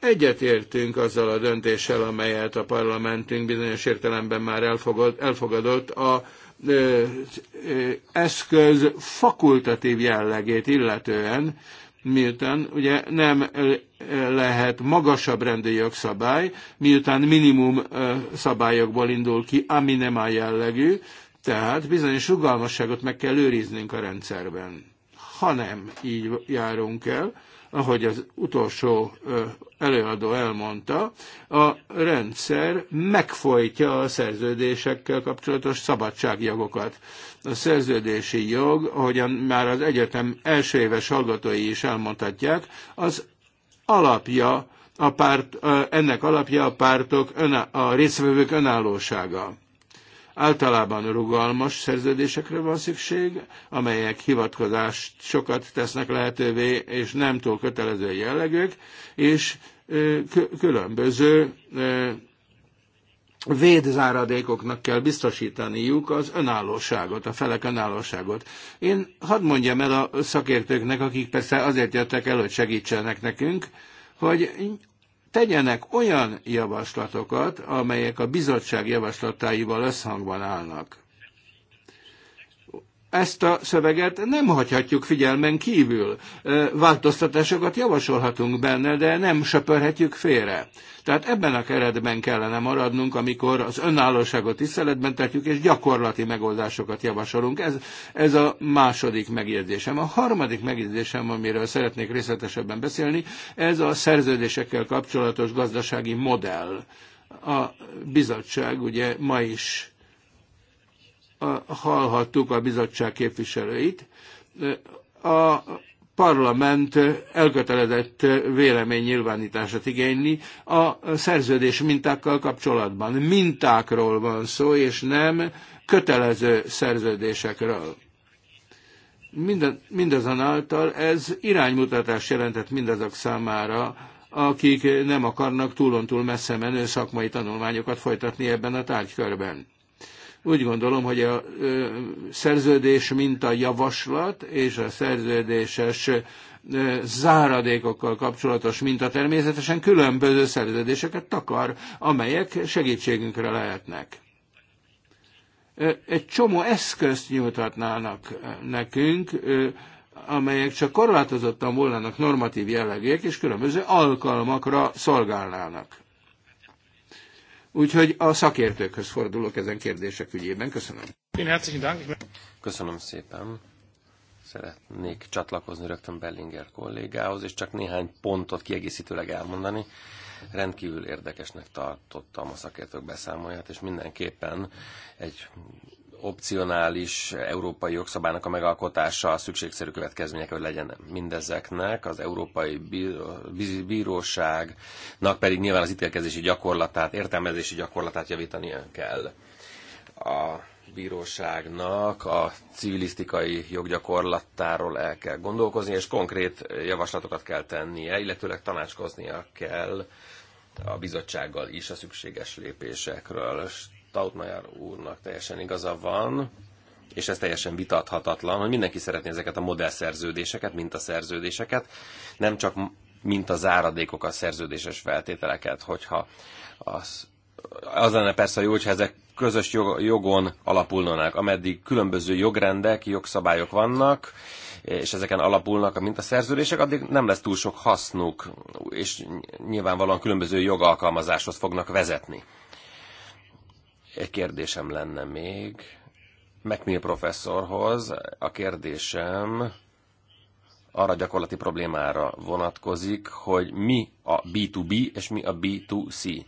Egyetértünk azzal a döntéssel, amelyet a parlamentünk bizonyos értelemben már elfogadott, elfogadott a ö, ö, eszköz fakultatív jellegét illetően, miután ugye nem lehet magasabb rendi jogszabály, miután minimum szabályokból indul ki, ami nem áll jellegű, tehát bizonyos rugalmasságot meg kell őriznünk a rendszerben. Ha nem így járunk el, ahogy az utolsó előadó elmondta, a rendszer megfojtja a szerződésekkel kapcsolatos szabadságjogokat. A szerződési jog, ahogyan már az egyetem első éves hallgatói is elmondhatják, az alapja a párt, ennek alapja a pártok, a részvevők önállósága. Általában rugalmas szerződésekre van szükség, amelyek hivatkozást sokat tesznek lehetővé, és nem túl kötelező jellegűek, és különböző védzáradékoknak kell biztosítaniuk az önállóságot, a felek önállóságot. Én hadd mondjam el a szakértőknek, akik persze azért jöttek el, hogy segítsenek nekünk, hogy tegyenek olyan javaslatokat, amelyek a bizottság javaslataival összhangban állnak ezt a szöveget nem hagyhatjuk figyelmen kívül. Változtatásokat javasolhatunk benne, de nem söpörhetjük félre. Tehát ebben a keretben kellene maradnunk, amikor az önállóságot tiszteletben tartjuk, és gyakorlati megoldásokat javasolunk. Ez, ez a második megjegyzésem. A harmadik megjegyzésem, amiről szeretnék részletesebben beszélni, ez a szerződésekkel kapcsolatos gazdasági modell. A bizottság ugye ma is hallhattuk a bizottság képviselőit. A parlament elkötelezett véleménynyilvánítását igényli a szerződés mintákkal kapcsolatban. Mintákról van szó, és nem kötelező szerződésekről. Minden, mindazonáltal ez iránymutatás jelentett mindazok számára, akik nem akarnak túlontúl messze menő szakmai tanulmányokat folytatni ebben a tárgykörben. Úgy gondolom, hogy a szerződés mint a javaslat és a szerződéses záradékokkal kapcsolatos minta természetesen különböző szerződéseket takar, amelyek segítségünkre lehetnek. Egy csomó eszközt nyújthatnának nekünk, amelyek csak korlátozottan volnának normatív jellegűek, és különböző alkalmakra szolgálnának. Úgyhogy a szakértőkhöz fordulok ezen kérdések ügyében. Köszönöm. Köszönöm szépen. Szeretnék csatlakozni rögtön Bellinger kollégához, és csak néhány pontot kiegészítőleg elmondani. Rendkívül érdekesnek tartottam a szakértők beszámolját, és mindenképpen egy opcionális európai jogszabálynak a megalkotása a szükségszerű következmények, hogy legyen mindezeknek. Az Európai Bíróságnak pedig nyilván az ítélkezési gyakorlatát, értelmezési gyakorlatát javítani kell. A bíróságnak a civilisztikai joggyakorlattáról el kell gondolkozni, és konkrét javaslatokat kell tennie, illetőleg tanácskoznia kell a bizottsággal is a szükséges lépésekről. Tautmajer úrnak teljesen igaza van, és ez teljesen vitathatatlan, hogy mindenki szeretné ezeket a modellszerződéseket, szerződéseket, nem csak mint a záradékok, a szerződéses feltételeket, hogyha az, az lenne persze jó, hogyha ezek közös jogon alapulnának, ameddig különböző jogrendek, jogszabályok vannak, és ezeken alapulnak a mintaszerződések, addig nem lesz túl sok hasznuk, és nyilvánvalóan különböző jogalkalmazáshoz fognak vezetni. Egy kérdésem lenne még McMill professzorhoz. A kérdésem arra gyakorlati problémára vonatkozik, hogy mi a B2B és mi a B2C.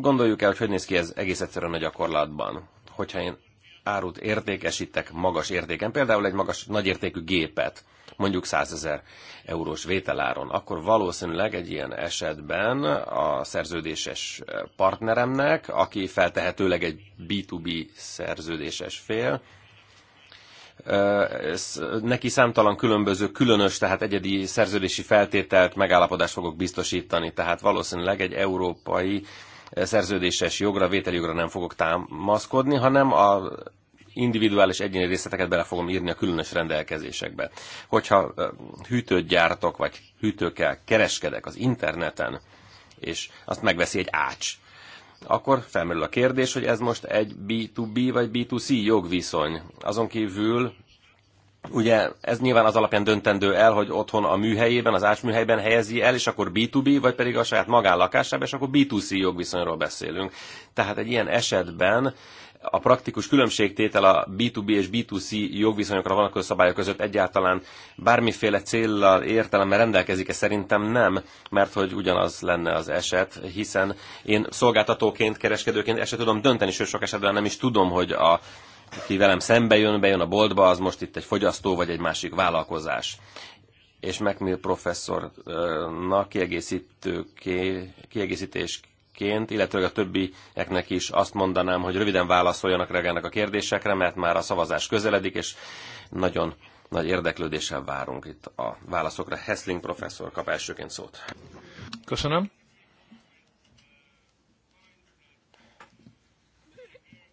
Gondoljuk el, hogy hogy néz ki ez egész egyszerűen a gyakorlatban. Hogyha én árut értékesítek magas értéken, például egy magas nagyértékű gépet, mondjuk 100 ezer eurós vételáron, akkor valószínűleg egy ilyen esetben a szerződéses partneremnek, aki feltehetőleg egy B2B szerződéses fél, ez, neki számtalan különböző, különös, tehát egyedi szerződési feltételt, megállapodást fogok biztosítani, tehát valószínűleg egy európai szerződéses jogra, vételjogra nem fogok támaszkodni, hanem a individuális egyéni részleteket bele fogom írni a különös rendelkezésekbe. Hogyha hűtőt gyártok, vagy hűtőkkel kereskedek az interneten, és azt megveszi egy ács, akkor felmerül a kérdés, hogy ez most egy B2B vagy B2C jogviszony. Azon kívül Ugye ez nyilván az alapján döntendő el, hogy otthon a műhelyében, az műhelyben helyezi el, és akkor B2B, vagy pedig a saját magánlakásában, és akkor B2C jogviszonyról beszélünk. Tehát egy ilyen esetben a praktikus különbségtétel a B2B és B2C jogviszonyokra vonatkozó szabályok között egyáltalán bármiféle célral értelemmel rendelkezik-e? Szerintem nem, mert hogy ugyanaz lenne az eset, hiszen én szolgáltatóként, kereskedőként ezt tudom dönteni, sőt sok esetben nem is tudom, hogy a, aki velem szembe jön, bejön a boltba, az most itt egy fogyasztó vagy egy másik vállalkozás. És Macmill professzornak kiegészítő, kiegészítés tagként, illetve a többieknek is azt mondanám, hogy röviden válaszoljanak, reggelnek a kérdésekre, mert már a szavazás közeledik, és nagyon nagy érdeklődéssel várunk itt a válaszokra. Hessling professzor kap elsőként szót. Köszönöm.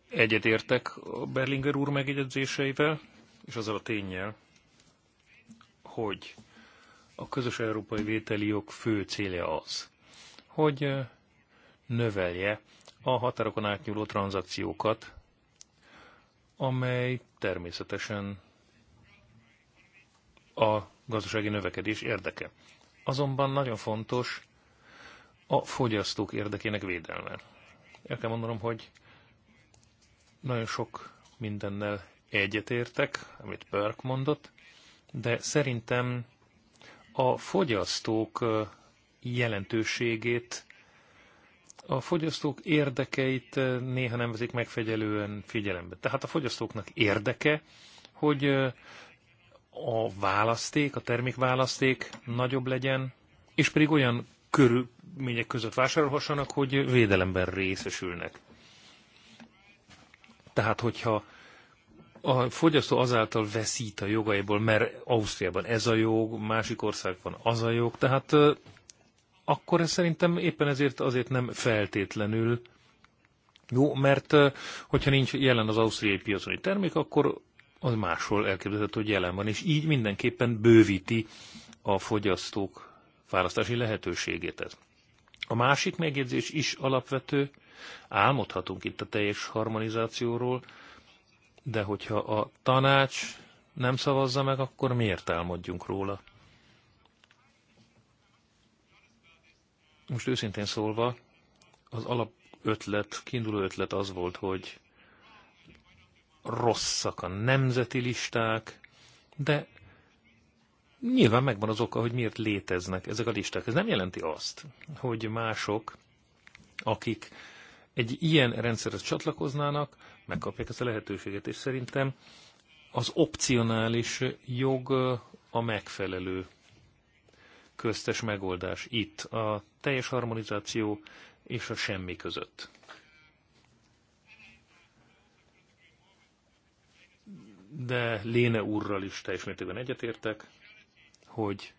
Egyetértek a Berlinger úr megjegyzéseivel, és azzal a tényel, hogy a közös európai vételi jog fő célja az, hogy növelje a határokon átnyúló tranzakciókat, amely természetesen a gazdasági növekedés érdeke. Azonban nagyon fontos a fogyasztók érdekének védelme. El kell mondanom, hogy nagyon sok mindennel egyetértek, amit Burke mondott, de szerintem a fogyasztók jelentőségét a fogyasztók érdekeit eh, néha nem vezik megfegyelően figyelembe. Tehát a fogyasztóknak érdeke, hogy eh, a választék, a termékválaszték nagyobb legyen, és pedig olyan körülmények között vásárolhassanak, hogy védelemben részesülnek. Tehát, hogyha a fogyasztó azáltal veszít a jogaiból, mert Ausztriában ez a jog, másik országban az a jog, tehát eh, akkor ez szerintem éppen ezért azért nem feltétlenül jó, mert hogyha nincs jelen az ausztriai piacon egy termék, akkor az máshol elképzelhető, hogy jelen van, és így mindenképpen bővíti a fogyasztók választási lehetőségét. A másik megjegyzés is alapvető, álmodhatunk itt a teljes harmonizációról, de hogyha a tanács nem szavazza meg, akkor miért álmodjunk róla? most őszintén szólva, az alap ötlet, kiinduló ötlet az volt, hogy rosszak a nemzeti listák, de nyilván megvan az oka, hogy miért léteznek ezek a listák. Ez nem jelenti azt, hogy mások, akik egy ilyen rendszerhez csatlakoznának, megkapják ezt a lehetőséget, és szerintem az opcionális jog a megfelelő köztes megoldás itt a teljes harmonizáció és a semmi között. De Léne úrral is teljes mértékben egyetértek, hogy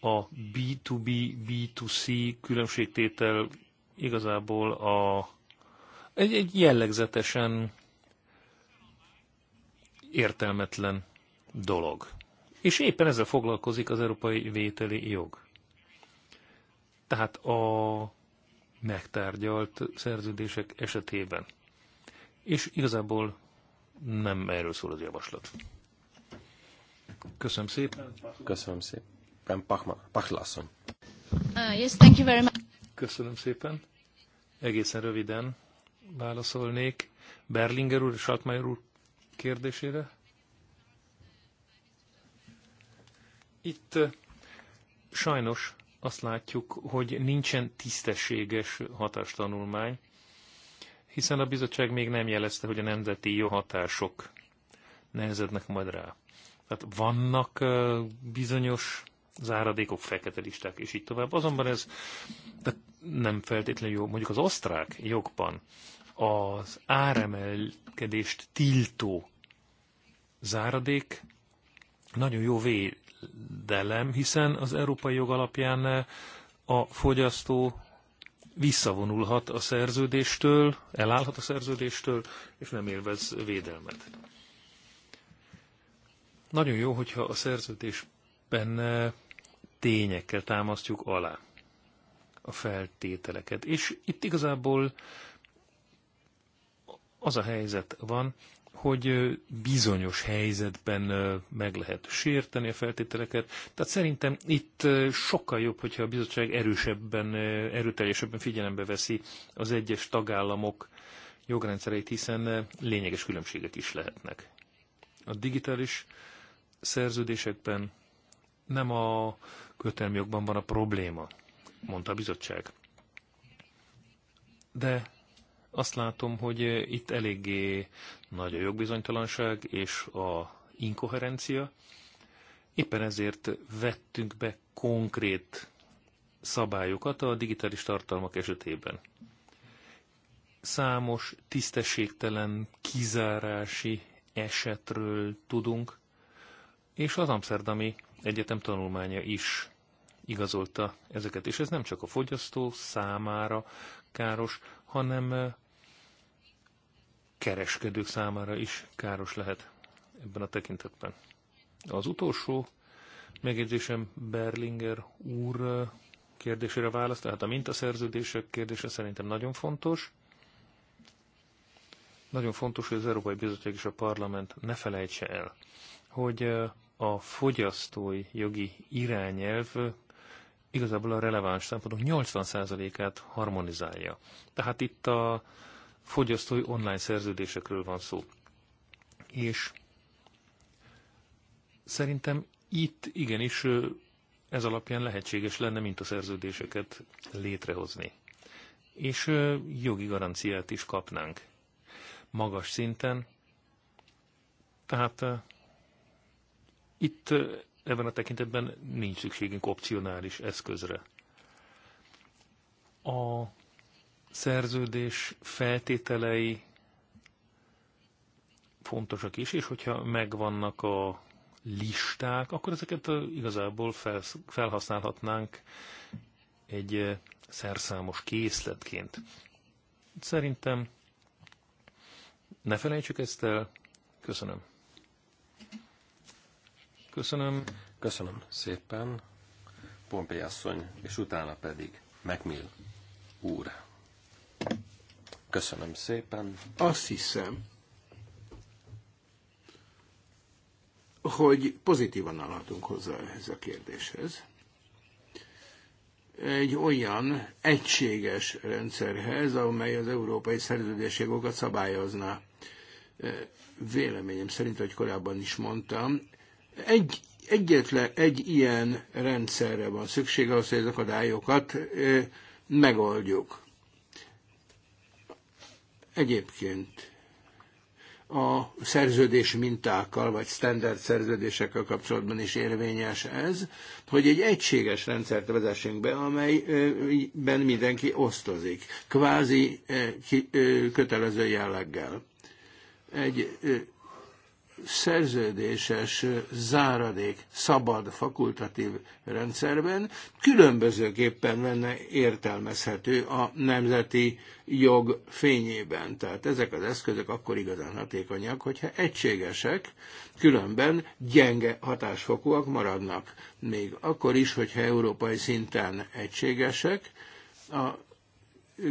a B2B, B2C különbségtétel igazából a, egy, egy jellegzetesen értelmetlen dolog. És éppen ezzel foglalkozik az európai vételi jog tehát a megtárgyalt szerződések esetében. És igazából nem erről szól az javaslat. Köszönöm szépen. Köszönöm szépen. Pachlasson. Uh, yes, thank you very much. Köszönöm szépen. Egészen röviden válaszolnék Berlinger úr és Altmaier úr kérdésére. Itt uh, sajnos azt látjuk, hogy nincsen tisztességes hatástanulmány, hiszen a bizottság még nem jelezte, hogy a nemzeti jó hatások nehezednek majd rá. Tehát vannak bizonyos záradékok, fekete listák, és így tovább. Azonban ez tehát nem feltétlenül jó. Mondjuk az osztrák jogban az áremelkedést tiltó záradék nagyon jó véd, védelem, hiszen az európai jog alapján eh, a fogyasztó visszavonulhat a szerződéstől, elállhat a szerződéstől, és nem élvez védelmet. Nagyon jó, hogyha a szerződésben eh, tényekkel támasztjuk alá a feltételeket. És itt igazából az a helyzet van, hogy bizonyos helyzetben meg lehet sérteni a feltételeket. Tehát szerintem itt sokkal jobb, hogyha a bizottság erősebben, erőteljesebben figyelembe veszi az egyes tagállamok jogrendszereit, hiszen lényeges különbségek is lehetnek. A digitális szerződésekben nem a kötelmi jogban van a probléma, mondta a bizottság. De azt látom, hogy itt eléggé nagy a jogbizonytalanság és a inkoherencia. Éppen ezért vettünk be konkrét szabályokat a digitális tartalmak esetében. Számos tisztességtelen kizárási esetről tudunk, és az Amsterdami Egyetem tanulmánya is igazolta ezeket. És ez nem csak a fogyasztó számára káros, hanem kereskedők számára is káros lehet ebben a tekintetben. Az utolsó megjegyzésem Berlinger úr kérdésére választ, tehát a mintaszerződések kérdése szerintem nagyon fontos. Nagyon fontos, hogy az Európai Bizottság és a Parlament ne felejtse el, hogy a fogyasztói jogi irányelv igazából a releváns szempontok 80%-át harmonizálja. Tehát itt a fogyasztói online szerződésekről van szó. És szerintem itt igenis ez alapján lehetséges lenne mint a szerződéseket létrehozni. És jogi garanciát is kapnánk magas szinten. Tehát itt ebben a tekintetben nincs szükségünk opcionális eszközre. A szerződés feltételei fontosak is, és hogyha megvannak a listák, akkor ezeket igazából felhasználhatnánk egy szerszámos készletként. Szerintem ne felejtsük ezt el. Köszönöm. Köszönöm. Köszönöm szépen. Pompei asszony, és utána pedig Megmill úr. Köszönöm szépen. Azt hiszem, hogy pozitívan állhatunk hozzá ehhez a kérdéshez. Egy olyan egységes rendszerhez, amely az európai szerződésjogokat szabályozná. E, véleményem szerint, hogy korábban is mondtam, egy, egyetlen egy ilyen rendszerre van szükség ahhoz, hogy az akadályokat e, megoldjuk Egyébként a szerződés mintákkal, vagy standard szerződésekkel kapcsolatban is érvényes ez, hogy egy egységes rendszert vezessünk be, amelyben mindenki osztozik, kvázi eh, eh, kötelező jelleggel. Egy eh, szerződéses záradék szabad fakultatív rendszerben különbözőképpen lenne értelmezhető a nemzeti jog fényében. Tehát ezek az eszközök akkor igazán hatékonyak, hogyha egységesek, különben gyenge hatásfokúak maradnak. Még akkor is, hogyha európai szinten egységesek, a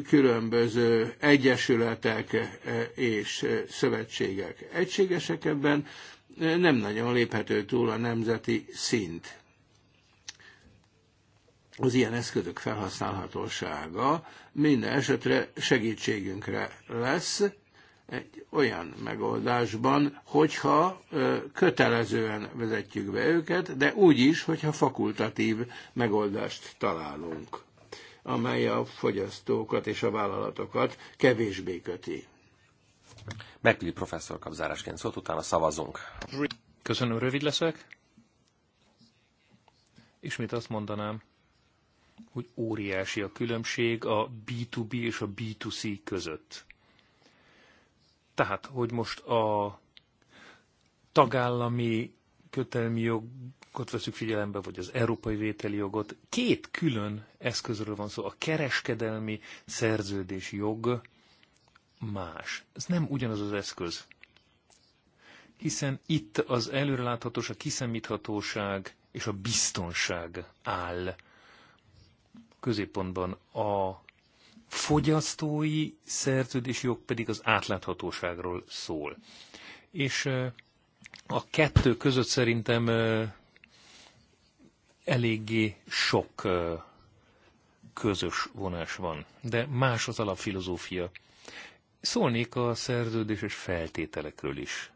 különböző egyesületek e, és e, szövetségek egységesek ebben, e, nem nagyon léphető túl a nemzeti szint. Az ilyen eszközök felhasználhatósága minden esetre segítségünkre lesz egy olyan megoldásban, hogyha kötelezően vezetjük be őket, de úgy is, hogyha fakultatív megoldást találunk amely a fogyasztókat és a vállalatokat kevésbé köti. Megküli professzor kap zárásként szót, utána szavazunk. Köszönöm, rövid leszek. Ismét azt mondanám, hogy óriási a különbség a B2B és a B2C között. Tehát, hogy most a tagállami kötelmi jog jogot veszük figyelembe, vagy az európai vételi jogot. Két külön eszközről van szó. A kereskedelmi szerződés jog más. Ez nem ugyanaz az eszköz. Hiszen itt az előreláthatóság, kiszemíthatóság és a biztonság áll középpontban. A fogyasztói szerződési jog pedig az átláthatóságról szól. És a kettő között szerintem eléggé sok közös vonás van, de más az alapfilozófia. Szólnék a szerződéses feltételekről is.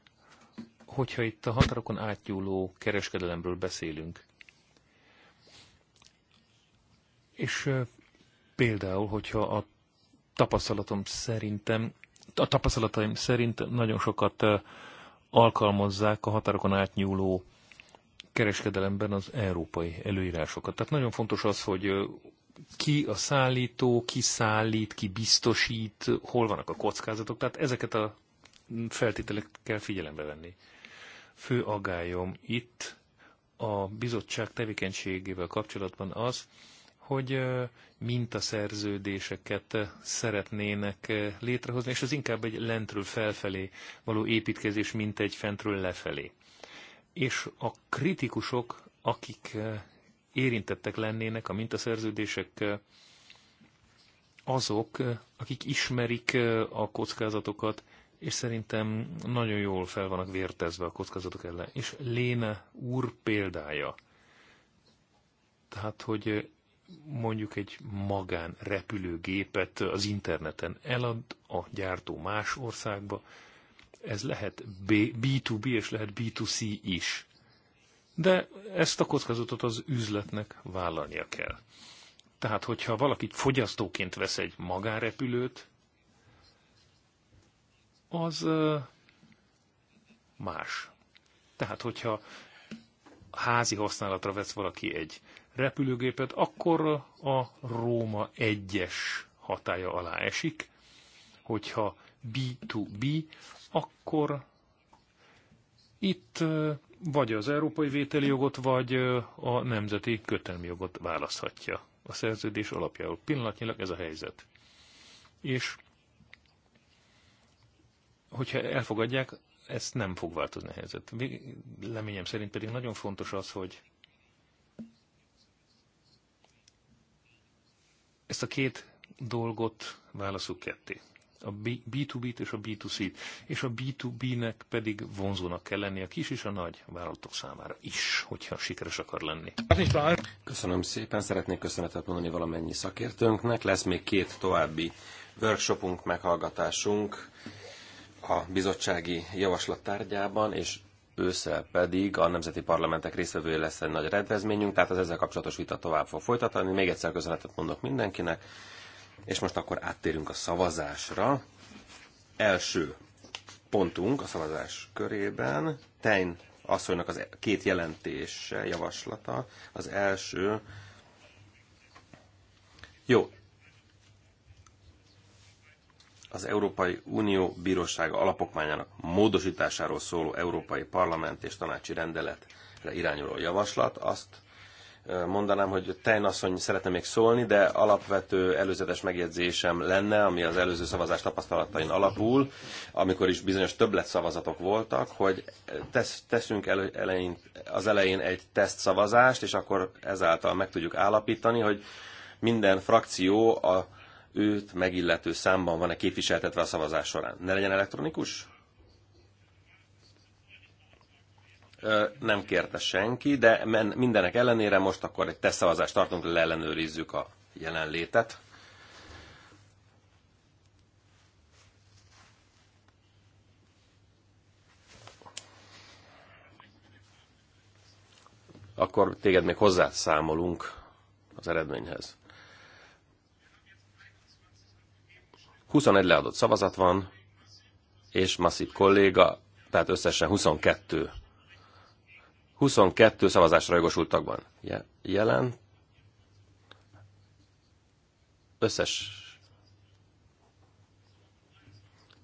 Hogyha itt a határokon átnyúló kereskedelemről beszélünk, és például, hogyha a tapasztalatom szerintem, a tapasztalataim szerint nagyon sokat alkalmazzák a határokon átnyúló kereskedelemben az európai előírásokat. Tehát nagyon fontos az, hogy ki a szállító, ki szállít, ki biztosít, hol vannak a kockázatok, tehát ezeket a feltételeket kell figyelembe venni. Fő agályom itt a bizottság tevékenységével kapcsolatban az, hogy mintaszerződéseket szeretnének létrehozni, és az inkább egy lentről felfelé való építkezés, mint egy fentről lefelé és a kritikusok, akik eh, érintettek lennének a mintaszerződések, eh, azok, eh, akik ismerik a kockázatokat, és szerintem nagyon jól fel vannak vértezve a kockázatok ellen. És Léne úr példája. Tehát, hogy mondjuk egy magán repülőgépet az interneten elad a gyártó más országba, ez lehet B2B és lehet B2C is. De ezt a kockázatot az üzletnek vállalnia kell. Tehát, hogyha valaki fogyasztóként vesz egy magárepülőt, az más. Tehát, hogyha házi használatra vesz valaki egy repülőgépet, akkor a Róma 1-es hatája alá esik, hogyha B2B, akkor itt vagy az európai vételi jogot, vagy a nemzeti kötelmi jogot választhatja a szerződés alapjául. Pillanatnyilag ez a helyzet. És hogyha elfogadják, ez nem fog változni a helyzet. Leményem szerint pedig nagyon fontos az, hogy ezt a két dolgot válaszuk ketté a B2B-t és a B2C-t, és a B2B-nek pedig vonzónak kell lenni a kis és a nagy vállalatok számára is, hogyha sikeres akar lenni. Köszönöm szépen, szeretnék köszönetet mondani valamennyi szakértőnknek. Lesz még két további workshopunk, meghallgatásunk a bizottsági javaslat tárgyában, és ősszel pedig a nemzeti parlamentek résztvevője lesz egy nagy rendezményünk, tehát az ezzel kapcsolatos vita tovább fog folytatni. Még egyszer köszönetet mondok mindenkinek. És most akkor áttérünk a szavazásra. Első pontunk a szavazás körében. Tein asszonynak az két jelentése, javaslata. Az első... Jó. Az Európai Unió Bírósága alapokmányának módosításáról szóló Európai Parlament és Tanácsi Rendeletre irányuló javaslat. Azt mondanám, hogy Tejnasszony szeretne még szólni, de alapvető előzetes megjegyzésem lenne, ami az előző szavazás tapasztalatain alapul, amikor is bizonyos többlet szavazatok voltak, hogy tesz, teszünk elő, elején, az elején egy tesztszavazást, és akkor ezáltal meg tudjuk állapítani, hogy minden frakció a őt megillető számban van-e képviseltetve a szavazás során. Ne legyen elektronikus? nem kérte senki, de mindenek ellenére most akkor egy tesztszavazást tartunk, leellenőrizzük a jelenlétet. Akkor téged még hozzászámolunk az eredményhez. 21 leadott szavazat van, és masszív kolléga, tehát összesen 22 22 szavazásra jogosultakban jelen. Összes.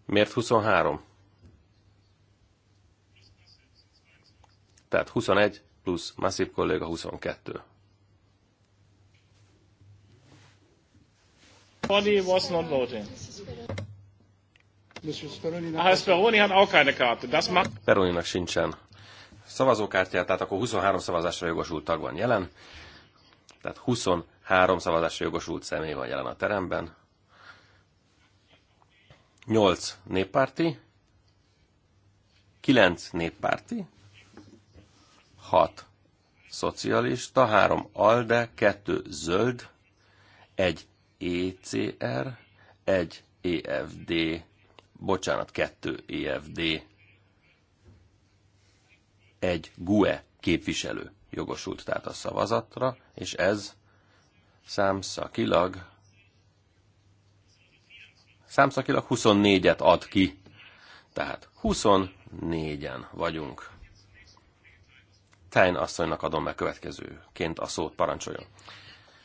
Miért 23? Tehát 21 plusz masszív kolléga 22. Body was not voting. Mrs. Speroni hat auch keine Karte. Das macht... Speroninak sincsen szavazókártyát, tehát akkor 23 szavazásra jogosult tag van jelen, tehát 23 szavazásra jogosult személy van jelen a teremben, 8 néppárti, 9 néppárti, 6 szocialista, 3 ALDE, 2 zöld, 1 ECR, 1 EFD, bocsánat, 2 EFD egy GUE képviselő jogosult tehát a szavazatra, és ez számszakilag számszakilag 24-et ad ki. Tehát 24-en vagyunk. Tejn asszonynak adom meg következőként a szót, parancsoljon.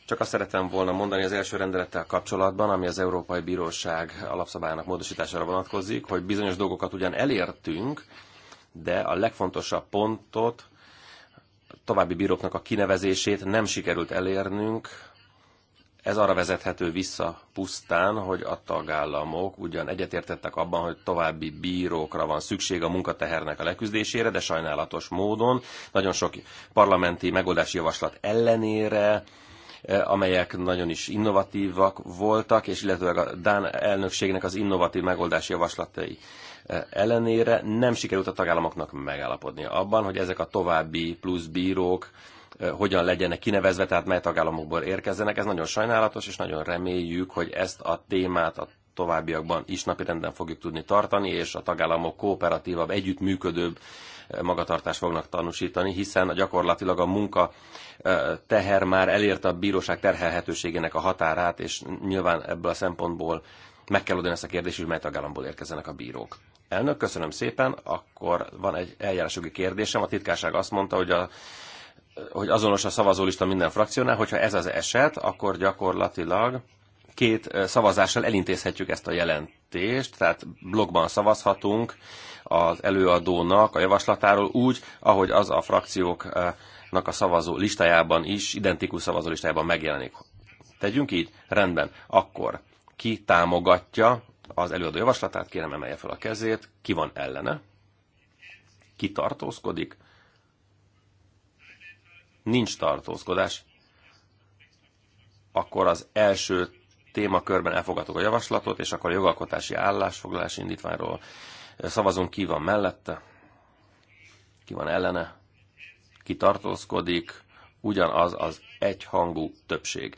Csak azt szeretem volna mondani az első rendelettel kapcsolatban, ami az Európai Bíróság alapszabályának módosítására vonatkozik, hogy bizonyos dolgokat ugyan elértünk, de a legfontosabb pontot, további bíróknak a kinevezését nem sikerült elérnünk. Ez arra vezethető vissza pusztán, hogy a tagállamok ugyan egyetértettek abban, hogy további bírókra van szükség a munkatehernek a leküzdésére, de sajnálatos módon nagyon sok parlamenti megoldási javaslat ellenére eh, amelyek nagyon is innovatívak voltak, és illetőleg a Dán elnökségnek az innovatív megoldási javaslatai ellenére nem sikerült a tagállamoknak megállapodni abban, hogy ezek a további plusz bírók hogyan legyenek kinevezve, tehát mely tagállamokból érkezzenek. Ez nagyon sajnálatos, és nagyon reméljük, hogy ezt a témát a továbbiakban is napirenden fogjuk tudni tartani, és a tagállamok kooperatívabb, együttműködőbb magatartást fognak tanúsítani, hiszen gyakorlatilag a munka teher már elérte a bíróság terhelhetőségének a határát, és nyilván ebből a szempontból meg kell oldani ezt a kérdést, hogy mely tagállamból érkezzenek a bírók. Elnök, köszönöm szépen. Akkor van egy eljárásjogi kérdésem. A titkárság azt mondta, hogy, a, hogy azonos a szavazólista minden frakciónál. Hogyha ez az eset, akkor gyakorlatilag két szavazással elintézhetjük ezt a jelentést, tehát blogban szavazhatunk az előadónak a javaslatáról úgy, ahogy az a frakcióknak a szavazó listájában is, identikus szavazó listájában megjelenik. Tegyünk így? Rendben. Akkor ki támogatja az előadó javaslatát, kérem emelje fel a kezét, ki van ellene, ki tartózkodik, nincs tartózkodás, akkor az első témakörben elfogadok a javaslatot, és akkor a jogalkotási állásfoglalás indítványról szavazunk, ki van mellette, ki van ellene, ki tartózkodik, ugyanaz az egyhangú többség.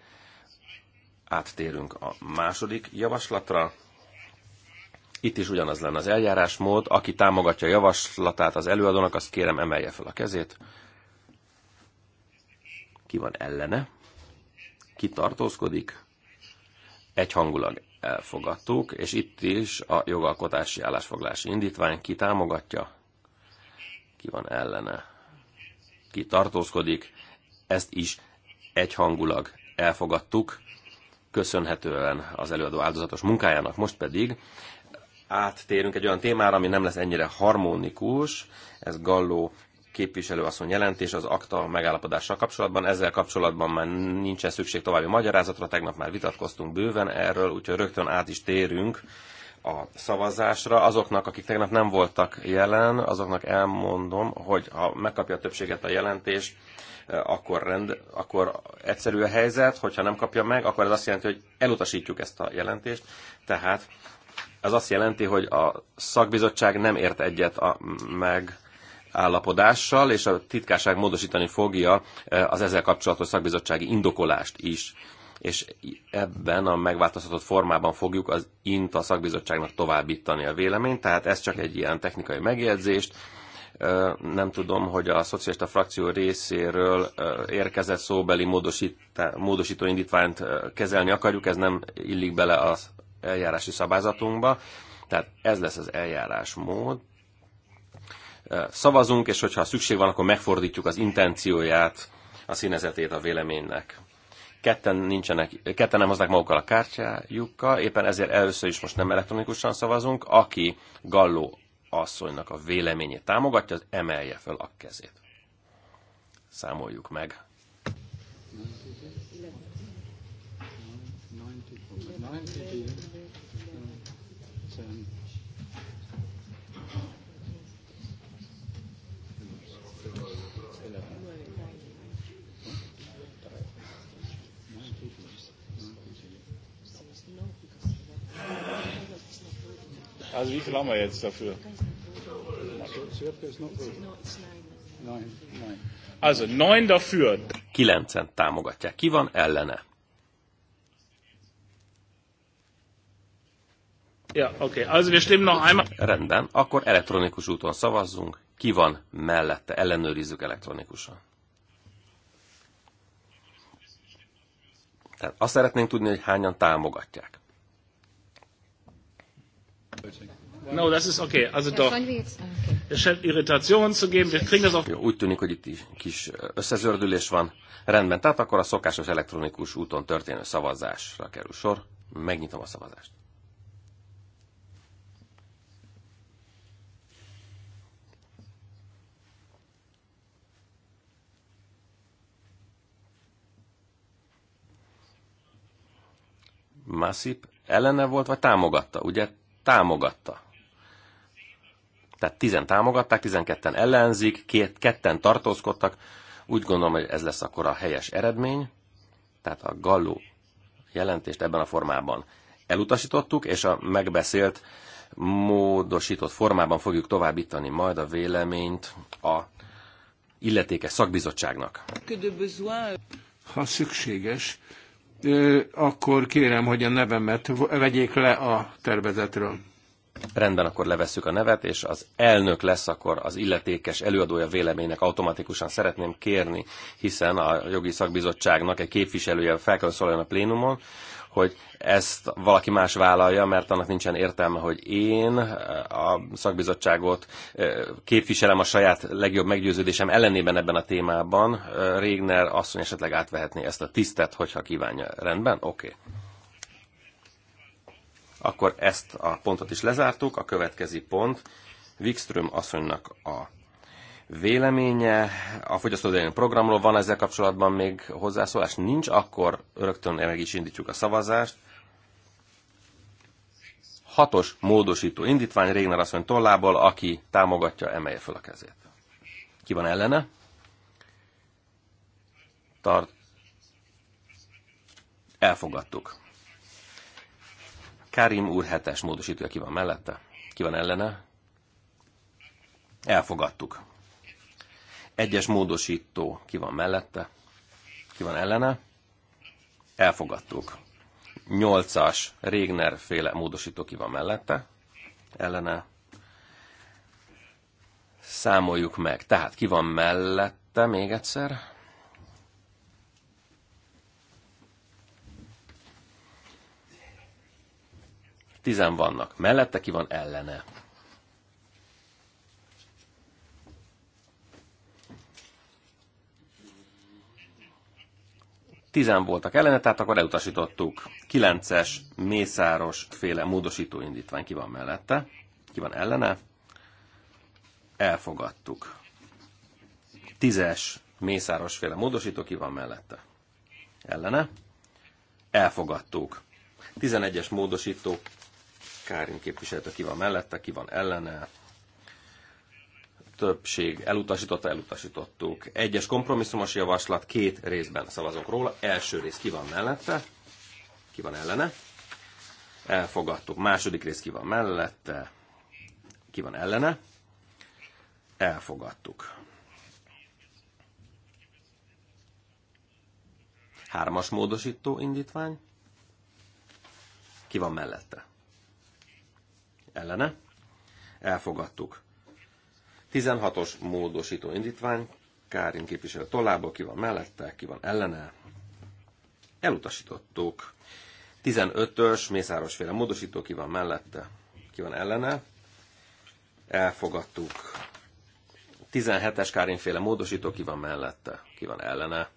Áttérünk a második javaslatra, itt is ugyanaz lenne az eljárásmód. Aki támogatja a javaslatát az előadónak, azt kérem emelje fel a kezét. Ki van ellene? Ki tartózkodik? Egyhangulag elfogadtuk, és itt is a jogalkotási állásfoglási indítvány ki támogatja, ki van ellene, ki tartózkodik, ezt is egyhangulag elfogadtuk, köszönhetően az előadó áldozatos munkájának. Most pedig áttérünk egy olyan témára, ami nem lesz ennyire harmonikus, ez Galló képviselőasszony jelentés az akta megállapodással kapcsolatban. Ezzel kapcsolatban már nincsen szükség további magyarázatra, tegnap már vitatkoztunk bőven erről, úgyhogy rögtön át is térünk a szavazásra. Azoknak, akik tegnap nem voltak jelen, azoknak elmondom, hogy ha megkapja a többséget a jelentés, eh, akkor, rend, akkor egyszerű a helyzet, hogyha nem kapja meg, akkor ez azt jelenti, hogy elutasítjuk ezt a jelentést, tehát ez azt jelenti, hogy a szakbizottság nem ért egyet a meg állapodással, és a titkárság módosítani fogja e, az ezzel kapcsolatos szakbizottsági indokolást is. És ebben a megváltoztatott formában fogjuk az INTA szakbizottságnak továbbítani a véleményt, tehát ez csak egy ilyen technikai megjegyzést. E, nem tudom, hogy a szocialista frakció részéről e, érkezett szóbeli módosító indítványt kezelni akarjuk, ez nem illik bele a eljárási szabályzatunkba, tehát ez lesz az eljárásmód. Szavazunk, és hogyha szükség van, akkor megfordítjuk az intencióját, a színezetét a véleménynek. Ketten, nincsenek, ketten nem hoznak magukkal a kártyájukkal, éppen ezért először is most nem elektronikusan szavazunk. Aki Galló asszonynak a véleményét támogatja, az emelje fel a kezét. Számoljuk meg. 90, 90, 90, Also wie viel haben wir jetzt dafür? Also neun dafür. Kilencen támogatják. Ki van ellene? Ja, oké. Okay. Also wir stimmen noch einmal. Rendben, akkor elektronikus úton szavazzunk. Ki van mellette? Ellenőrizzük elektronikusan. Tehát azt szeretnénk tudni, hogy hányan támogatják. No, das ist okay. Also doch. Es scheint Irritation zu geben. Wir kriegen das auch. Úgy tűnik, hogy itt is kis összezördülés van. Rendben, tehát akkor a szokásos elektronikus úton történő szavazásra kerül sor. Megnyitom a szavazást. Massip ellene volt, vagy támogatta, ugye? támogatta. Tehát tizen támogatták, tizenketten ellenzik, két, ketten tartózkodtak. Úgy gondolom, hogy ez lesz akkor a helyes eredmény. Tehát a Galló jelentést ebben a formában elutasítottuk, és a megbeszélt módosított formában fogjuk továbbítani majd a véleményt a illetékes szakbizottságnak. Ha szükséges, akkor kérem, hogy a nevemet vegyék le a tervezetről. Rendben, akkor levesszük a nevet, és az elnök lesz akkor az illetékes előadója véleménynek automatikusan szeretném kérni, hiszen a jogi szakbizottságnak egy képviselője fel kell szóljon a plénumon, hogy ezt valaki más vállalja, mert annak nincsen értelme, hogy én eh, a szakbizottságot eh, képviselem a saját legjobb meggyőződésem ellenében ebben a témában. Eh, Régner asszony esetleg átvehetné ezt a tisztet, hogyha kívánja. Rendben? Oké. Okay. Akkor ezt a pontot is lezártuk. A következő pont Wikström asszonynak a véleménye a fogyasztóvédelmi programról. Van ezzel kapcsolatban még hozzászólás? Nincs, akkor rögtön meg is indítjuk a szavazást. Hatos módosító indítvány Régner asszony tollából, aki támogatja, emelje fel a kezét. Ki van ellene? Tart. Elfogadtuk. Karim úr hetes módosítója ki van mellette? Ki van ellene? Elfogadtuk. Egyes módosító ki van mellette, ki van ellene. Elfogadtuk. Nyolcas Régner féle módosító ki van mellette, ellene. Számoljuk meg. Tehát ki van mellette még egyszer? Tizen vannak. Mellette ki van ellene. Tizen voltak ellene, tehát akkor elutasítottuk. Kilences mészáros féle módosító indítvány ki van mellette, ki van ellene. Elfogadtuk. Tízes mészáros féle módosító ki van mellette, ellene. Elfogadtuk. Tizenegyes módosító Kárin képviselő ki van mellette, ki van ellene, többség elutasította, elutasítottuk. Egyes kompromisszumos javaslat, két részben szavazok róla. Első rész ki van mellette, ki van ellene. Elfogadtuk. Második rész ki van mellette, ki van ellene. Elfogadtuk. Hármas módosító indítvány. Ki van mellette? Ellene? Elfogadtuk. 16-os módosító indítvány, Kárin képviselő tollából, ki van mellette, ki van ellene. Elutasítottuk. 15-ös Mészárosféle módosító, ki van mellette, ki van ellene. Elfogadtuk. 17-es Kárinféle módosító, ki van mellette, ki van ellene.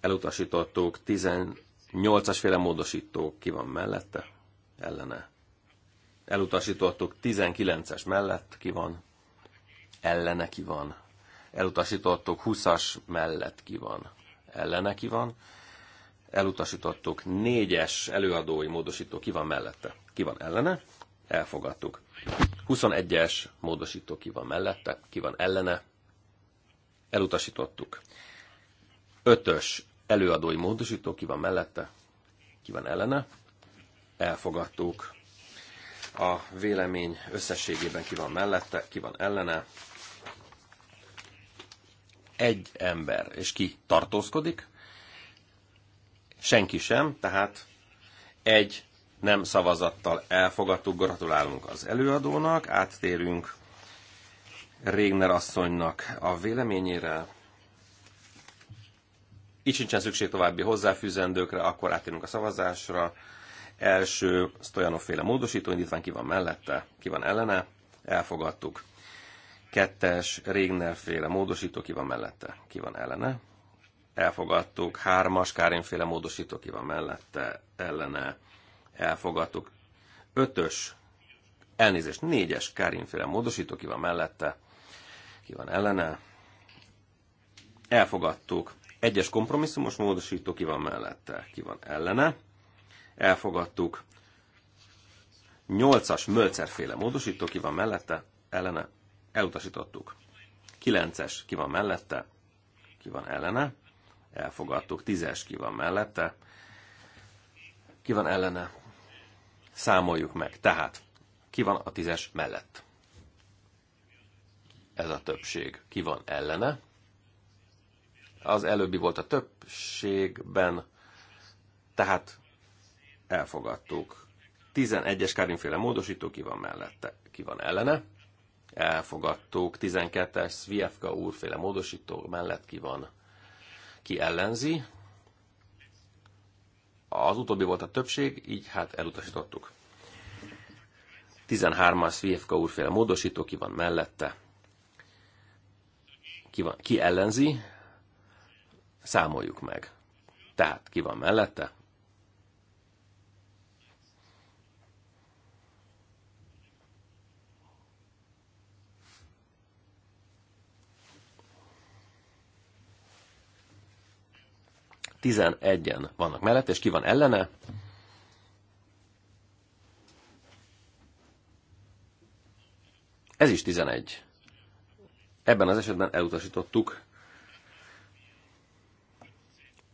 Elutasítottuk. 18-as féle módosító, ki van mellette, ellene. Elutasítottuk. 19-es mellett, ki van ellene ki van. Elutasítottuk 20-as mellett ki van, ellene ki van. Elutasítottuk 4-es előadói módosító ki van mellette, ki van ellene. Elfogadtuk. 21-es módosító ki van mellette, ki van ellene. Elutasítottuk. 5-ös előadói módosító ki van mellette, ki van ellene. Elfogadtuk a vélemény összességében ki van mellette, ki van ellene, egy ember, és ki tartózkodik? Senki sem, tehát egy nem szavazattal elfogadtuk, gratulálunk az előadónak, áttérünk Régner asszonynak a véleményére. Így sincsen szükség további hozzáfűzendőkre, akkor átérünk a szavazásra. Első Stojanov féle módosító indítvány ki van mellette, ki van ellene, elfogadtuk. Kettes, Régner féle módosító, ki van mellette, ki van ellene. Elfogadtuk. Hármas, Kárén féle módosító, ki van mellette, ellene. Elfogadtuk. Ötös, elnézést, négyes, Kárén féle módosító, ki van mellette, ki van ellene. Elfogadtuk. Egyes kompromisszumos módosító, ki van mellette, ki van ellene. Elfogadtuk. nyolcas, mölcer féle módosító, ki van mellette, ellene Elutasítottuk. 9-es ki van mellette, ki van ellene. Elfogadtuk. 10-es ki van mellette, ki van ellene. Számoljuk meg. Tehát ki van a 10-es mellett. Ez a többség. Ki van ellene. Az előbbi volt a többségben, tehát elfogadtuk. 11-es Kárinféle módosító ki van mellette, ki van ellene elfogadtuk. 12-es Svievka úrféle módosító mellett ki van, ki ellenzi. Az utóbbi volt a többség, így hát elutasítottuk. 13-as Svievka úrféle módosító ki van mellette. Ki, van, ki ellenzi? Számoljuk meg. Tehát ki van mellette? 11-en vannak mellette, és ki van ellene? Ez is 11. Ebben az esetben elutasítottuk.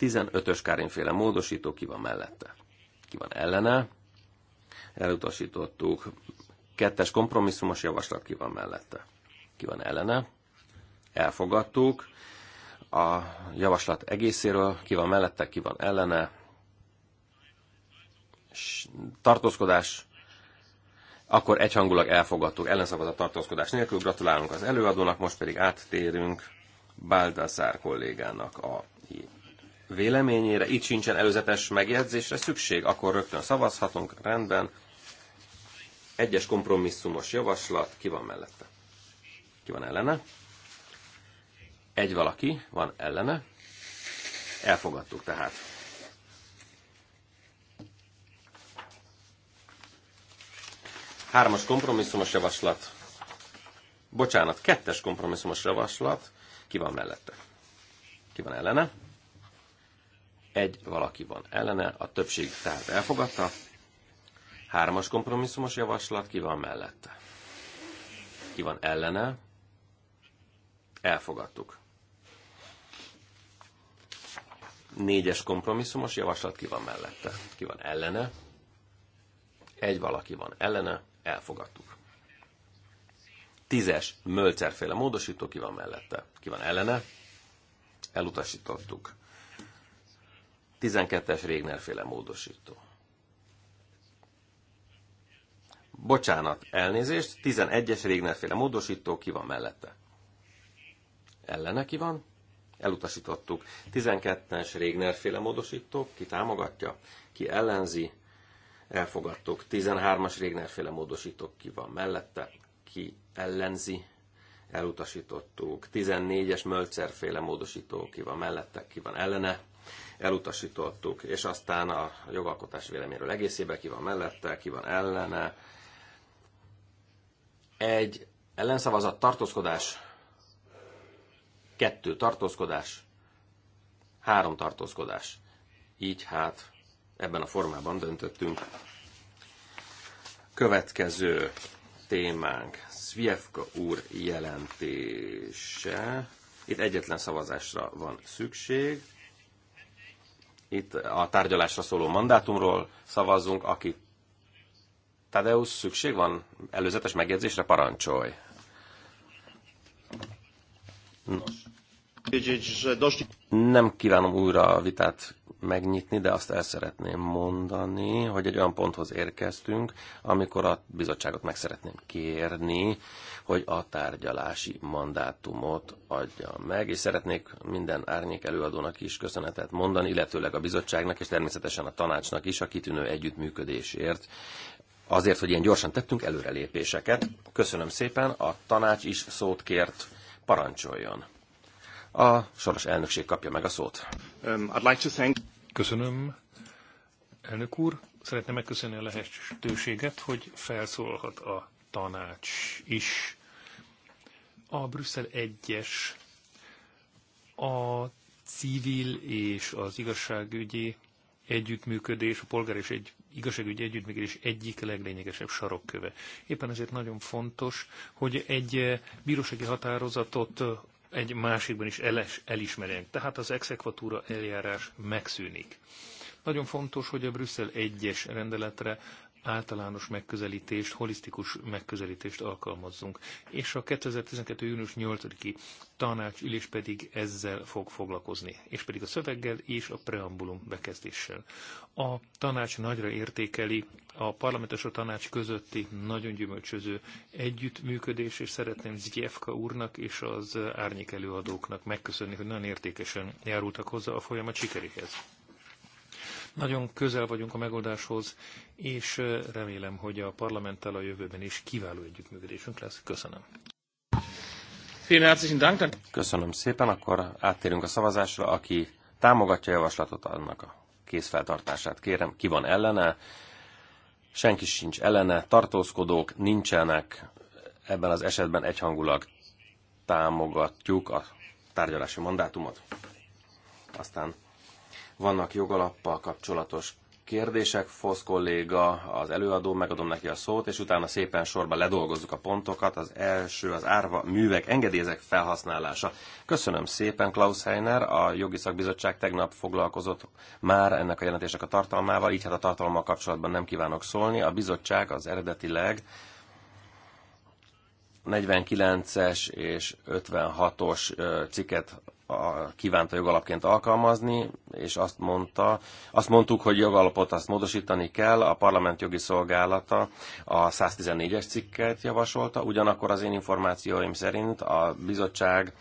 15-ös Kárinféle módosító ki van mellette. Ki van ellene? Elutasítottuk. Kettes kompromisszumos javaslat ki van mellette. Ki van ellene? Elfogadtuk a javaslat egészéről, ki van mellette, ki van ellene. Tartózkodás, akkor egyhangulag elfogadtuk ellenszavazat tartózkodás nélkül. Gratulálunk az előadónak, most pedig áttérünk Baldassar kollégának a véleményére. Itt sincsen előzetes megjegyzésre szükség, akkor rögtön szavazhatunk, rendben. Egyes kompromisszumos javaslat, ki van mellette? Ki van ellene? Egy valaki van ellene. Elfogadtuk tehát. Hármas kompromisszumos javaslat. Bocsánat, kettes kompromisszumos javaslat. Ki van mellette? Ki van ellene? Egy valaki van ellene, a többség tehát elfogadta. Hármas kompromisszumos javaslat, ki van mellette? Ki van ellene? Elfogadtuk. Négyes kompromisszumos javaslat ki van mellette? Ki van ellene? Egy valaki van ellene, elfogadtuk. Tízes mölcerféle módosító ki van mellette? Ki van ellene? Elutasítottuk. Tizenkettes, Régnerféle módosító. Bocsánat, elnézést, 11-es Régnerféle módosító ki van mellette? Ellene ki van? elutasítottuk. 12-es Régner féle módosítók, ki támogatja, ki ellenzi, elfogadtuk. 13-as Régner féle módosítók, ki van mellette, ki ellenzi, elutasítottuk. 14-es Mölcer féle módosító, ki van mellette, ki van ellene, elutasítottuk. És aztán a jogalkotás véleményről egészében, ki van mellette, ki van ellene. Egy ellenszavazat tartózkodás Kettő tartózkodás, három tartózkodás. Így hát ebben a formában döntöttünk. Következő témánk, Szvjevka úr jelentése. Itt egyetlen szavazásra van szükség. Itt a tárgyalásra szóló mandátumról szavazunk, aki Tadeusz szükség van előzetes megjegyzésre, parancsolj! Nem kívánom újra a vitát megnyitni, de azt el szeretném mondani, hogy egy olyan ponthoz érkeztünk, amikor a bizottságot meg szeretném kérni, hogy a tárgyalási mandátumot adja meg, és szeretnék minden árnyék előadónak is köszönetet mondani, illetőleg a bizottságnak, és természetesen a tanácsnak is a kitűnő együttműködésért, azért, hogy ilyen gyorsan tettünk előrelépéseket. Köszönöm szépen, a tanács is szót kért Parancsoljon! A soros elnökség kapja meg a szót. Um, Köszönöm, elnök úr. Szeretném megköszönni a lehetőséget, hogy felszólhat a tanács is. A Brüsszel 1-es a civil és az igazságügyi együttműködés, a polgár és egy igazságügyi együttműködés egyik leglényegesebb sarokköve. Éppen ezért nagyon fontos, hogy egy eh, bírósági határozatot eh, egy másikban is eles, elismerjenek. Tehát az exekvatúra eljárás megszűnik. Nagyon fontos, hogy a Brüsszel egyes rendeletre általános megközelítést, holisztikus megközelítést alkalmazzunk. És a 2012. június 8-i tanácsülés pedig ezzel fog foglalkozni, és pedig a szöveggel és a preambulum bekezdéssel. A tanács nagyra értékeli a parlament és a tanács közötti nagyon gyümölcsöző együttműködés, és szeretném Zgyevka úrnak és az árnyék előadóknak megköszönni, hogy nagyon értékesen járultak hozzá a folyamat sikeréhez. Nagyon közel vagyunk a megoldáshoz, és remélem, hogy a parlamenttel a jövőben is kiváló együttműködésünk lesz. Köszönöm. Köszönöm szépen, akkor áttérünk a szavazásra. Aki támogatja a javaslatot, annak a készfeltartását kérem. Ki van ellene? Senki sincs ellene, tartózkodók nincsenek, ebben az esetben egyhangulag támogatjuk a tárgyalási mandátumot. Aztán vannak jogalappal kapcsolatos kérdések, Fosz kolléga, az előadó, megadom neki a szót, és utána szépen sorba ledolgozzuk a pontokat. Az első az árva művek engedélyezek felhasználása. Köszönöm szépen, Klaus Heiner, a jogi szakbizottság tegnap foglalkozott már ennek a jelentésnek a tartalmával, így hát a tartalommal kapcsolatban nem kívánok szólni. A bizottság az eredetileg 49-es és 56-os cikket kívánta jogalapként alkalmazni, és azt mondta, azt mondtuk, hogy jogalapot azt módosítani kell, a parlament jogi szolgálata a 114-es cikket javasolta, ugyanakkor az én információim szerint a bizottság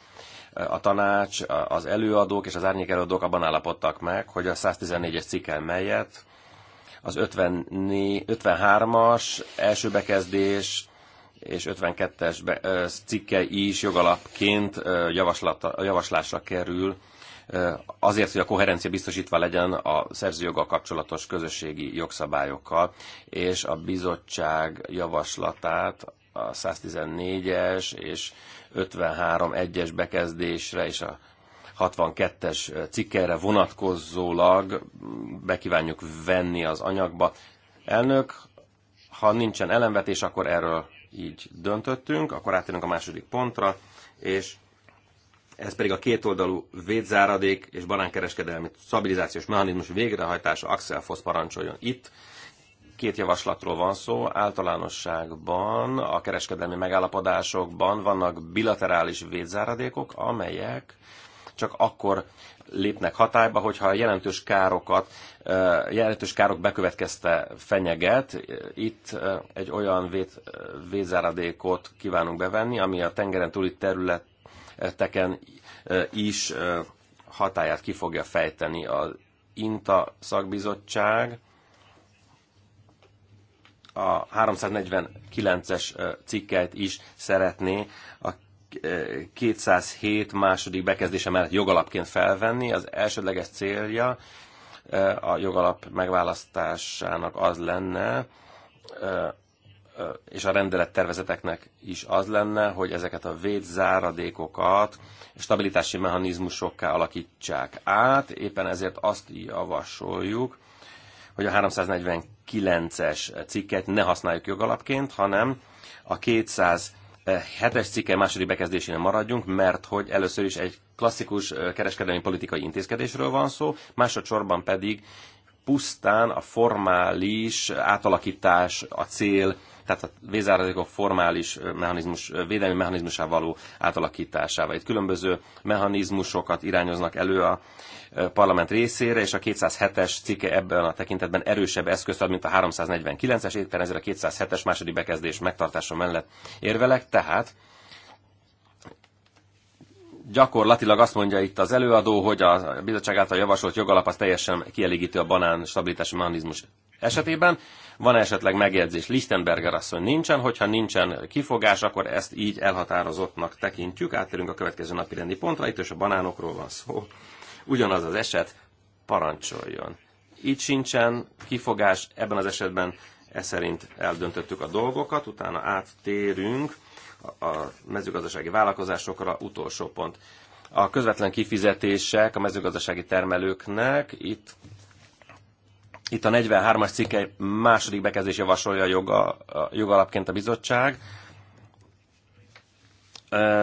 a tanács, az előadók és az árnyék előadók abban állapodtak meg, hogy a 114-es cikkel melyet az 54, 53-as első bekezdés és 52-es cikke is jogalapként javaslásra kerül, azért, hogy a koherencia biztosítva legyen a szerzőjoggal kapcsolatos közösségi jogszabályokkal, és a bizottság javaslatát a 114-es és 1 es bekezdésre és a 62-es cikkelre vonatkozólag bekívánjuk venni az anyagba. Elnök, ha nincsen ellenvetés, akkor erről így döntöttünk, akkor átérünk a második pontra, és ez pedig a kétoldalú védzáradék és banánkereskedelmi stabilizációs mechanizmus végrehajtása Axel Foss parancsoljon itt. Két javaslatról van szó, általánosságban a kereskedelmi megállapodásokban vannak bilaterális védzáradékok, amelyek csak akkor lépnek hatályba, hogyha a jelentős károkat, jelentős károk bekövetkezte fenyeget. Itt egy olyan vét, vézáradékot kívánunk bevenni, ami a tengeren túli területeken is hatáját ki fogja fejteni az INTA szakbizottság a 349-es cikket is szeretné a 207 második bekezdése mellett jogalapként felvenni. Az elsődleges célja a jogalap megválasztásának az lenne, és a rendelettervezeteknek is az lenne, hogy ezeket a védzáradékokat stabilitási mechanizmusokká alakítsák át. Éppen ezért azt javasoljuk, hogy a 349-es cikket ne használjuk jogalapként, hanem a 200 Eh, hetes cikke második bekezdésénél maradjunk, mert hogy először is egy klasszikus eh, kereskedelmi politikai intézkedésről van szó, másodszorban pedig pusztán a formális átalakítás a cél tehát a vízáradékok formális mechanizmus, védelmi mechanizmusá való átalakításával. Itt különböző mechanizmusokat irányoznak elő a parlament részére, és a 207-es cikke ebben a tekintetben erősebb eszközt ad, mint a 349-es, éppen ezért a 207-es második bekezdés megtartása mellett érvelek, tehát gyakorlatilag azt mondja itt az előadó, hogy a bizottság által javasolt jogalap az teljesen kielégítő a banán stabilitási mechanizmus esetében. Van esetleg megjegyzés? Lichtenberger asszony nincsen, hogyha nincsen kifogás, akkor ezt így elhatározottnak tekintjük. Átérünk a következő napi rendi pontra, itt is a banánokról van szó. Ugyanaz az eset, parancsoljon. Itt sincsen kifogás, ebben az esetben e szerint eldöntöttük a dolgokat, utána áttérünk a mezőgazdasági vállalkozásokra, utolsó pont a közvetlen kifizetések a mezőgazdasági termelőknek. Itt itt a 43-as cikke második bekezdés javasolja joga, a jogalapként a bizottság.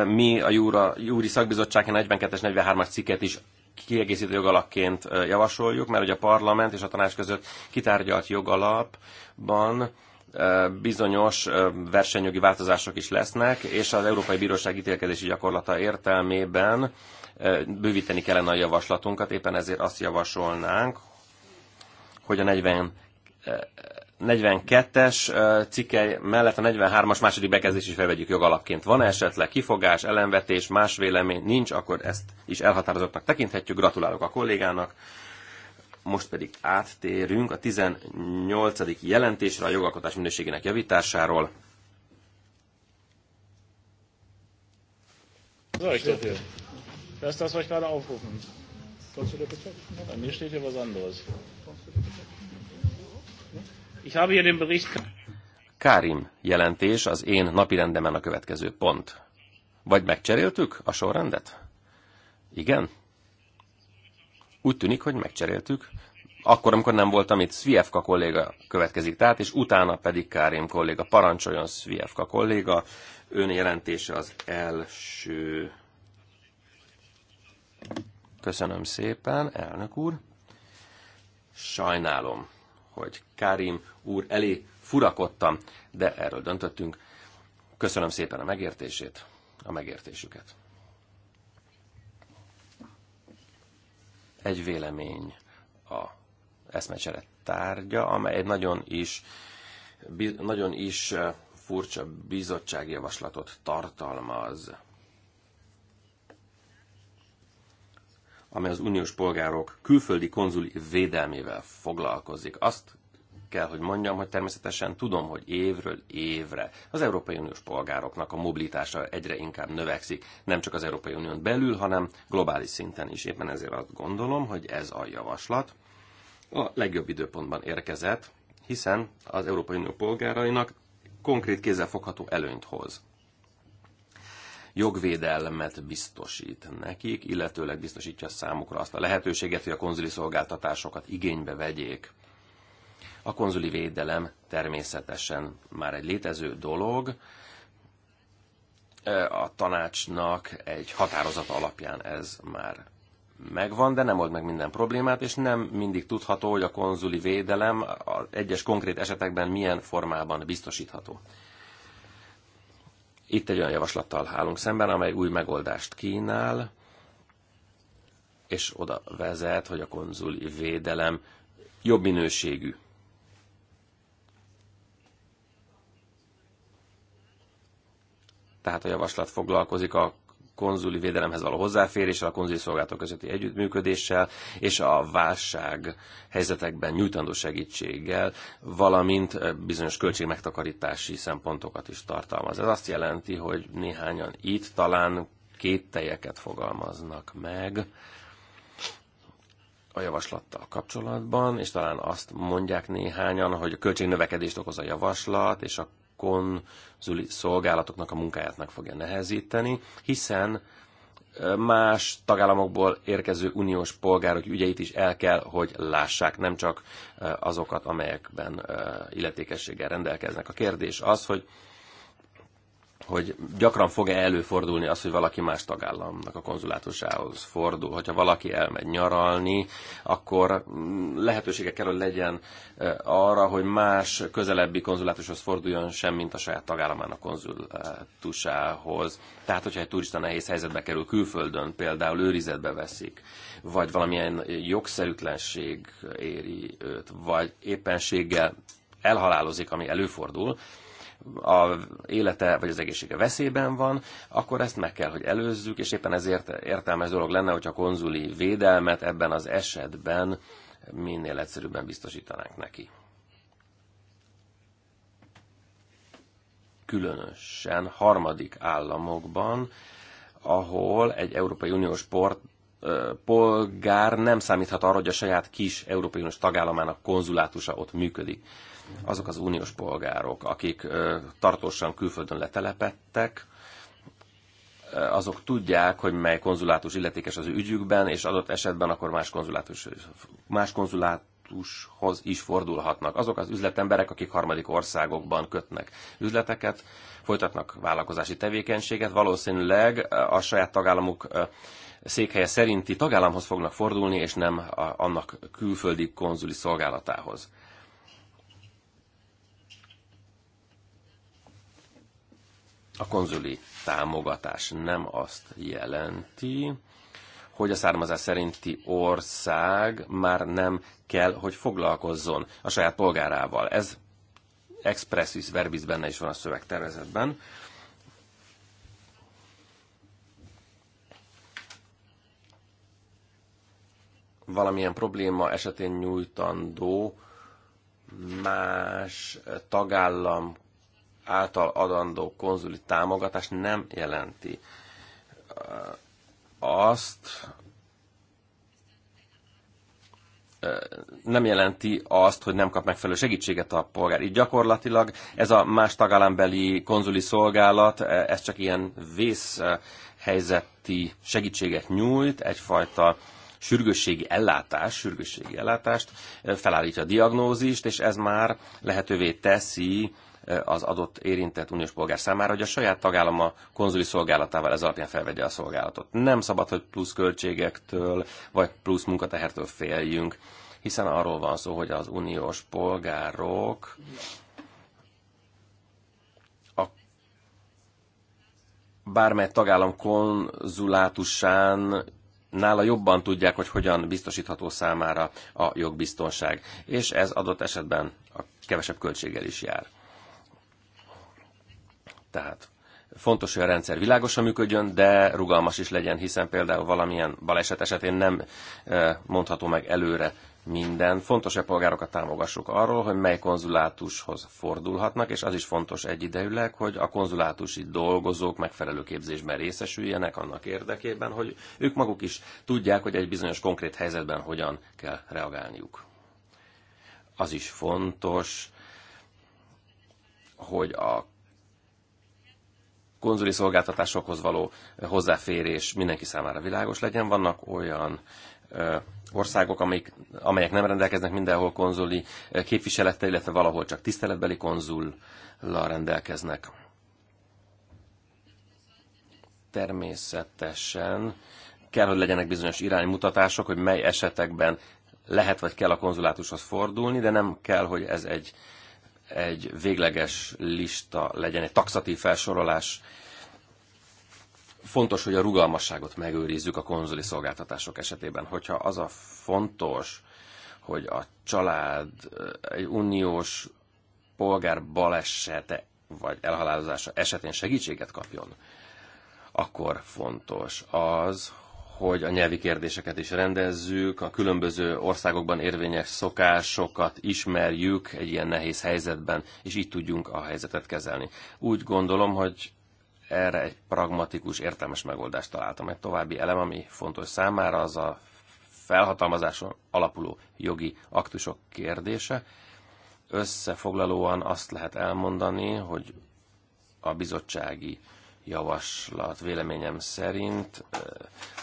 Mi a Júra, Júri Szakbizottság 42-es 43-as cikket is kiegészítő jogalapként javasoljuk, mert hogy a parlament és a tanács között kitárgyalt jogalapban bizonyos versenyjogi változások is lesznek, és az Európai Bíróság ítélkezési gyakorlata értelmében bővíteni kellene a javaslatunkat, éppen ezért azt javasolnánk, hogy a 40 42-es eh, eh, cikkely mellett a 43-as második bekezdés is felvegyük jogalapként. Van -e esetleg kifogás, ellenvetés, más vélemény? Nincs, akkor ezt is elhatározottnak tekinthetjük. Gratulálok a kollégának. Most pedig áttérünk a 18. jelentésre a jogalkotás minőségének javításáról. Ezt az, hogy Das ist das, was ich gerade aufrufen. Mir steht hier was anderes. Kárim Karim jelentés az én napirendemen a következő pont. Vagy megcseréltük a sorrendet? Igen? Úgy tűnik, hogy megcseréltük. Akkor, amikor nem voltam itt, Svievka kolléga következik tehát, és utána pedig Kárim kolléga. Parancsoljon Svievka kolléga, ön jelentése az első. Köszönöm szépen, elnök úr. Sajnálom, hogy Karim úr elé furakodtam, de erről döntöttünk. Köszönöm szépen a megértését, a megértésüket. Egy vélemény a eszmecsere tárgya, amely egy nagyon is, nagyon is eh, furcsa bizottságjavaslatot tartalmaz. amely az uniós polgárok külföldi konzuli védelmével foglalkozik. Azt kell, hogy mondjam, hogy természetesen tudom, hogy évről évre az Európai Uniós polgároknak a mobilitása egyre inkább növekszik, nem csak az Európai Unión belül, hanem globális szinten is. Éppen ezért azt gondolom, hogy ez a javaslat a legjobb időpontban érkezett, hiszen az Európai Unió polgárainak konkrét fogható előnyt hoz jogvédelmet biztosít nekik, illetőleg biztosítja számukra azt a lehetőséget, hogy a konzuli szolgáltatásokat igénybe vegyék. A konzuli védelem természetesen már egy létező dolog, e, a tanácsnak egy határozat alapján ez már megvan, de nem old meg minden problémát, és nem mindig tudható, hogy a konzuli védelem az egyes konkrét esetekben milyen formában biztosítható. Itt egy olyan javaslattal állunk szemben, amely új megoldást kínál, és oda vezet, hogy a konzuli védelem jobb minőségű. Tehát a javaslat foglalkozik a konzuli védelemhez való hozzáféréssel, a konzuli szolgálatok közötti együttműködéssel és a válság helyzetekben nyújtandó segítséggel, valamint eh, bizonyos költségmegtakarítási szempontokat is tartalmaz. Ez azt jelenti, hogy néhányan itt talán két tejeket fogalmaznak meg, a javaslattal kapcsolatban, és talán azt mondják néhányan, hogy a költségnövekedést okoz a javaslat, és a konzuli szolgálatoknak a munkáját meg fogja nehezíteni, hiszen más tagállamokból érkező uniós polgárok ügyeit is el kell, hogy lássák, nem csak azokat, amelyekben illetékességgel rendelkeznek. A kérdés az, hogy hogy gyakran fog-e előfordulni az, hogy valaki más tagállamnak a konzulátusához fordul. Hogyha valaki elmegy nyaralni, akkor mm, lehetősége kell, hogy legyen arra, hogy más közelebbi konzulátushoz forduljon sem, mint a saját tagállamának konzulátusához. Tehát, hogyha egy turista nehéz helyzetbe kerül külföldön, például őrizetbe veszik, vagy valamilyen jogszerűtlenség éri őt, vagy éppenséggel elhalálozik, ami előfordul, a élete vagy az egészsége veszélyben van, akkor ezt meg kell, hogy előzzük, és éppen ezért értelmes dolog lenne, hogyha konzuli védelmet ebben az esetben minél egyszerűbben biztosítanánk neki. Különösen harmadik államokban, ahol egy Európai Uniós port polgár nem számíthat arra, hogy a saját kis Európai Uniós tagállamának konzulátusa ott működik azok az uniós polgárok, akik tartósan külföldön letelepettek, azok tudják, hogy mely konzulátus illetékes az ügyükben, és adott esetben akkor más, konzulátus, más konzulátushoz is fordulhatnak. Azok az üzletemberek, akik harmadik országokban kötnek üzleteket, folytatnak vállalkozási tevékenységet, valószínűleg a saját tagállamuk székhelye szerinti tagállamhoz fognak fordulni, és nem a, annak külföldi konzuli szolgálatához. A konzuli támogatás nem azt jelenti, hogy a származás szerinti ország már nem kell, hogy foglalkozzon a saját polgárával. Ez expressis verbis benne is van a szövegtervezetben. Valamilyen probléma esetén nyújtandó más tagállam által adandó konzuli támogatás nem jelenti uh, azt, uh, nem jelenti azt, hogy nem kap megfelelő segítséget a polgár. Így gyakorlatilag ez a más tagállambeli konzuli szolgálat, uh, ez csak ilyen vészhelyzeti segítséget nyújt, egyfajta sürgősségi ellátás, sürgősségi ellátást, felállítja a diagnózist, és ez már lehetővé teszi Eh, az adott érintett uniós polgár számára, hogy a saját tagállama konzuli szolgálatával ez alapján felvegye a szolgálatot. Nem szabad, hogy plusz költségektől vagy plusz munkatehertől féljünk, hiszen arról van szó, hogy az uniós polgárok bármely tagállam konzulátusán nála jobban tudják, hogy hogyan biztosítható számára a jogbiztonság, és ez adott esetben a kevesebb költséggel is jár. Tehát fontos, hogy a rendszer világosan működjön, de rugalmas is legyen, hiszen például valamilyen baleset esetén nem eh, mondható meg előre minden. Fontos, hogy a polgárokat támogassuk arról, hogy mely konzulátushoz fordulhatnak, és az is fontos egyidejűleg, hogy a konzulátusi dolgozók megfelelő képzésben részesüljenek annak érdekében, hogy ők maguk is tudják, hogy egy bizonyos konkrét helyzetben hogyan kell reagálniuk. Az is fontos, hogy a konzuli szolgáltatásokhoz való eh, hozzáférés mindenki számára világos legyen. Vannak olyan eh, országok, amelyik, amelyek nem rendelkeznek mindenhol konzuli eh, képviselettel, illetve valahol csak tiszteletbeli konzullal rendelkeznek. Természetesen kell, hogy legyenek bizonyos iránymutatások, hogy mely esetekben lehet vagy kell a konzulátushoz fordulni, de nem kell, hogy ez egy egy végleges lista legyen, egy taxatív felsorolás. Fontos, hogy a rugalmasságot megőrizzük a konzuli szolgáltatások esetében. Hogyha az a fontos, hogy a család egy uniós polgár balesete vagy elhalálozása esetén segítséget kapjon, akkor fontos az, hogy a nyelvi kérdéseket is rendezzük, a különböző országokban érvényes szokásokat ismerjük egy ilyen nehéz helyzetben, és így tudjunk a helyzetet kezelni. Úgy gondolom, hogy erre egy pragmatikus, értelmes megoldást találtam. Egy további elem, ami fontos számára, az a felhatalmazáson alapuló jogi aktusok kérdése. Összefoglalóan azt lehet elmondani, hogy a bizottsági javaslat véleményem szerint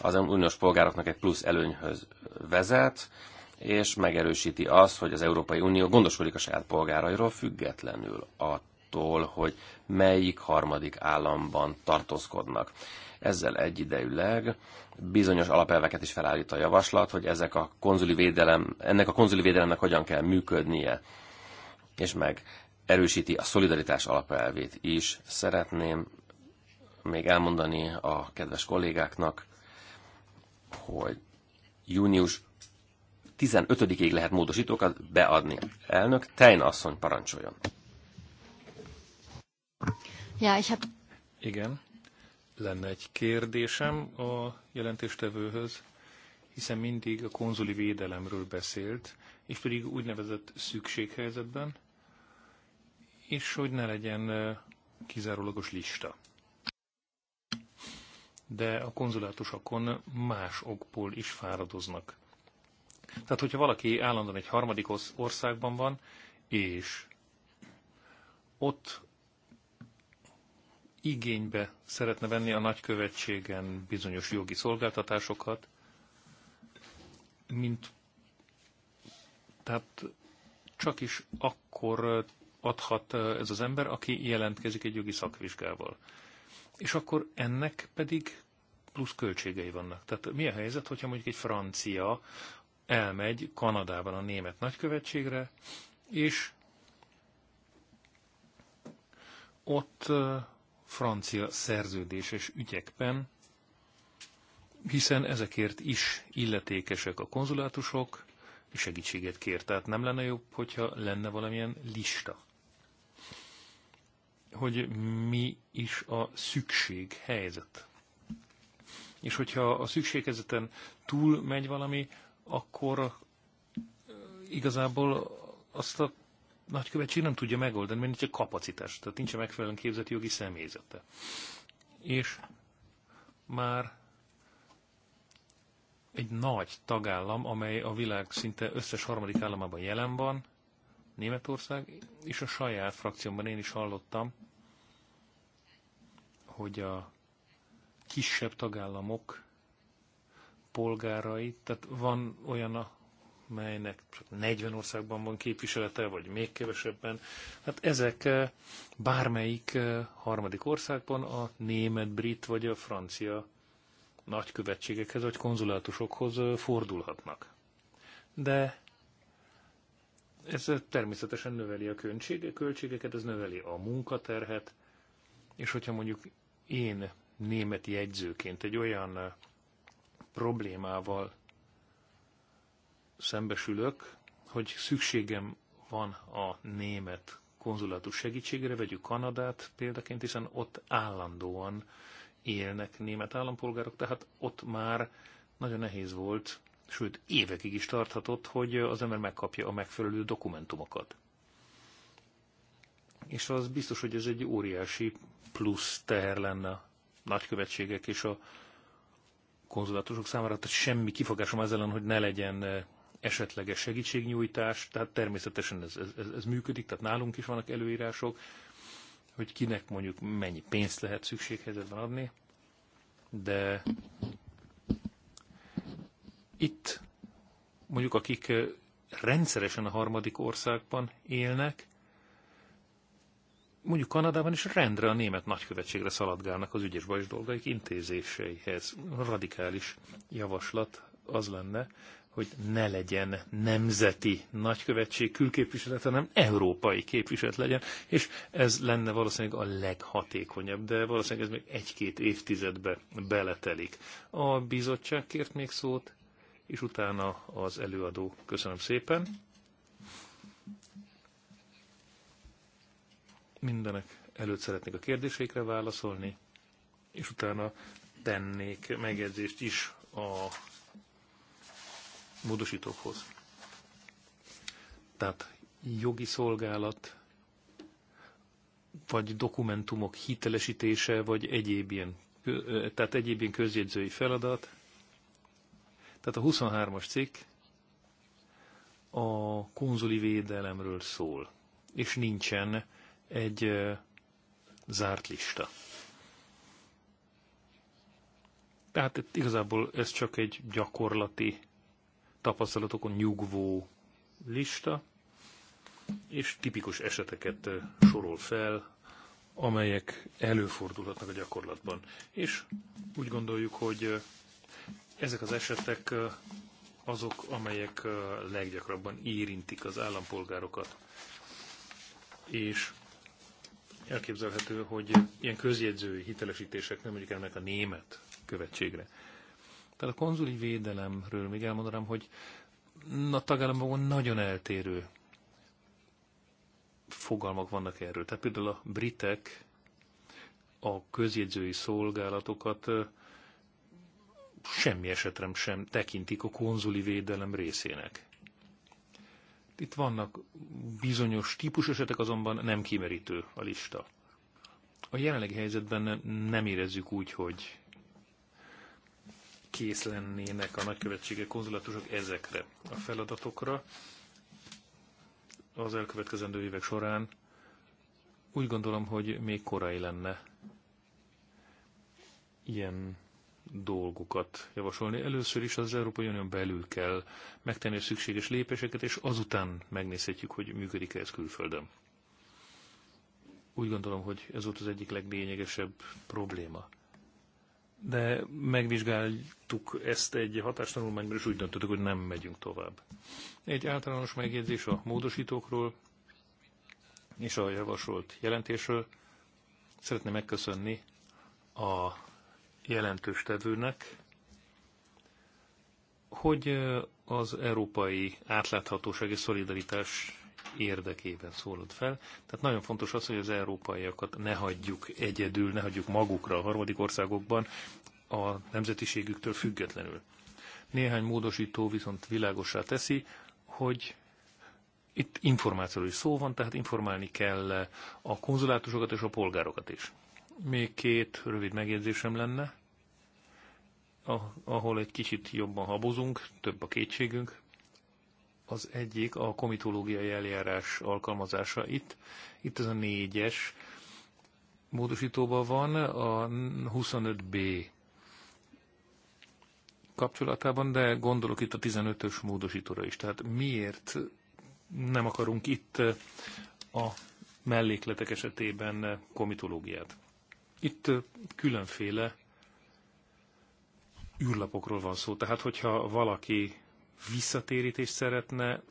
az uniós polgároknak egy plusz előnyhöz vezet, és megerősíti azt, hogy az Európai Unió gondoskodik a saját polgárairól függetlenül attól, hogy melyik harmadik államban tartózkodnak. Ezzel egyidejűleg bizonyos alapelveket is felállít a javaslat, hogy ezek a konzuli védelem, ennek a konzuli védelemnek hogyan kell működnie, és meg erősíti a szolidaritás alapelvét is. Szeretném még elmondani a kedves kollégáknak, hogy június 15-ig lehet módosítókat beadni. Elnök, Tejna asszony parancsoljon. Ja, ich hab... Igen, lenne egy kérdésem a jelentéstevőhöz, hiszen mindig a konzuli védelemről beszélt, és pedig úgynevezett szükséghelyzetben, és hogy ne legyen eh, kizárólagos lista de a konzulátusokon más okból is fáradoznak. Tehát, hogyha valaki állandóan egy harmadik országban van, és ott igénybe szeretne venni a nagykövetségen bizonyos jogi szolgáltatásokat, mint tehát csak is akkor adhat eh, ez az ember, aki jelentkezik egy jogi szakvizsgával és akkor ennek pedig plusz költségei vannak. Tehát mi a helyzet, hogyha mondjuk egy francia elmegy Kanadában a német nagykövetségre, és ott francia szerződéses ügyekben, hiszen ezekért is illetékesek a konzulátusok, és segítséget kér. Tehát nem lenne jobb, hogyha lenne valamilyen lista hogy mi is a szükség helyzet, És hogyha a szükséghelyzeten túl megy valami, akkor igazából azt a nagykövetség nem tudja megoldani, mert nincs a kapacitás, tehát nincs a megfelelően képzett jogi személyzete. És már egy nagy tagállam, amely a világ szinte összes harmadik államában jelen van, Németország, és a saját frakciómban én is hallottam, hogy a kisebb tagállamok polgárai, tehát van olyan, melynek 40 országban van képviselete, vagy még kevesebben. Hát ezek eh, bármelyik eh, harmadik országban a német, brit vagy a francia nagykövetségekhez vagy konzulátusokhoz eh, fordulhatnak. De ez természetesen növeli a költségeket, ez növeli a munkaterhet, és hogyha mondjuk én német jegyzőként egy olyan eh, problémával szembesülök, hogy szükségem van a német konzulátus segítségére, vegyük Kanadát példaként, hiszen ott állandóan élnek német állampolgárok, tehát ott már nagyon nehéz volt sőt évekig is tarthatott, hogy az ember megkapja a megfelelő dokumentumokat. És az biztos, hogy ez egy óriási plusz teher lenne a nagykövetségek és a konzulátusok számára, tehát semmi kifogásom ezzel ellen, hogy ne legyen eh, esetleges segítségnyújtás, tehát természetesen ez, ez, ez működik, tehát nálunk is vannak előírások, hogy kinek mondjuk mennyi pénzt lehet szükséghelyzetben adni, de itt mondjuk akik rendszeresen a harmadik országban élnek, mondjuk Kanadában is rendre a német nagykövetségre szaladgálnak az ügyes bajos dolgaik intézéseihez. Radikális javaslat az lenne, hogy ne legyen nemzeti nagykövetség külképviselet, hanem európai képviselet legyen, és ez lenne valószínűleg a leghatékonyabb, de valószínűleg ez még egy-két évtizedbe beletelik. A bizottság kért még szót, és utána az előadó. Köszönöm szépen. Mindenek előtt szeretnék a kérdésekre válaszolni, és utána tennék megjegyzést is a módosítókhoz. Tehát jogi szolgálat, vagy dokumentumok hitelesítése, vagy egyéb ilyen, tehát egyéb ilyen közjegyzői feladat, tehát a 23-as cikk a konzuli védelemről szól, és nincsen egy zárt lista. Tehát itt igazából ez csak egy gyakorlati tapasztalatokon nyugvó lista, és tipikus eseteket sorol fel, amelyek előfordulhatnak a gyakorlatban. És úgy gondoljuk, hogy ezek az esetek azok, amelyek leggyakrabban érintik az állampolgárokat. És elképzelhető, hogy ilyen közjegyzői hitelesítések nem mondjuk ennek a német követségre. Tehát a konzuli védelemről még elmondanám, hogy a tagállamokon nagyon eltérő fogalmak vannak erről. Tehát például a britek a közjegyzői szolgálatokat semmi esetre sem tekintik a konzuli védelem részének. Itt vannak bizonyos esetek azonban nem kimerítő a lista. A jelenlegi helyzetben nem érezzük úgy, hogy kész lennének a nagykövetsége konzulátusok ezekre a feladatokra az elkövetkezendő évek során. Úgy gondolom, hogy még korai lenne ilyen dolgokat javasolni. Először is az Európai Unión belül kell megtenni a szükséges lépéseket, és azután megnézhetjük, hogy működik-e ez külföldön. Úgy gondolom, hogy ez volt az egyik leglényegesebb probléma. De megvizsgáltuk ezt egy hatástanulmányban, és úgy döntöttük, hogy nem megyünk tovább. Egy általános megjegyzés a módosítókról és a javasolt jelentésről. Szeretném megköszönni a jelentős tevőnek, hogy az európai átláthatóság és szolidaritás érdekében szólod fel. Tehát nagyon fontos az, hogy az európaiakat ne hagyjuk egyedül, ne hagyjuk magukra a harmadik országokban a nemzetiségüktől függetlenül. Néhány módosító viszont világosá teszi, hogy itt információról is szó van, tehát informálni kell a konzulátusokat és a polgárokat is. Még két rövid megjegyzésem lenne, ahol egy kicsit jobban habozunk, több a kétségünk. Az egyik a komitológiai eljárás alkalmazása itt. Itt ez a négyes módosítóban van, a 25B kapcsolatában, de gondolok itt a 15-ös módosítóra is. Tehát miért nem akarunk itt a mellékletek esetében komitológiát? Itt különféle űrlapokról van szó. Tehát, hogyha valaki visszatérítést szeretne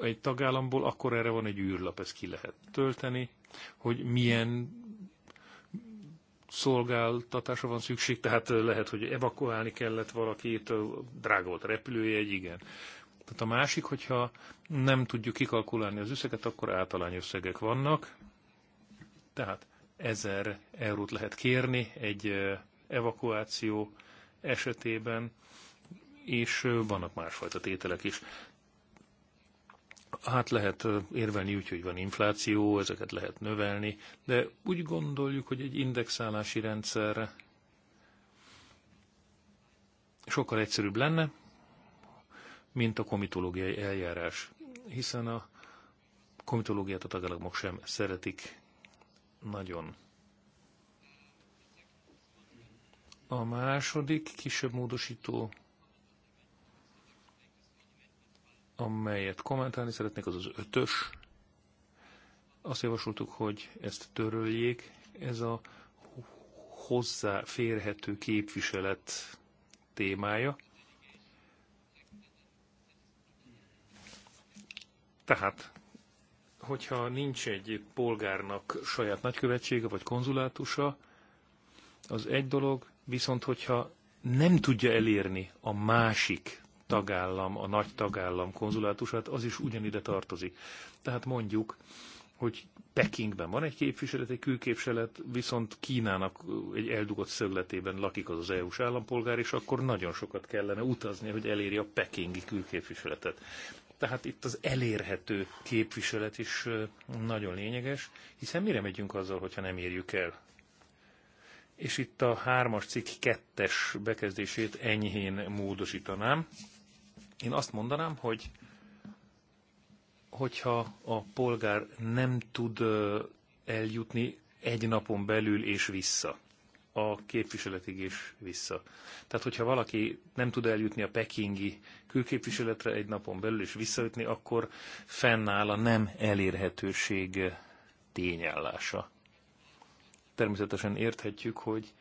egy tagállamból, akkor erre van egy űrlap, ezt ki lehet tölteni, hogy milyen szolgáltatásra van szükség, tehát lehet, hogy evakuálni kellett valakit, drága volt a repülőjegy, igen. Tehát a másik, hogyha nem tudjuk kikalkulálni az összeget, akkor általány összegek vannak. Tehát ezer eurót lehet kérni egy evakuáció esetében, és vannak másfajta tételek is. Hát lehet érvelni úgy, hogy van infláció, ezeket lehet növelni, de úgy gondoljuk, hogy egy indexálási rendszer sokkal egyszerűbb lenne, mint a komitológiai eljárás, hiszen a komitológiát a tagállamok sem szeretik nagyon. A második kisebb módosító, amelyet kommentálni szeretnék, az az ötös. Azt javasoltuk, hogy ezt töröljék. Ez a hozzáférhető képviselet témája. Tehát hogyha nincs egy polgárnak saját nagykövetsége vagy konzulátusa, az egy dolog, viszont hogyha nem tudja elérni a másik tagállam, a nagy tagállam konzulátusát, az is ugyanide tartozik. Tehát mondjuk, hogy Pekingben van egy képviselet, egy külképviselet, viszont Kínának egy eldugott szögletében lakik az az EU-s állampolgár, és akkor nagyon sokat kellene utazni, hogy eléri a pekingi külképviseletet. Tehát itt az elérhető képviselet is nagyon lényeges, hiszen mire megyünk azzal, hogyha nem érjük el? És itt a hármas cikk kettes bekezdését enyhén módosítanám. Én azt mondanám, hogy hogyha a polgár nem tud eljutni egy napon belül és vissza, a képviseletig is vissza. Tehát, hogyha valaki nem tud eljutni a pekingi külképviseletre egy napon belül és visszajutni, akkor fennáll a nem elérhetőség tényállása. Természetesen érthetjük, hogy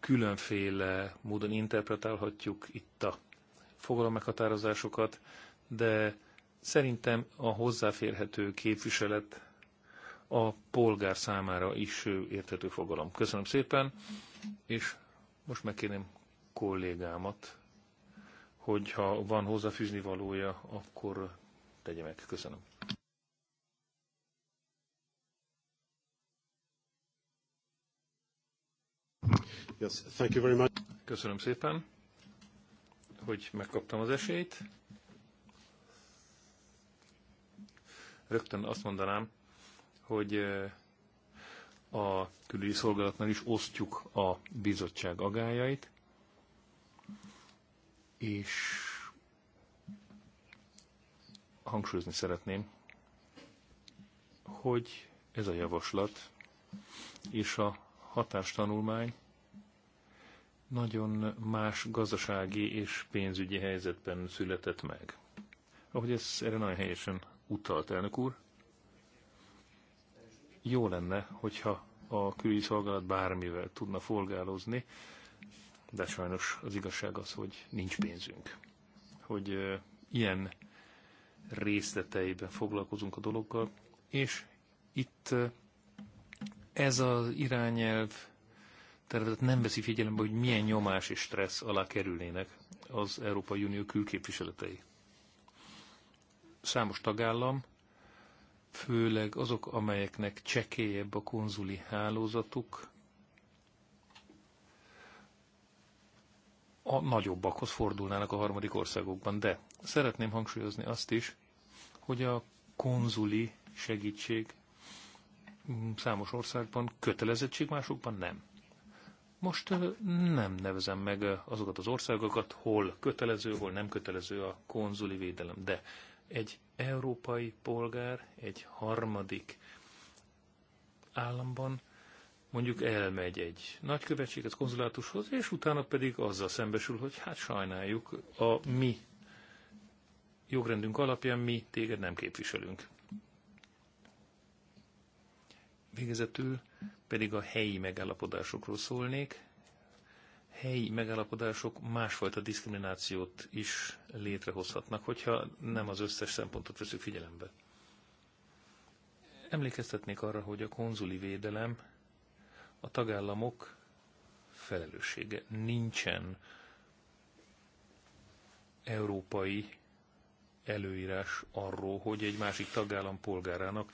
különféle módon interpretálhatjuk itt a fogalommeghatározásokat, de szerintem a hozzáférhető képviselet a polgár számára is érthető fogalom. Köszönöm szépen, és most megkérném kollégámat, hogyha van hozzáfűzni valója, akkor tegye meg. Köszönöm. Yes, thank you very much. Köszönöm szépen, hogy megkaptam az esélyt. Rögtön azt mondanám, hogy eh, a külügyi szolgálatnál is osztjuk a bizottság agájait, és hangsúlyozni szeretném, hogy ez a javaslat és a hatástanulmány nagyon más gazdasági és pénzügyi helyzetben született meg. Ahogy ez erre nagyon helyesen utalt elnök úr, jó lenne, hogyha a külügyi szolgálat bármivel tudna folgálózni, de sajnos az igazság az, hogy nincs pénzünk. Hogy ilyen részleteiben foglalkozunk a dologgal, és itt ez az irányelv tervezet nem veszi figyelembe, hogy milyen nyomás és stressz alá kerülnének az Európai Unió külképviseletei. Számos tagállam főleg azok, amelyeknek csekélyebb a konzuli hálózatuk, a nagyobbakhoz fordulnának a harmadik országokban. De szeretném hangsúlyozni azt is, hogy a konzuli segítség mm, számos országban kötelezettség, másokban nem. Most nem nevezem meg azokat az országokat, hol kötelező, hol nem kötelező a konzuli védelem, de egy európai polgár egy harmadik államban mondjuk elmegy egy nagykövetséget konzulátushoz, és utána pedig azzal szembesül, hogy hát sajnáljuk, a mi jogrendünk alapján mi téged nem képviselünk. Végezetül pedig a helyi megállapodásokról szólnék helyi megállapodások másfajta diszkriminációt is létrehozhatnak, hogyha nem az összes szempontot veszük figyelembe. Emlékeztetnék arra, hogy a konzuli védelem a tagállamok felelőssége. Nincsen európai előírás arról, hogy egy másik tagállam polgárának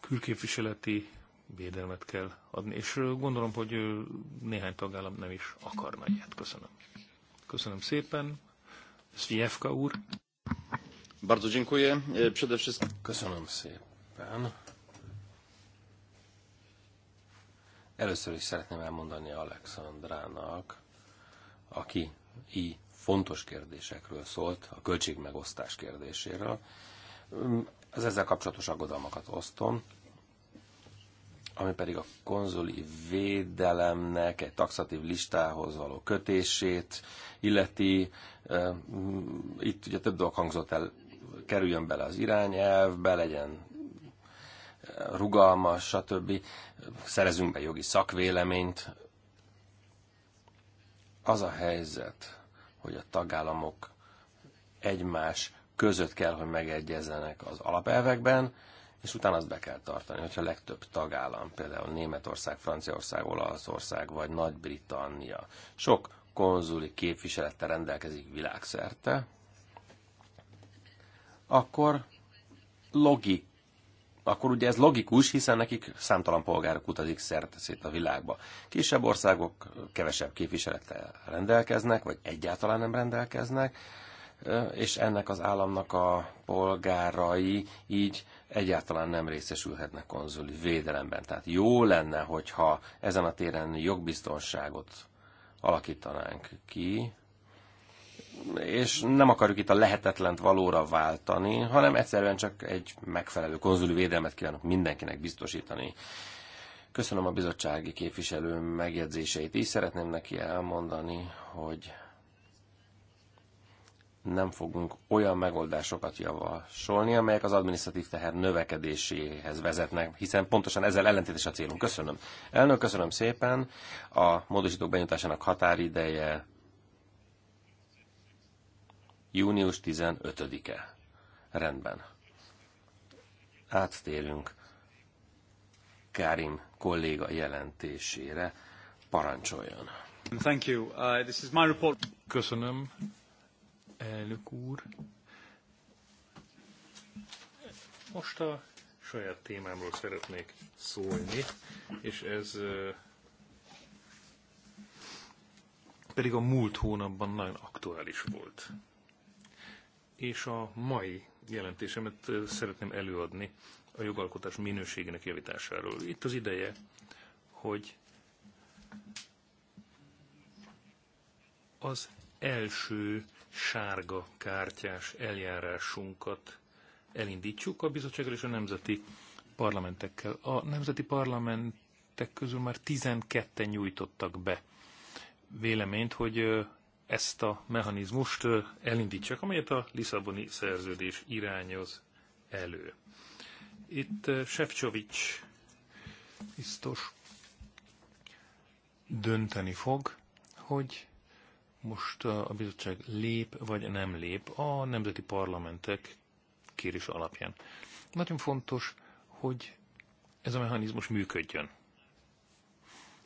külképviseleti védelmet kell adni, és gondolom, hogy néhány tagállam nem is akarna ilyet. Köszönöm. Köszönöm szépen. Szvijevka úr. Bardzo dziękuję. E, przede wszystkim... Köszönöm szépen. Először is szeretném elmondani Alexandrának, aki így fontos kérdésekről szólt, a költségmegosztás kérdéséről. Az ezzel kapcsolatos aggodalmakat osztom ami pedig a konzuli védelemnek egy taxatív listához való kötését illeti. Itt ugye több dolog hangzott el, kerüljön bele az irányelv, be legyen rugalmas, stb. Szerezünk be jogi szakvéleményt. Az a helyzet, hogy a tagállamok egymás között kell, hogy megegyezzenek az alapelvekben, és utána azt be kell tartani, hogyha a legtöbb tagállam, például Németország, Franciaország, Olaszország vagy Nagy-Britannia sok konzuli képviselettel rendelkezik világszerte, akkor logik, akkor ugye ez logikus, hiszen nekik számtalan polgárok utazik szerte szét a világba. Kisebb országok kevesebb képviselettel rendelkeznek, vagy egyáltalán nem rendelkeznek, és ennek az államnak a polgárai így egyáltalán nem részesülhetnek konzuli védelemben. Tehát jó lenne, hogyha ezen a téren jogbiztonságot alakítanánk ki, és nem akarjuk itt a lehetetlent valóra váltani, hanem egyszerűen csak egy megfelelő konzuli védelmet kívánok mindenkinek biztosítani. Köszönöm a bizottsági képviselő megjegyzéseit És szeretném neki elmondani, hogy nem fogunk olyan megoldásokat javasolni, amelyek az adminisztratív teher növekedéséhez vezetnek, hiszen pontosan ezzel ellentétes a célunk. Köszönöm. Elnök, köszönöm szépen. A módosítók benyújtásának határideje június 15-e. Rendben. Áttérünk Kárim kolléga jelentésére. Parancsoljon. Thank you. Uh, this is my report. Köszönöm elnök úr. Most a saját témámról szeretnék szólni, és ez pedig a múlt hónapban nagyon aktuális volt. És a mai jelentésemet szeretném előadni a jogalkotás minőségének javításáról. Itt az ideje, hogy az első sárga kártyás eljárásunkat elindítjuk a bizottsággal és a nemzeti parlamentekkel. A nemzeti parlamentek közül már 12-en nyújtottak be véleményt, hogy ezt a mechanizmust elindítsak, amelyet a Lisszaboni szerződés irányoz elő. Itt Sefcsovics biztos dönteni fog, hogy most uh, a bizottság lép vagy nem lép a nemzeti parlamentek kérés alapján. Nagyon fontos, hogy ez a mechanizmus működjön.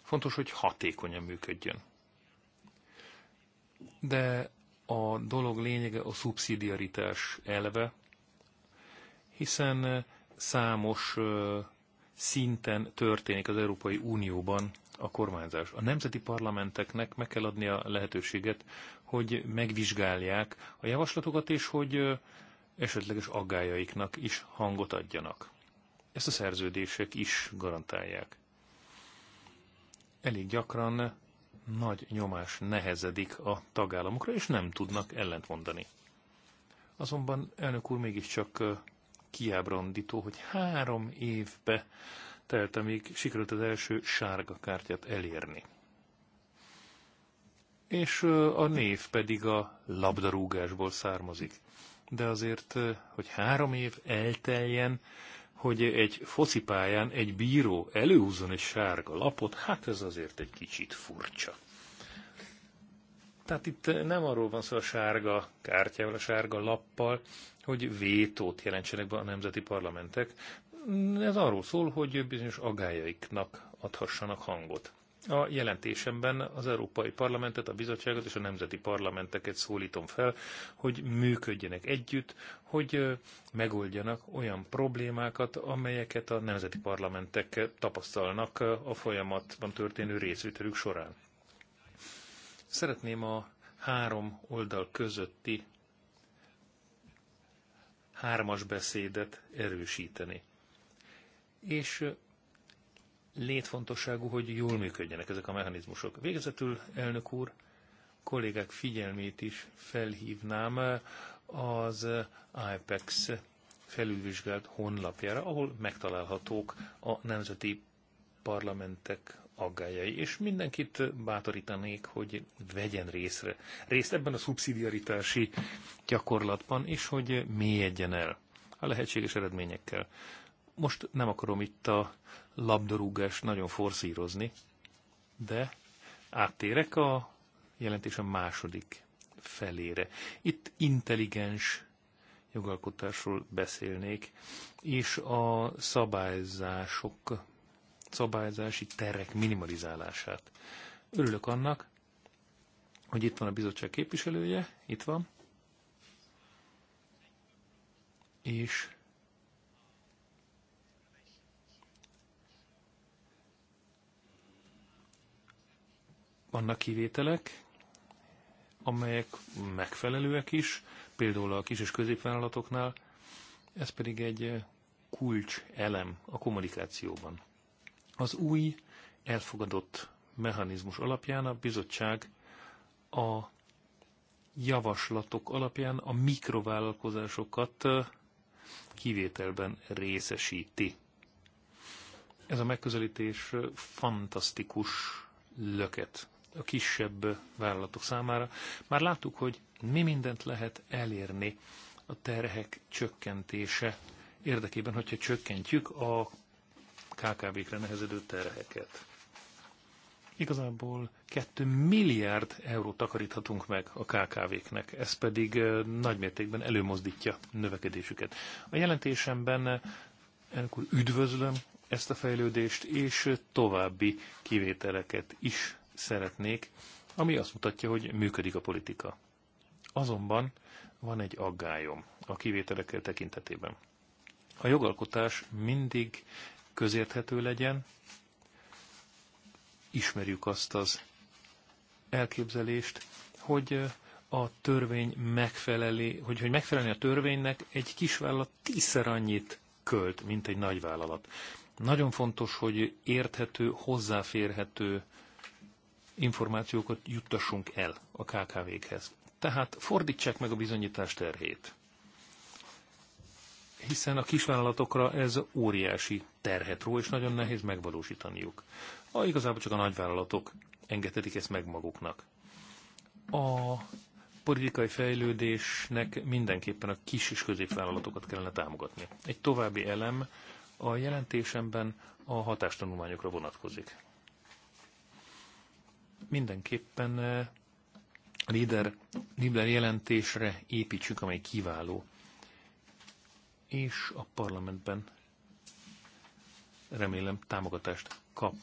Fontos, hogy hatékonyan működjön. De a dolog lényege a szubszidiaritás elve, hiszen uh, számos uh, szinten történik az Európai Unióban a kormányzás. A nemzeti parlamenteknek meg kell adni a lehetőséget, hogy megvizsgálják a javaslatokat, és hogy esetleges aggájaiknak is hangot adjanak. Ezt a szerződések is garantálják. Elég gyakran nagy nyomás nehezedik a tagállamokra, és nem tudnak ellentmondani. Azonban elnök úr mégiscsak kiábrándító, hogy három évbe telt, amíg sikerült az első sárga kártyát elérni. És a név pedig a labdarúgásból származik. De azért, hogy három év elteljen, hogy egy focipályán egy bíró előhúzzon egy sárga lapot, hát ez azért egy kicsit furcsa. Tehát itt nem arról van szó a sárga kártyával, a sárga lappal, hogy vétót jelentsenek be a nemzeti parlamentek, ez arról szól, hogy bizonyos agályaiknak adhassanak hangot. A jelentésemben az Európai Parlamentet, a bizottságot és a nemzeti parlamenteket szólítom fel, hogy működjenek együtt, hogy megoldjanak olyan problémákat, amelyeket a nemzeti parlamentek tapasztalnak a folyamatban történő részvételük során. Szeretném a három oldal közötti hármas beszédet erősíteni és létfontosságú, hogy jól működjenek ezek a mechanizmusok. Végezetül, elnök úr, kollégák figyelmét is felhívnám az IPEX felülvizsgált honlapjára, ahol megtalálhatók a nemzeti parlamentek aggájai, és mindenkit bátorítanék, hogy vegyen részre, részt ebben a szubszidiaritási gyakorlatban, és hogy mélyedjen el a lehetséges eredményekkel. Most nem akarom itt a labdarúgást nagyon forszírozni, de áttérek a jelentésem második felére. Itt intelligens jogalkotásról beszélnék, és a szabályzások, szabályzási terek minimalizálását. Örülök annak, hogy itt van a bizottság képviselője, itt van, és Vannak kivételek, amelyek megfelelőek is, például a kis és középvállalatoknál, ez pedig egy eh, kulcs elem a kommunikációban. Az új elfogadott mechanizmus alapján a bizottság a javaslatok alapján a mikrovállalkozásokat eh, kivételben részesíti. Ez a megközelítés eh, fantasztikus löket a kisebb vállalatok számára. Már láttuk, hogy mi mindent lehet elérni a terhek csökkentése érdekében, hogyha csökkentjük a KKV-kre nehezedő terheket. Igazából 2 milliárd eurót takaríthatunk meg a KKV-knek, ez pedig nagymértékben előmozdítja növekedésüket. A jelentésemben akkor üdvözlöm ezt a fejlődést, és további kivételeket is szeretnék, ami azt mutatja, hogy működik a politika. Azonban van egy aggályom a kivételekkel tekintetében. A jogalkotás mindig közérthető legyen, ismerjük azt az elképzelést, hogy a törvény megfeleli, hogy, hogy megfelelni a törvénynek egy kisvállalat tízszer annyit költ, mint egy nagyvállalat. Nagyon fontos, hogy érthető, hozzáférhető információkat juttassunk el a KKV-khez. Tehát fordítsák meg a bizonyítás terhét. Hiszen a kisvállalatokra ez óriási terhet ró, és nagyon nehéz megvalósítaniuk. A, igazából csak a nagyvállalatok engedhetik ezt meg maguknak. A politikai fejlődésnek mindenképpen a kis és középvállalatokat kellene támogatni. Egy további elem a jelentésemben a hatástanulmányokra vonatkozik mindenképpen eh, a líder, líder jelentésre építsük, amely kiváló. És a parlamentben remélem támogatást kap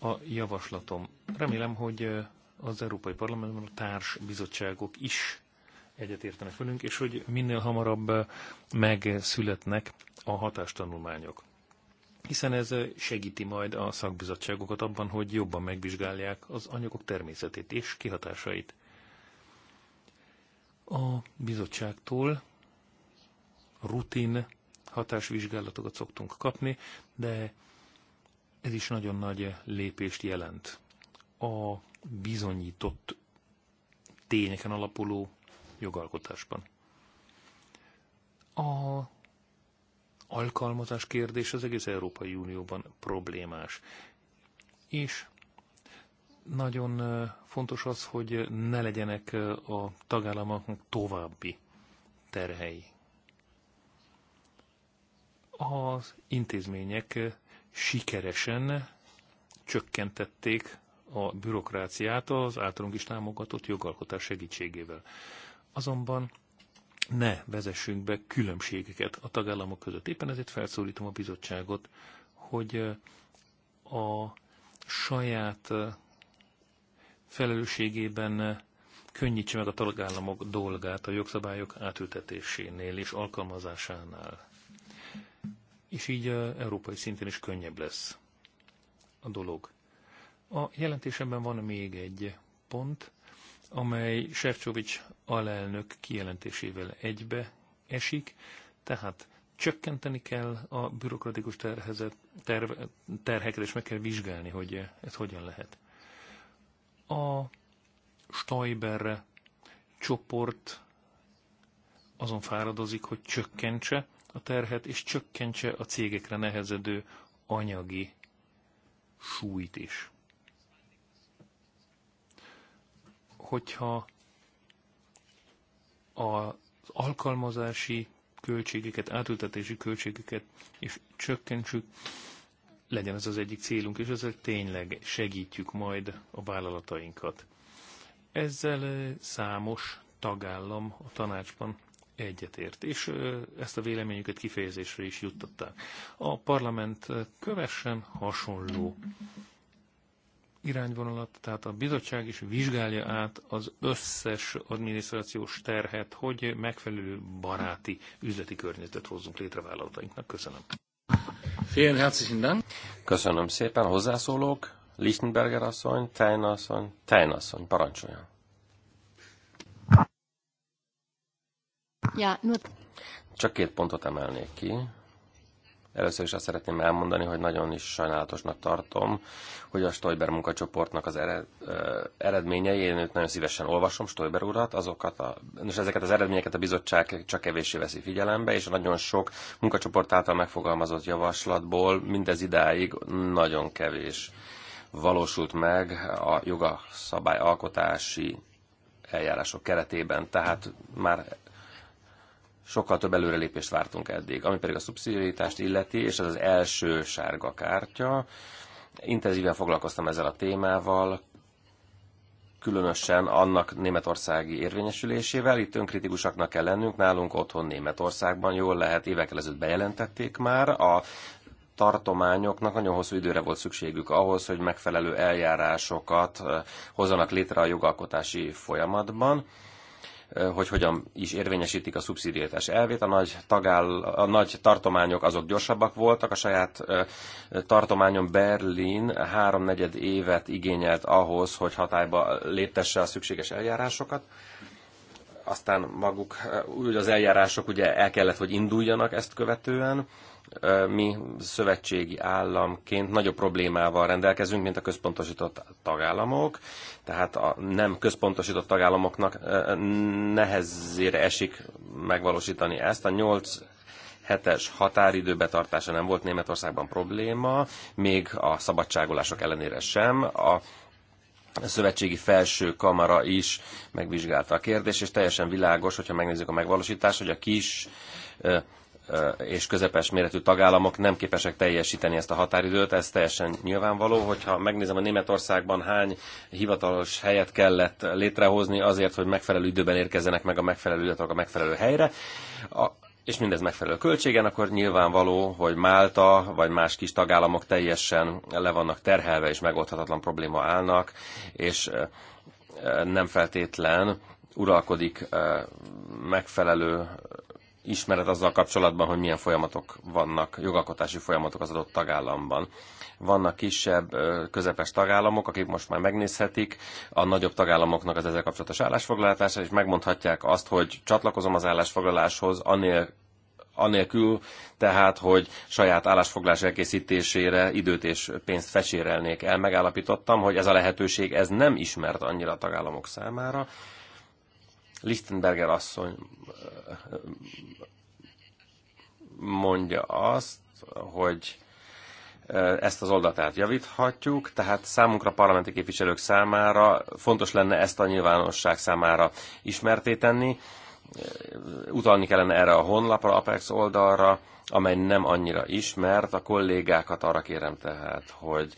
a javaslatom. Remélem, hogy eh, az Európai Parlamentben a társ bizottságok is egyetértenek velünk, és hogy minél hamarabb eh, megszületnek a hatástanulmányok hiszen ez segíti majd a szakbizottságokat abban, hogy jobban megvizsgálják az anyagok természetét és kihatásait. A bizottságtól rutin hatásvizsgálatokat szoktunk kapni, de ez is nagyon nagy lépést jelent. A bizonyított tényeken alapuló jogalkotásban. A alkalmazás kérdés az egész Európai Unióban problémás. És nagyon fontos az, hogy ne legyenek a tagállamoknak további terhei. Az intézmények sikeresen csökkentették a bürokráciát az általunk is támogatott jogalkotás segítségével. Azonban ne vezessünk be különbségeket a tagállamok között. Éppen ezért felszólítom a bizottságot, hogy a saját felelősségében könnyítse meg a tagállamok dolgát a jogszabályok átültetésénél és alkalmazásánál. És így európai szinten is könnyebb lesz a dolog. A jelentésemben van még egy pont, amely Sefcovics alelnök kijelentésével egybe esik, tehát csökkenteni kell a bürokratikus terhezet, terve, terheket, és meg kell vizsgálni, hogy ez hogyan lehet. A Stoiber csoport azon fáradozik, hogy csökkentse a terhet, és csökkentse a cégekre nehezedő anyagi súlyt is. hogyha az alkalmazási költségeket, átültetési költségeket és csökkentsük, legyen ez az egyik célunk, és ezzel tényleg segítjük majd a vállalatainkat. Ezzel számos tagállam a tanácsban egyetért, és ezt a véleményüket kifejezésre is juttatták. A parlament kövessen hasonló irányvonalat, tehát a bizottság is vizsgálja át az összes adminisztrációs terhet, hogy megfelelő baráti üzleti környezetet hozzunk létre vállalatainknak. Köszönöm. Vielen herzlichen Dank. Köszönöm szépen. Hozzászólók, Lichtenberger asszony, Tein asszony, Tein asszony, parancsoljon. Ja, nur... Csak két pontot emelnék ki. Először is azt szeretném elmondani, hogy nagyon is sajnálatosnak tartom, hogy a Stoiber munkacsoportnak az ered, eredményei, én őt nagyon szívesen olvasom, Stoiber urat, azokat a, és ezeket az eredményeket a bizottság csak kevéssé veszi figyelembe, és a nagyon sok munkacsoport által megfogalmazott javaslatból mindez idáig nagyon kevés valósult meg a jogaszabályalkotási eljárások keretében, tehát már sokkal több előrelépést vártunk eddig. Ami pedig a szubszidiaritást illeti, és ez az első sárga kártya, intenzíven foglalkoztam ezzel a témával, különösen annak németországi érvényesülésével. Itt önkritikusaknak kell lennünk, nálunk otthon Németországban jól lehet, évekkel ezelőtt bejelentették már, a tartományoknak nagyon hosszú időre volt szükségük ahhoz, hogy megfelelő eljárásokat eh, hozzanak létre a jogalkotási folyamatban Eh, hogy hogyan is érvényesítik a szubszidiétás elvét. A nagy, tagáll, a nagy tartományok azok gyorsabbak voltak, a saját eh, tartományon Berlin háromnegyed évet igényelt ahhoz, hogy hatályba léptesse a szükséges eljárásokat aztán maguk, eh, úgy az eljárások ugye el kellett, hogy induljanak ezt követően, eh, mi szövetségi államként nagyobb problémával rendelkezünk, mint a központosított tagállamok, tehát a nem központosított tagállamoknak eh, nehezére esik megvalósítani ezt. A 8 hetes határidő betartása nem volt Németországban probléma, még a szabadságolások ellenére sem. A a szövetségi felső kamara is megvizsgálta a kérdést, és teljesen világos, hogyha megnézzük a megvalósítást, hogy a kis és közepes méretű tagállamok nem képesek teljesíteni ezt a határidőt, ez teljesen nyilvánvaló, hogyha megnézem a Németországban hány hivatalos helyet kellett létrehozni azért, hogy megfelelő időben érkezzenek meg a megfelelő adatok a megfelelő helyre, és mindez megfelelő költségen, akkor nyilvánvaló, hogy Málta vagy más kis tagállamok teljesen le vannak terhelve, és megoldhatatlan probléma állnak, és nem feltétlen uralkodik megfelelő ismeret azzal kapcsolatban, hogy milyen folyamatok vannak, jogalkotási folyamatok az adott tagállamban vannak kisebb, közepes tagállamok, akik most már megnézhetik a nagyobb tagállamoknak az ezzel kapcsolatos állásfoglalását, és megmondhatják azt, hogy csatlakozom az állásfoglaláshoz, annél anélkül tehát, hogy saját állásfoglás elkészítésére időt és pénzt fecsérelnék el. Megállapítottam, hogy ez a lehetőség ez nem ismert annyira a tagállamok számára. Lichtenberger asszony mondja azt, hogy ezt az oldatát javíthatjuk, tehát számunkra parlamenti képviselők számára fontos lenne ezt a nyilvánosság számára ismerté tenni, utalni kellene erre a honlapra, Apex oldalra, amely nem annyira ismert. A kollégákat arra kérem tehát, hogy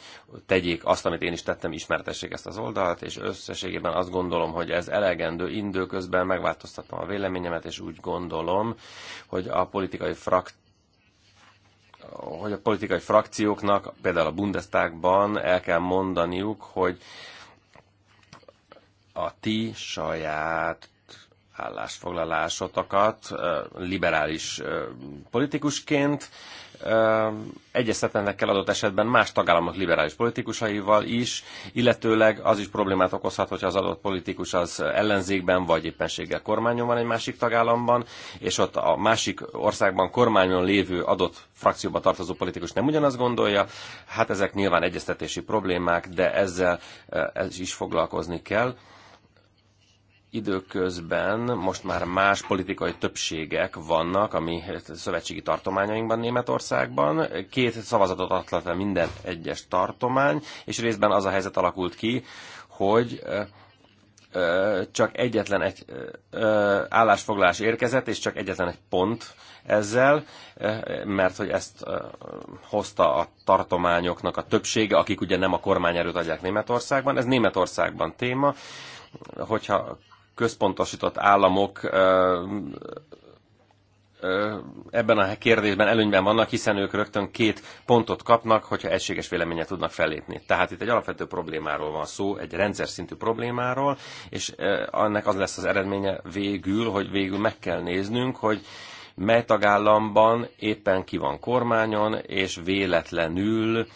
tegyék azt, amit én is tettem, ismertessék ezt az oldalt, és összességében azt gondolom, hogy ez elegendő. Indőközben megváltoztattam a véleményemet, és úgy gondolom, hogy a politikai frakt hogy a politikai frakcióknak, például a Bundestagban el kell mondaniuk, hogy a ti saját állásfoglalásotokat liberális politikusként egyeztetlennek kell adott esetben más tagállamok liberális politikusaival is, illetőleg az is problémát okozhat, hogyha az adott politikus az ellenzékben vagy éppenséggel kormányon van egy másik tagállamban, és ott a másik országban kormányon lévő adott frakcióba tartozó politikus nem ugyanazt gondolja. Hát ezek nyilván egyeztetési problémák, de ezzel ez is foglalkozni kell időközben most már más politikai többségek vannak, ami szövetségi tartományainkban Németországban. Két szavazatot adhat le minden egyes tartomány, és részben az a helyzet alakult ki, hogy csak egyetlen egy állásfoglalás érkezett, és csak egyetlen egy pont ezzel, mert hogy ezt hozta a tartományoknak a többsége, akik ugye nem a kormányerőt adják Németországban. Ez Németországban téma, hogyha központosított államok ebben a kérdésben előnyben vannak, hiszen ők rögtön két pontot kapnak, hogyha egységes véleménye tudnak fellépni. Tehát itt egy alapvető problémáról van szó, egy rendszer szintű problémáról, és annak az lesz az eredménye végül, hogy végül meg kell néznünk, hogy mely tagállamban éppen ki van kormányon, és véletlenül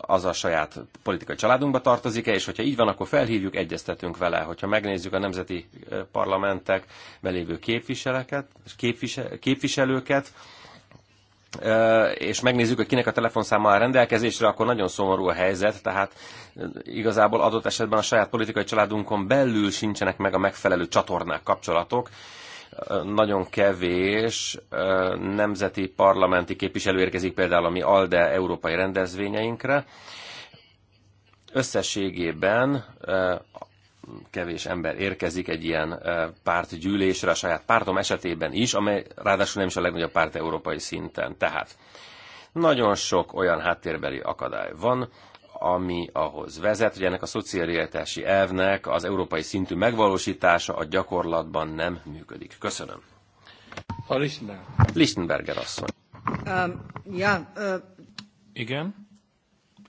az a saját politikai családunkba tartozik-e, és hogyha így van, akkor felhívjuk, egyeztetünk vele. Hogyha megnézzük a nemzeti parlamentek belévő képviseleket, képvisel, képviselőket, és megnézzük, hogy kinek a telefonszáma áll rendelkezésre, akkor nagyon szomorú a helyzet, tehát igazából adott esetben a saját politikai családunkon belül sincsenek meg a megfelelő csatornák, kapcsolatok, nagyon kevés nemzeti parlamenti képviselő érkezik például a mi ALDE európai rendezvényeinkre. Összességében kevés ember érkezik egy ilyen pártgyűlésre a saját pártom esetében is, amely ráadásul nem is a legnagyobb párt európai szinten. Tehát nagyon sok olyan háttérbeli akadály van, ami ahhoz vezet, hogy ennek a szociálirányítási elvnek az európai szintű megvalósítása a gyakorlatban nem működik. Köszönöm. A Lichtenberg. Lichtenberger asszony. Um, yeah, uh... Igen,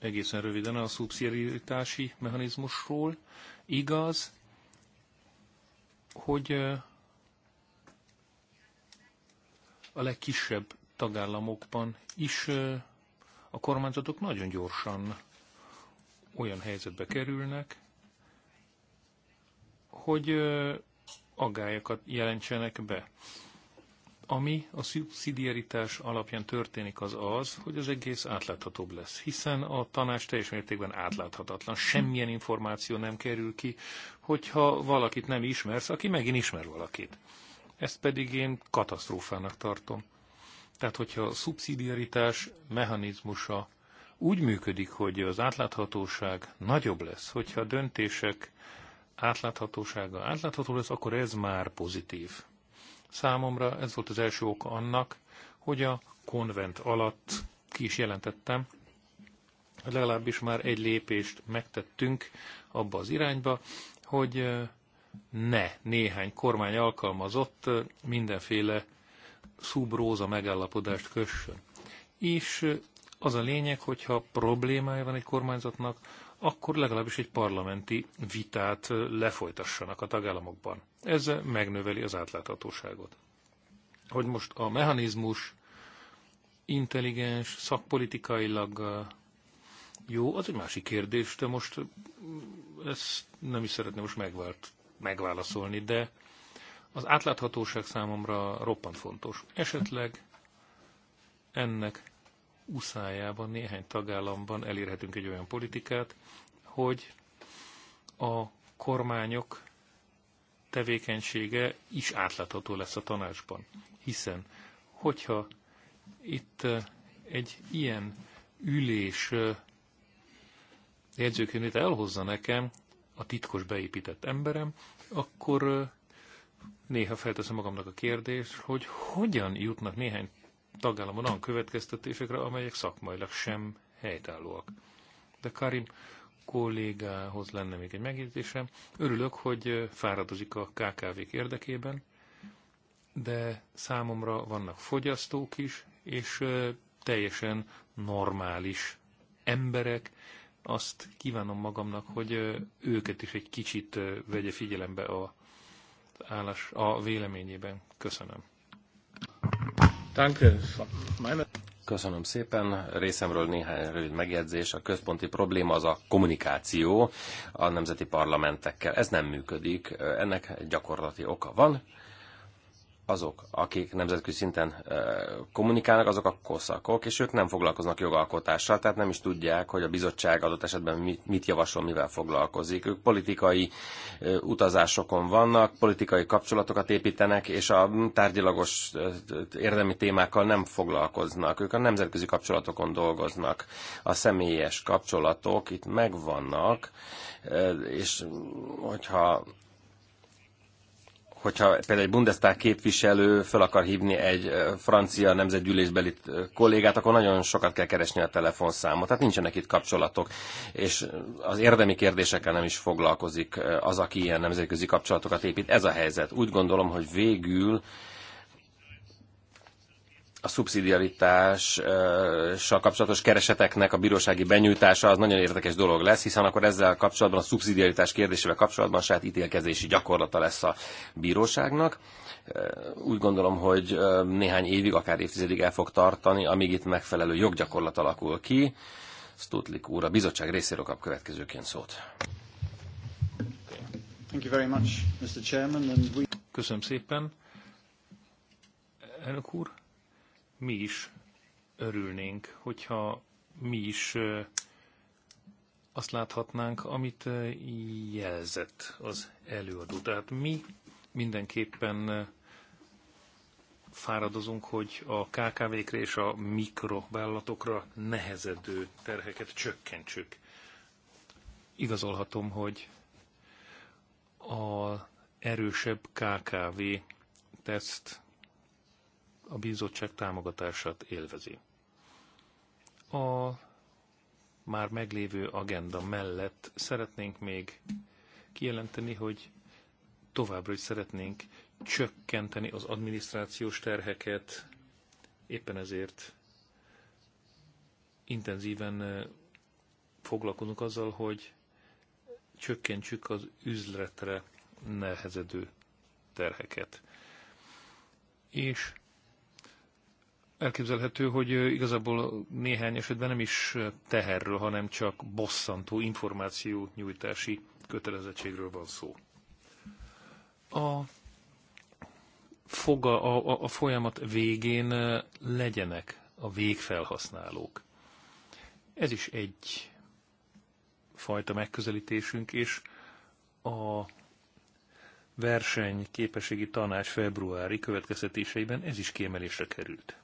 egészen röviden a szubszidiaritási mechanizmusról. Igaz, hogy uh, a legkisebb tagállamokban is uh, a kormányzatok nagyon gyorsan olyan helyzetbe kerülnek, hogy agályokat jelentsenek be. Ami a szubszidiaritás alapján történik az az, hogy az egész átláthatóbb lesz, hiszen a tanács teljes mértékben átláthatatlan, semmilyen információ nem kerül ki, hogyha valakit nem ismersz, aki megint ismer valakit. Ezt pedig én katasztrófának tartom. Tehát, hogyha a szubszidiaritás mechanizmusa úgy működik, hogy az átláthatóság nagyobb lesz, hogyha a döntések átláthatósága átlátható lesz, akkor ez már pozitív. Számomra ez volt az első oka annak, hogy a konvent alatt ki is jelentettem, legalábbis már egy lépést megtettünk abba az irányba, hogy ne néhány kormány alkalmazott mindenféle szubróza megállapodást kössön. És az a lényeg, hogyha problémája van egy kormányzatnak, akkor legalábbis egy parlamenti vitát lefolytassanak a tagállamokban. Ez megnöveli az átláthatóságot. Hogy most a mechanizmus intelligens, szakpolitikailag jó, az egy másik kérdés, de most ezt nem is szeretném most megvált, megválaszolni, de az átláthatóság számomra roppant fontos. Esetleg ennek uszájában, néhány tagállamban elérhetünk egy olyan politikát, hogy a kormányok tevékenysége is átlátható lesz a tanácsban. Hiszen, hogyha itt egy ilyen ülés jegyzőkönyvét elhozza nekem a titkos beépített emberem, akkor néha felteszem magamnak a kérdést, hogy hogyan jutnak néhány tagállamon olyan következtetésekre, amelyek szakmailag sem helytállóak. De Karim kollégához lenne még egy megjegyzésem. Örülök, hogy fáradozik a KKV-k érdekében, de számomra vannak fogyasztók is, és teljesen normális emberek. Azt kívánom magamnak, hogy őket is egy kicsit vegye figyelembe a, állás, a véleményében. Köszönöm. Köszönöm szépen. Részemről néhány rövid megjegyzés. A központi probléma az a kommunikáció a nemzeti parlamentekkel. Ez nem működik. Ennek gyakorlati oka van azok, akik nemzetközi szinten kommunikálnak, azok a koszakok, és ők nem foglalkoznak jogalkotással, tehát nem is tudják, hogy a bizottság adott esetben mit, mit javasol, mivel foglalkozik. Ők politikai utazásokon vannak, politikai kapcsolatokat építenek, és a tárgyilagos érdemi témákkal nem foglalkoznak. Ők a nemzetközi kapcsolatokon dolgoznak. A személyes kapcsolatok itt megvannak, és hogyha hogyha például egy Bundestag képviselő fel akar hívni egy francia nemzetgyűlésbeli kollégát, akkor nagyon sokat kell keresni a telefonszámot, tehát nincsenek itt kapcsolatok, és az érdemi kérdésekkel nem is foglalkozik az, aki ilyen nemzetközi kapcsolatokat épít. Ez a helyzet. Úgy gondolom, hogy végül a szubszidiaritással kapcsolatos kereseteknek a bírósági benyújtása az nagyon érdekes dolog lesz, hiszen akkor ezzel kapcsolatban a szubszidiaritás kérdésével kapcsolatban saját ítélkezési gyakorlata lesz a bíróságnak. Úgy gondolom, hogy néhány évig, akár évtizedig el fog tartani, amíg itt megfelelő joggyakorlat alakul ki. Stutlik úr, a bizottság részéről kap következőként szót. Thank you very much, Mr. Chairman, and we... Köszönöm szépen. Elnök úr, mi is örülnénk, hogyha mi is azt láthatnánk, amit jelzett az előadó. Tehát mi mindenképpen fáradozunk, hogy a KKV-kre és a mikrovállalatokra nehezedő terheket csökkentsük. Igazolhatom, hogy a erősebb KKV teszt a bizottság támogatását élvezi. A már meglévő agenda mellett szeretnénk még kijelenteni, hogy továbbra is szeretnénk csökkenteni az adminisztrációs terheket, éppen ezért intenzíven foglalkozunk azzal, hogy csökkentsük az üzletre nehezedő terheket. És elképzelhető, hogy igazából néhány esetben nem is teherről, hanem csak bosszantó információ nyújtási kötelezettségről van szó. A foga, a, a folyamat végén legyenek a végfelhasználók. Ez is egy fajta megközelítésünk, és a verseny képességi tanács februári következtetéseiben ez is kiemelésre került.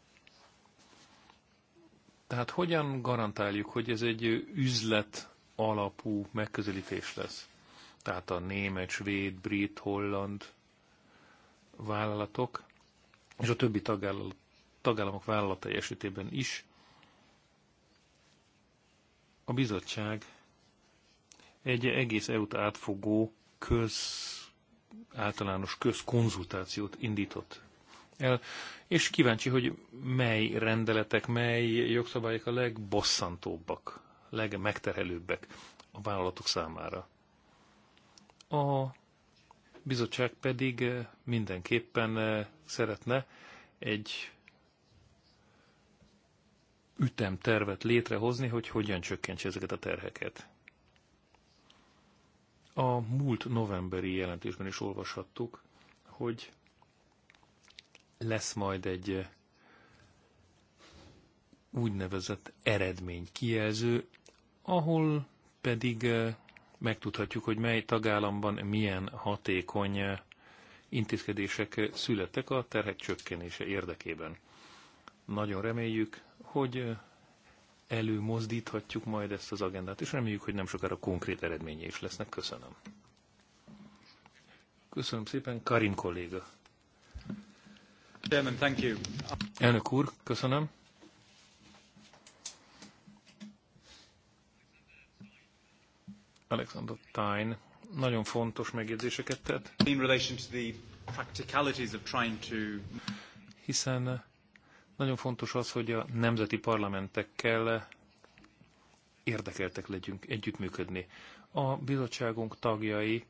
Tehát hogyan garantáljuk, hogy ez egy üzlet alapú megközelítés lesz? Tehát a német, svéd, brit, holland vállalatok, és a többi tagállamok vállalatai esetében is a bizottság egy egész EU-t átfogó köz, általános közkonzultációt indított el, és kíváncsi, hogy mely rendeletek, mely jogszabályok a legbosszantóbbak, legmegterhelőbbek a vállalatok számára. A bizottság pedig eh, mindenképpen eh, szeretne egy ütemtervet létrehozni, hogy hogyan csökkentse ezeket a terheket. A múlt novemberi jelentésben is olvashattuk, hogy lesz majd egy úgynevezett eredménykijelző, ahol pedig megtudhatjuk, hogy mely tagállamban milyen hatékony intézkedések születtek a terhek csökkenése érdekében. Nagyon reméljük, hogy előmozdíthatjuk majd ezt az agendát, és reméljük, hogy nem sokára konkrét eredménye is lesznek. Köszönöm. Köszönöm szépen, Karin kolléga. Elnök úr, köszönöm. Alexander Tyne nagyon fontos megjegyzéseket tett. In relation to the practicalities of trying to... Hiszen nagyon fontos az, hogy a nemzeti parlamentekkel érdekeltek legyünk együttműködni. A bizottságunk tagjai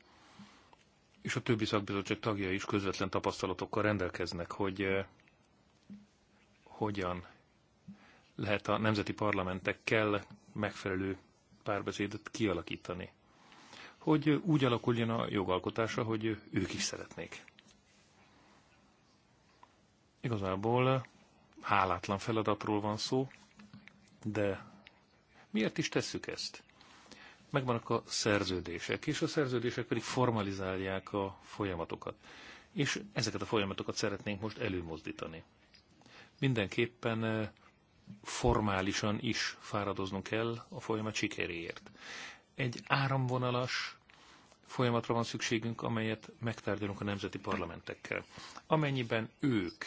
és a többi szakbizottság tagja is közvetlen tapasztalatokkal rendelkeznek, hogy eh, hogyan lehet a nemzeti parlamentekkel megfelelő párbeszédet kialakítani. Hogy úgy alakuljon a jogalkotása, hogy ők is szeretnék. Igazából hálátlan feladatról van szó, de miért is tesszük ezt? megvannak a szerződések, és a szerződések pedig formalizálják a folyamatokat. És ezeket a folyamatokat szeretnénk most előmozdítani. Mindenképpen eh, formálisan is fáradoznunk kell a folyamat sikeréért. Egy áramvonalas folyamatra van szükségünk, amelyet megtárgyalunk a nemzeti parlamentekkel. Amennyiben ők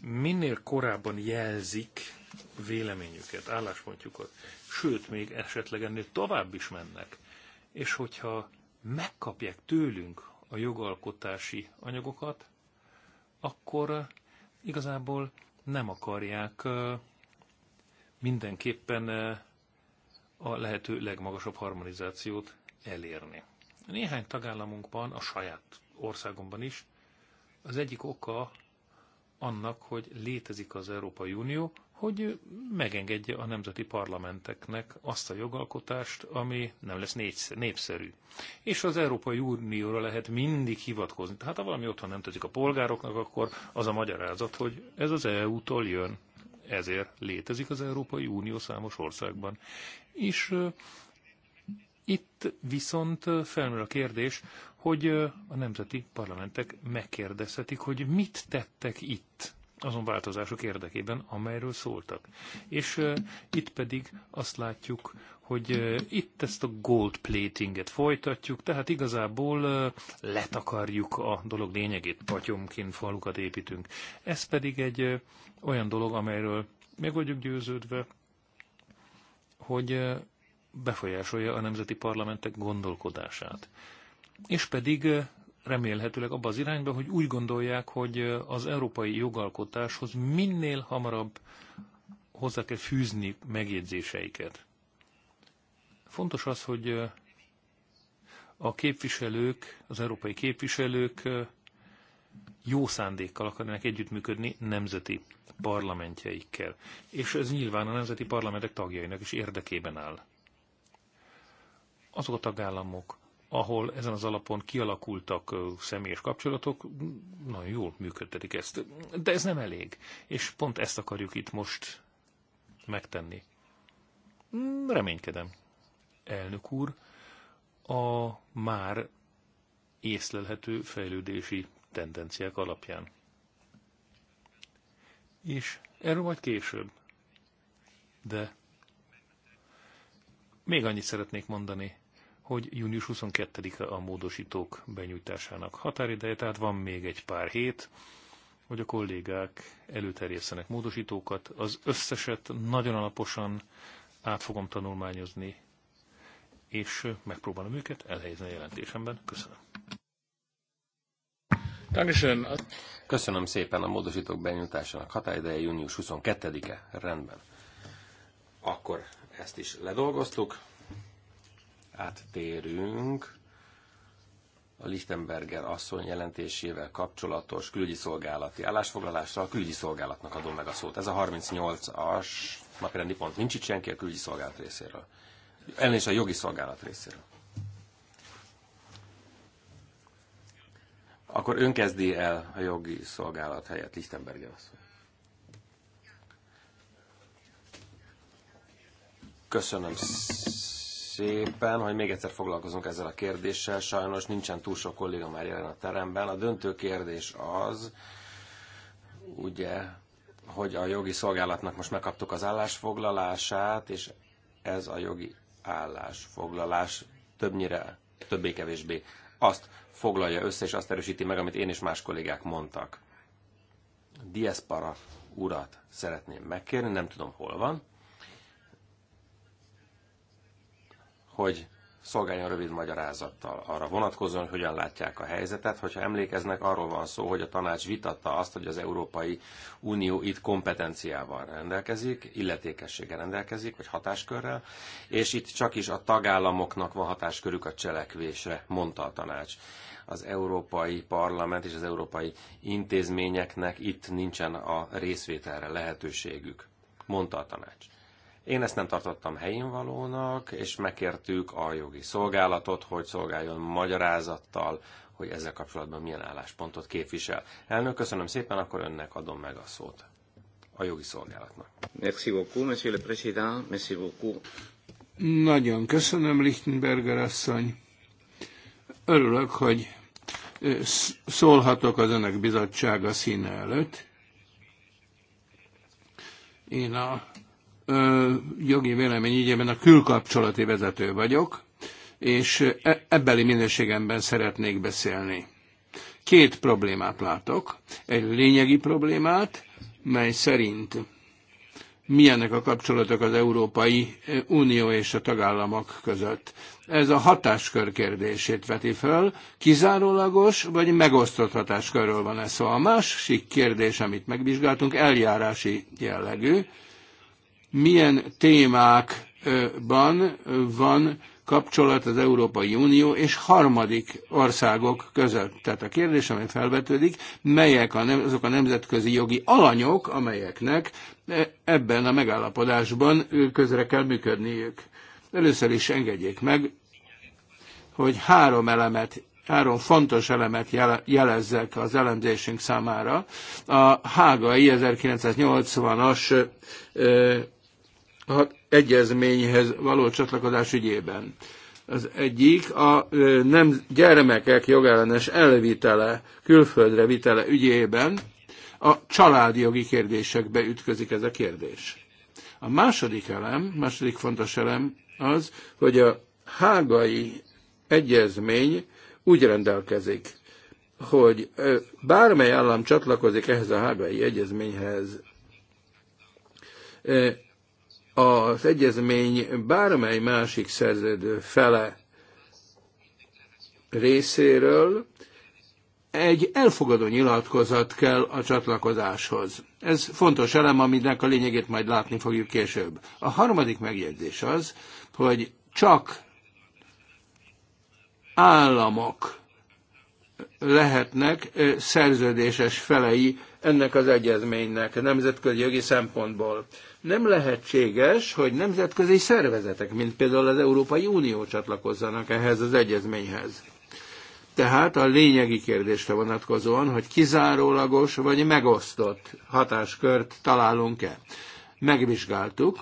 minél korábban jelzik véleményüket, álláspontjukat, sőt, még esetleg ennél tovább is mennek, és hogyha megkapják tőlünk a jogalkotási anyagokat, akkor igazából nem akarják mindenképpen a lehető legmagasabb harmonizációt elérni. Néhány tagállamunkban, a saját országomban is, az egyik oka annak, hogy létezik az Európai Unió, hogy megengedje a nemzeti parlamenteknek azt a jogalkotást, ami nem lesz népszerű. És az Európai Unióra lehet mindig hivatkozni. Tehát ha valami otthon nem tetszik a polgároknak, akkor az a magyarázat, hogy ez az EU-tól jön. Ezért létezik az Európai Unió számos országban. És itt viszont felmerül a kérdés, hogy a nemzeti parlamentek megkérdezhetik, hogy mit tettek itt azon változások érdekében, amelyről szóltak. És uh, itt pedig azt látjuk, hogy uh, itt ezt a gold platinget folytatjuk, tehát igazából uh, letakarjuk a dolog lényegét, patyomként falukat építünk. Ez pedig egy uh, olyan dolog, amelyről meg vagyok győződve, hogy uh, befolyásolja a nemzeti parlamentek gondolkodását. És pedig eh, remélhetőleg abba az irányba, hogy úgy gondolják, hogy eh, az európai jogalkotáshoz minél hamarabb hozzá kell fűzni megjegyzéseiket. Fontos az, hogy eh, a képviselők, az európai képviselők jó szándékkal akarnak együttműködni nemzeti parlamentjeikkel. És ez nyilván a nemzeti parlamentek tagjainak is érdekében áll azok a tagállamok, ahol ezen az alapon kialakultak személyes kapcsolatok, nagyon jól működtetik ezt. De ez nem elég, és pont ezt akarjuk itt most megtenni. Reménykedem, elnök úr, a már észlelhető fejlődési tendenciák alapján. És erről majd később. De még annyit szeretnék mondani, hogy június 22-e a módosítók benyújtásának határideje, tehát van még egy pár hét, hogy a kollégák előterjesztenek módosítókat. Az összeset nagyon alaposan át fogom tanulmányozni, és megpróbálom őket elhelyezni a jelentésemben. Köszönöm. Köszönöm. szépen a módosítók benyújtásának határideje június 22-e. Rendben. Akkor ezt is ledolgoztuk áttérünk a Lichtenberger asszony jelentésével kapcsolatos külügyi szolgálati állásfoglalásra. A külügyi szolgálatnak adom meg a szót. Ez a 38-as napirendi pont. Nincs itt senki a külügyi szolgálat részéről. Elnézést a jogi szolgálat részéről. Akkor ön kezdi el a jogi szolgálat helyett, Lichtenberger asszony. Köszönöm szépen, hogy még egyszer foglalkozunk ezzel a kérdéssel. Sajnos nincsen túl sok kolléga már jelen a teremben. A döntő kérdés az, ugye, hogy a jogi szolgálatnak most megkaptuk az állásfoglalását, és ez a jogi állásfoglalás többnyire, többé-kevésbé azt foglalja össze, és azt erősíti meg, amit én és más kollégák mondtak. Diaspora urat szeretném megkérni, nem tudom hol van. hogy szolgáljon rövid magyarázattal arra vonatkozóan, hogy hogyan látják a helyzetet. Hogyha emlékeznek, arról van szó, hogy a tanács vitatta azt, hogy az Európai Unió itt kompetenciával rendelkezik, illetékességgel rendelkezik, vagy hatáskörrel, és itt csak is a tagállamoknak van hatáskörük a cselekvésre, mondta a tanács. Az Európai Parlament és az európai intézményeknek itt nincsen a részvételre lehetőségük, mondta a tanács. Én ezt nem tartottam helyén valónak, és megkértük a jogi szolgálatot, hogy szolgáljon magyarázattal, hogy ezzel kapcsolatban milyen álláspontot képvisel. Elnök, köszönöm szépen, akkor önnek adom meg a szót a jogi szolgálatnak. Merci beaucoup, monsieur le président, merci beaucoup. Nagyon köszönöm, Lichtenberger asszony. Örülök, hogy szólhatok az önök bizottsága színe előtt. Én a ö, jogi vélemény ígyében a külkapcsolati vezető vagyok, és e, ebbeli minőségemben szeretnék beszélni. Két problémát látok. Egy lényegi problémát, mely szerint milyenek a kapcsolatok az Európai Unió és a tagállamok között. Ez a hatáskör kérdését veti föl, kizárólagos vagy megosztott hatáskörről van ez szó. Szóval a másik kérdés, amit megvizsgáltunk, eljárási jellegű, milyen témákban van kapcsolat az Európai Unió és harmadik országok között. Tehát a kérdés, ami felvetődik, melyek a nem, azok a nemzetközi jogi alanyok, amelyeknek ebben a megállapodásban közre kell működniük. Először is engedjék meg, hogy három elemet három fontos elemet jelezzek az elemzésünk számára. A Hágai 1980-as hat egyezményhez való csatlakozás ügyében. Az egyik a nem gyermekek jogellenes elvitele, külföldre vitele ügyében a családjogi kérdésekbe ütközik ez a kérdés. A második elem, második fontos elem az, hogy a hágai egyezmény úgy rendelkezik, hogy bármely állam csatlakozik ehhez a hágai egyezményhez, az egyezmény bármely másik szerződő fele részéről egy elfogadó nyilatkozat kell a csatlakozáshoz. Ez fontos elem, aminek a lényegét majd látni fogjuk később. A harmadik megjegyzés az, hogy csak államok lehetnek szerződéses felei ennek az egyezménynek nemzetközi jogi szempontból nem lehetséges, hogy nemzetközi szervezetek, mint például az Európai Unió csatlakozzanak ehhez az egyezményhez. Tehát a lényegi kérdésre vonatkozóan, hogy kizárólagos vagy megosztott hatáskört találunk-e. Megvizsgáltuk,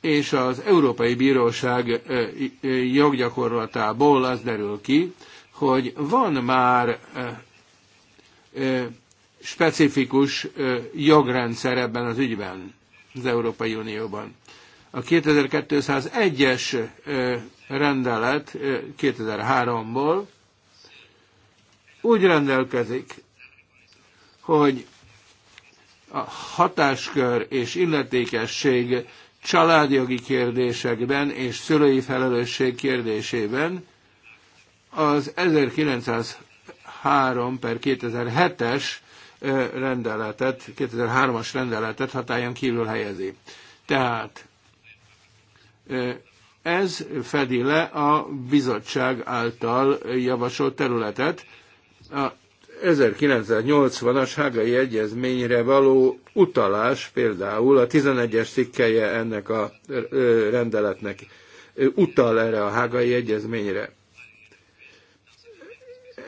és az Európai Bíróság joggyakorlatából az derül ki, hogy van már specifikus jogrendszer ebben az ügyben az Európai Unióban. A 2201-es rendelet 2003-ból úgy rendelkezik, hogy a hatáskör és illetékesség családjogi kérdésekben és szülői felelősség kérdésében az 1903 per 2007-es rendeletet, 2003-as rendeletet hatályon kívül helyezi. Tehát ez fedi le a bizottság által javasolt területet. A 1980-as hágai egyezményre való utalás például a 11-es cikkelje ennek a rendeletnek utal erre a hágai egyezményre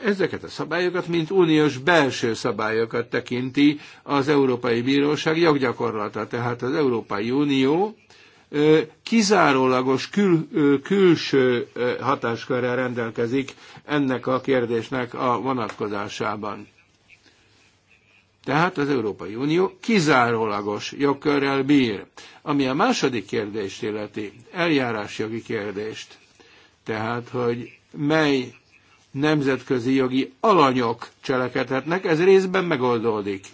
ezeket a szabályokat, mint uniós belső szabályokat tekinti az Európai Bíróság joggyakorlata. Tehát az Európai Unió kizárólagos kül, külső hatáskörrel rendelkezik ennek a kérdésnek a vonatkozásában. Tehát az Európai Unió kizárólagos jogkörrel bír. Ami a második kérdést illeti, eljárásjogi kérdést, tehát hogy mely nemzetközi jogi alanyok cselekedhetnek, ez részben megoldódik.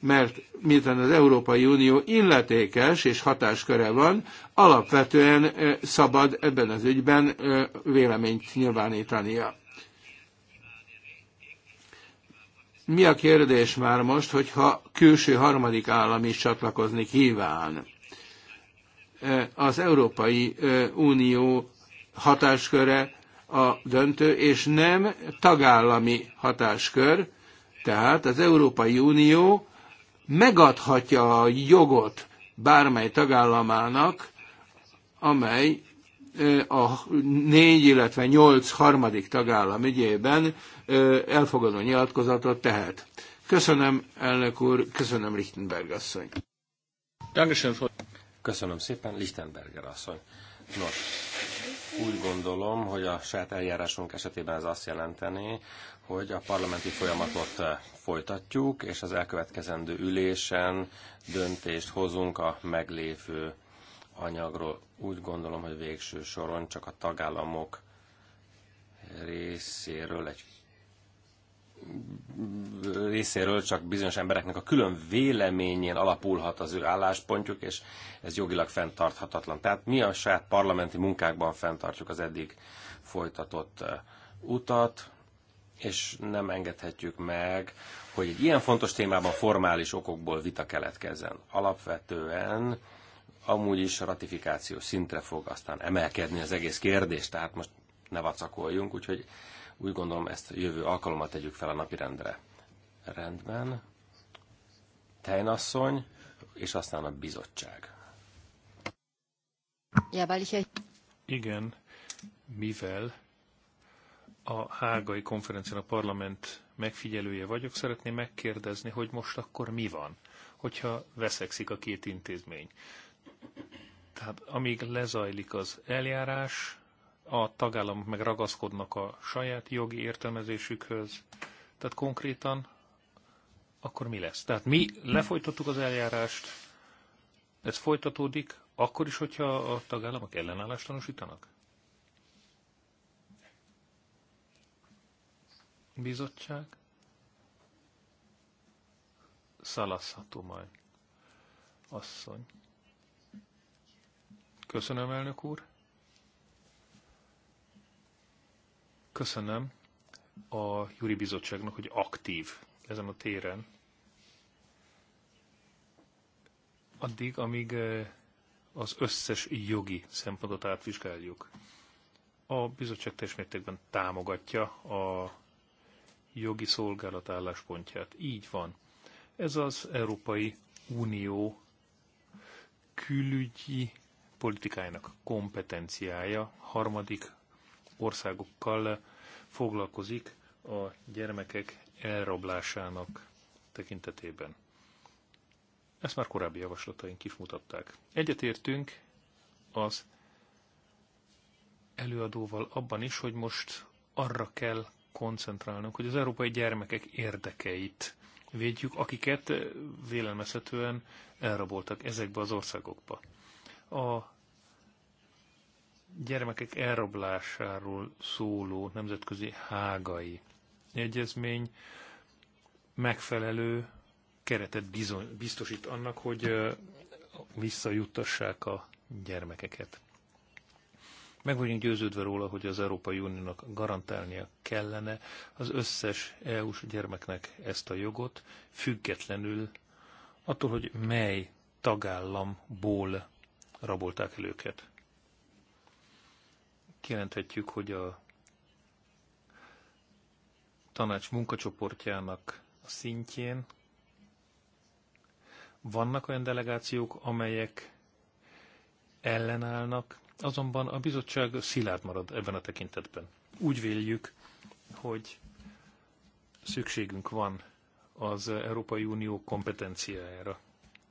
Mert miután az Európai Unió illetékes és hatásköre van, alapvetően szabad ebben az ügyben véleményt nyilvánítania. Mi a kérdés már most, hogyha külső harmadik állam is csatlakozni kíván? Az Európai Unió hatásköre a döntő, és nem tagállami hatáskör, tehát az Európai Unió megadhatja a jogot bármely tagállamának, amely a négy, illetve nyolc harmadik tagállam ügyében elfogadó nyilatkozatot tehet. Köszönöm, elnök úr, köszönöm, Lichtenberg asszony. Köszönöm szépen, Lichtenberger asszony. Nos, úgy gondolom, hogy a saját eljárásunk esetében ez azt jelenteni, hogy a parlamenti folyamatot eh, folytatjuk, és az elkövetkezendő ülésen döntést hozunk a meglévő anyagról. Úgy gondolom, hogy végső soron csak a tagállamok részéről egy részéről csak bizonyos embereknek a külön véleményén alapulhat az ő álláspontjuk, és ez jogilag fenntarthatatlan. Tehát mi a saját parlamenti munkákban fenntartjuk az eddig folytatott utat, és nem engedhetjük meg, hogy egy ilyen fontos témában formális okokból vita keletkezzen. Alapvetően amúgy is a ratifikáció szintre fog aztán emelkedni az egész kérdés, tehát most ne vacakoljunk, úgyhogy úgy gondolom, ezt jövő alkalommal tegyük fel a napirendre. Rendben. Tejnasszony, és aztán a bizottság. Igen, mivel a hágai konferencián a parlament megfigyelője vagyok, szeretném megkérdezni, hogy most akkor mi van, hogyha veszekszik a két intézmény. Tehát amíg lezajlik az eljárás, a tagállamok meg ragaszkodnak a saját jogi értelmezésükhöz. Tehát konkrétan akkor mi lesz? Tehát mi lefolytattuk az eljárást, ez folytatódik, akkor is, hogyha a tagállamok ellenállást tanúsítanak? Bizottság? Szalaszható majd. Asszony. Köszönöm, elnök úr. Köszönöm a Júri Bizottságnak, hogy aktív ezen a téren. Addig, amíg eh, az összes jogi szempontot átvizsgáljuk. A bizottság teljes mértékben támogatja a jogi szolgálat álláspontját. Így van. Ez az Európai Unió külügyi politikájának kompetenciája harmadik országokkal foglalkozik a gyermekek elrablásának tekintetében. Ezt már korábbi javaslataink is mutatták. Egyetértünk az előadóval abban is, hogy most arra kell koncentrálnunk, hogy az európai gyermekek érdekeit védjük, akiket eh, vélelmezhetően elraboltak ezekbe az országokba. A gyermekek elrablásáról szóló nemzetközi hágai egyezmény megfelelő keretet bizony, biztosít annak, hogy visszajuttassák a gyermekeket. Meg vagyunk győződve róla, hogy az Európai Uniónak garantálnia kellene az összes EU-s gyermeknek ezt a jogot, függetlenül attól, hogy mely tagállamból rabolták el őket kijelenthetjük, hogy a tanács munkacsoportjának a szintjén vannak olyan delegációk, amelyek ellenállnak, azonban a bizottság szilárd marad ebben a tekintetben. Úgy véljük, hogy szükségünk van az Európai Unió kompetenciájára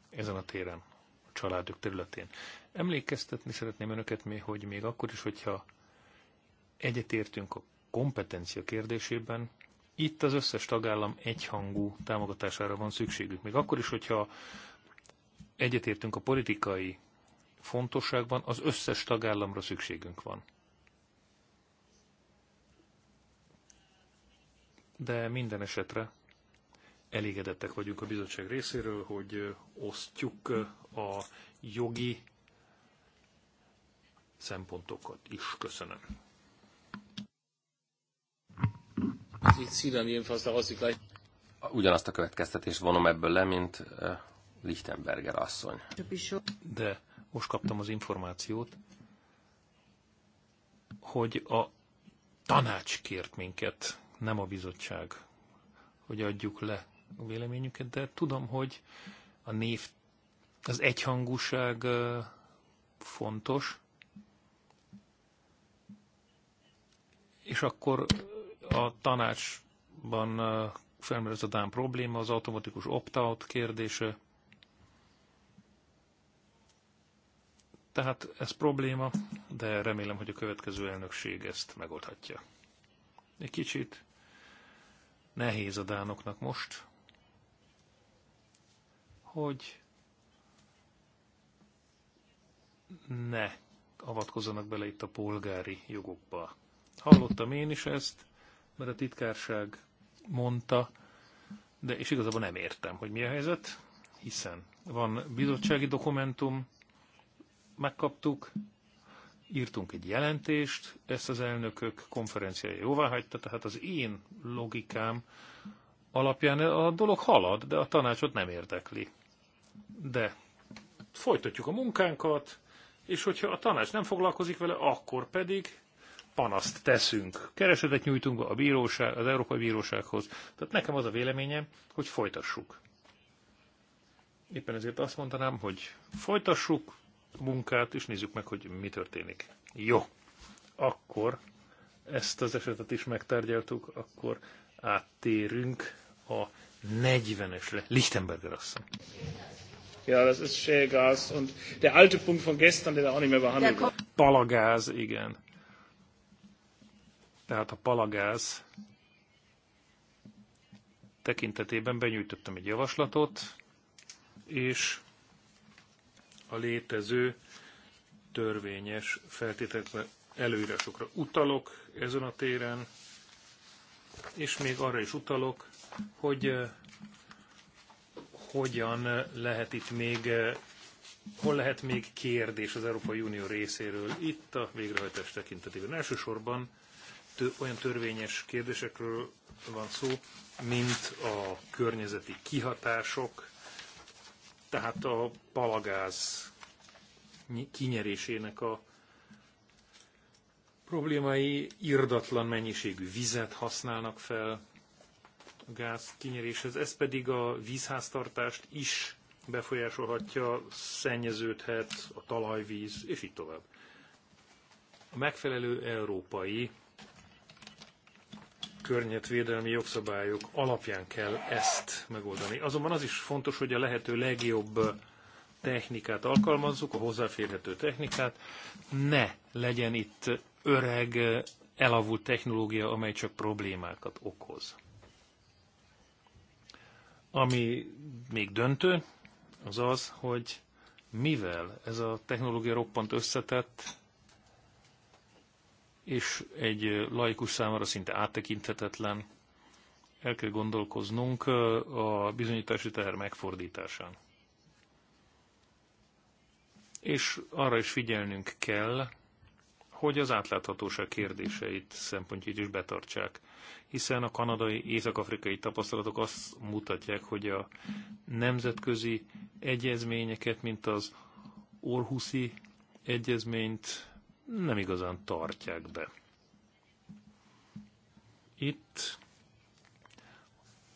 ezen a téren, a családok területén. Emlékeztetni szeretném önöket, hogy még akkor is, hogyha egyetértünk a kompetencia kérdésében, itt az összes tagállam egyhangú támogatására van szükségük. Még akkor is, hogyha egyetértünk a politikai fontosságban, az összes tagállamra szükségünk van. De minden esetre elégedettek vagyunk a bizottság részéről, hogy osztjuk a jogi szempontokat is. Köszönöm. Ugyanazt a következtetést vonom ebből le, mint Lichtenberger asszony. De most kaptam az információt, hogy a tanács kért minket, nem a bizottság, hogy adjuk le a véleményüket, de tudom, hogy a név, az egyhangúság fontos, és akkor a tanácsban felmerült a Dán probléma, az automatikus opt-out kérdése. Tehát ez probléma, de remélem, hogy a következő elnökség ezt megoldhatja. Egy kicsit nehéz a dánoknak most, hogy ne avatkozzanak bele itt a polgári jogokba. Hallottam én is ezt, mert a titkárság mondta, de és igazából nem értem, hogy mi a helyzet, hiszen van bizottsági dokumentum, megkaptuk, írtunk egy jelentést, ezt az elnökök konferenciája jóvá hagyta, tehát az én logikám alapján a dolog halad, de a tanácsot nem érdekli. De folytatjuk a munkánkat, és hogyha a tanács nem foglalkozik vele, akkor pedig panaszt teszünk, keresetet nyújtunk be a bíróság, az Európai Bírósághoz. Tehát nekem az a véleményem, hogy folytassuk. Éppen ezért azt mondanám, hogy folytassuk a munkát, és nézzük meg, hogy mi történik. Jó, akkor ezt az esetet is megtárgyaltuk, akkor áttérünk a 40-esre. Lichtenberger asszony. Ja, das ist Shellgas und der alte Punkt von gestern, der da auch nicht mehr behandelt wird. Palagáz, igen. Tehát a palagáz tekintetében benyújtottam egy javaslatot, és a létező törvényes feltételekre előírásokra utalok ezen a téren, és még arra is utalok, hogy eh, hogyan lehet itt még, eh, hol lehet még kérdés az Európai Unió részéről itt a végrehajtás tekintetében. Elsősorban olyan törvényes kérdésekről van szó, mint a környezeti kihatások, tehát a palagáz kinyerésének a problémai irdatlan mennyiségű vizet használnak fel a gáz kinyeréshez, ez pedig a vízháztartást is befolyásolhatja, szennyeződhet a talajvíz, és így tovább. A megfelelő európai környezetvédelmi jogszabályok alapján kell ezt megoldani. Azonban az is fontos, hogy a lehető legjobb technikát alkalmazzuk, a hozzáférhető technikát. Ne legyen itt öreg, elavult technológia, amely csak problémákat okoz. Ami még döntő, az az, hogy mivel ez a technológia roppant összetett, és egy laikus számára szinte áttekinthetetlen. El kell gondolkoznunk a bizonyítási teher megfordításán. És arra is figyelnünk kell, hogy az átláthatóság kérdéseit szempontjait is betartsák. Hiszen a kanadai, észak-afrikai tapasztalatok azt mutatják, hogy a nemzetközi egyezményeket, mint az Orhuszi egyezményt, nem igazán tartják be. Itt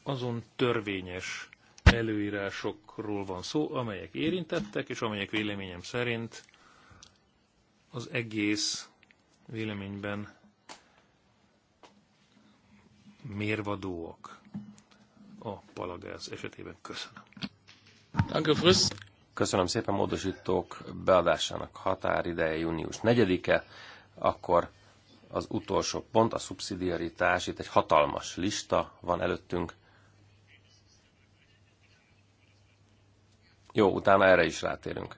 azon törvényes előírásokról van szó, amelyek érintettek, és amelyek véleményem szerint az egész véleményben mérvadóak a palagáz esetében. Köszönöm. Danke, Köszönöm szépen módosítók beadásának határideje június 4-e, akkor az utolsó pont, a szubszidiaritás, itt egy hatalmas lista van előttünk. Jó, utána erre is rátérünk.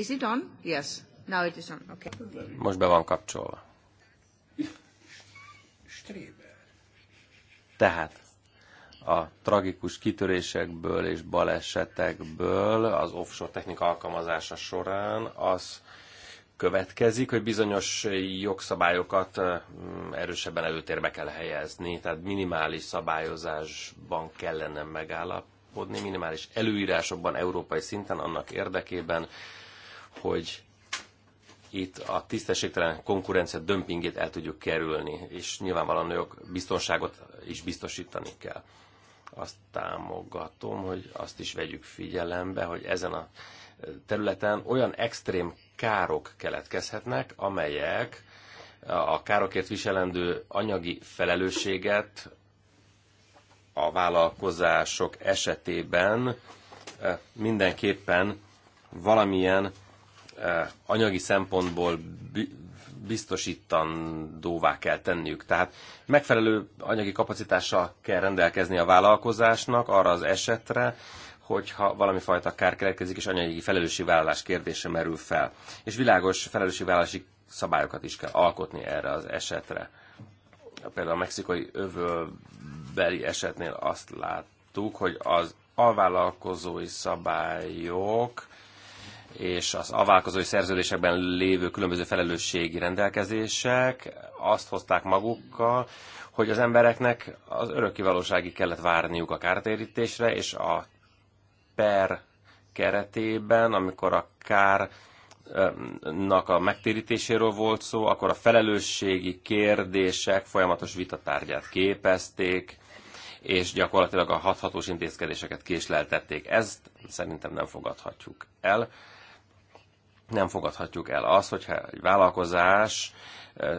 Is it on? Yes. Now it is on. Okay. Most be van kapcsolva. Tehát a tragikus kitörésekből és balesetekből az offshore technika alkalmazása során az következik, hogy bizonyos jogszabályokat erősebben előtérbe kell helyezni, tehát minimális szabályozásban kellene megállapodni, minimális előírásokban európai szinten annak érdekében, hogy itt a tisztességtelen konkurencia dömpingét el tudjuk kerülni, és nyilvánvalóan nők biztonságot is biztosítani kell. Azt támogatom, hogy azt is vegyük figyelembe, hogy ezen a területen olyan extrém károk keletkezhetnek, amelyek a károkért viselendő anyagi felelősséget a vállalkozások esetében eh, mindenképpen valamilyen Eh, anyagi szempontból biztosítandóvá kell tenniük. Tehát megfelelő anyagi kapacitással kell rendelkezni a vállalkozásnak arra az esetre, hogyha valami fajta kár keletkezik, és anyagi vállalás kérdése merül fel. És világos vállalási szabályokat is kell alkotni erre az esetre. Például a mexikai övölbeli esetnél azt láttuk, hogy az alvállalkozói szabályok és az aválkozói szerződésekben lévő különböző felelősségi rendelkezések azt hozták magukkal, hogy az embereknek az valóságig kellett várniuk a kártérítésre, és a per keretében, amikor a kár a megtérítéséről volt szó, akkor a felelősségi kérdések folyamatos vitatárgyát képezték, és gyakorlatilag a hathatós intézkedéseket késleltették. Ezt szerintem nem fogadhatjuk el nem fogadhatjuk el azt, hogyha egy vállalkozás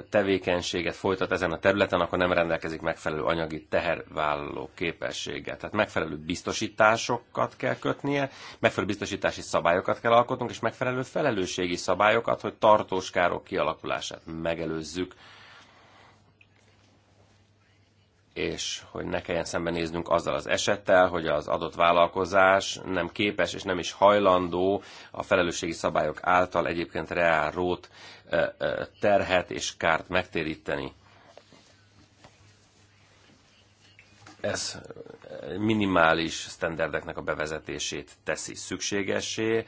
tevékenységet folytat ezen a területen, akkor nem rendelkezik megfelelő anyagi tehervállaló képességgel. Tehát megfelelő biztosításokat kell kötnie, megfelelő biztosítási szabályokat kell alkotnunk, és megfelelő felelősségi szabályokat, hogy tartós károk kialakulását megelőzzük és hogy ne kelljen szembenéznünk azzal az esettel, hogy az adott vállalkozás nem képes és nem is hajlandó a felelősségi szabályok által egyébként rót terhet és kárt megtéríteni. Ez minimális sztenderdeknek a bevezetését teszi szükségessé,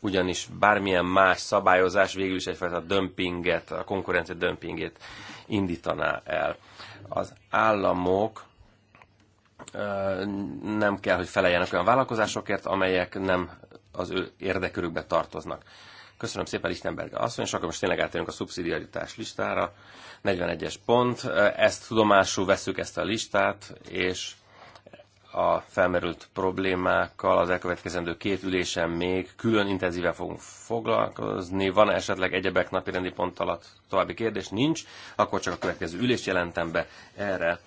ugyanis bármilyen más szabályozás végül is egyfajta dömpinget, a konkurencia dömpingét indítaná el. Az államok nem kell, hogy feleljenek olyan vállalkozásokért, amelyek nem az ő érdekörükbe tartoznak. Köszönöm szépen Istenberg asszony, és akkor most tényleg átérünk a szubszidiaritás listára. 41-es pont, ezt tudomásul veszük ezt a listát, és a felmerült problémákkal az elkövetkezendő két ülésen még külön intenzíven fogunk foglalkozni. Van -e esetleg egyebek napi rendi pont alatt további kérdés? Nincs. Akkor csak a következő ülést jelentem be erre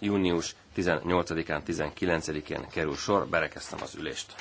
június 18-án, 19-én kerül sor. Berekeztem az ülést.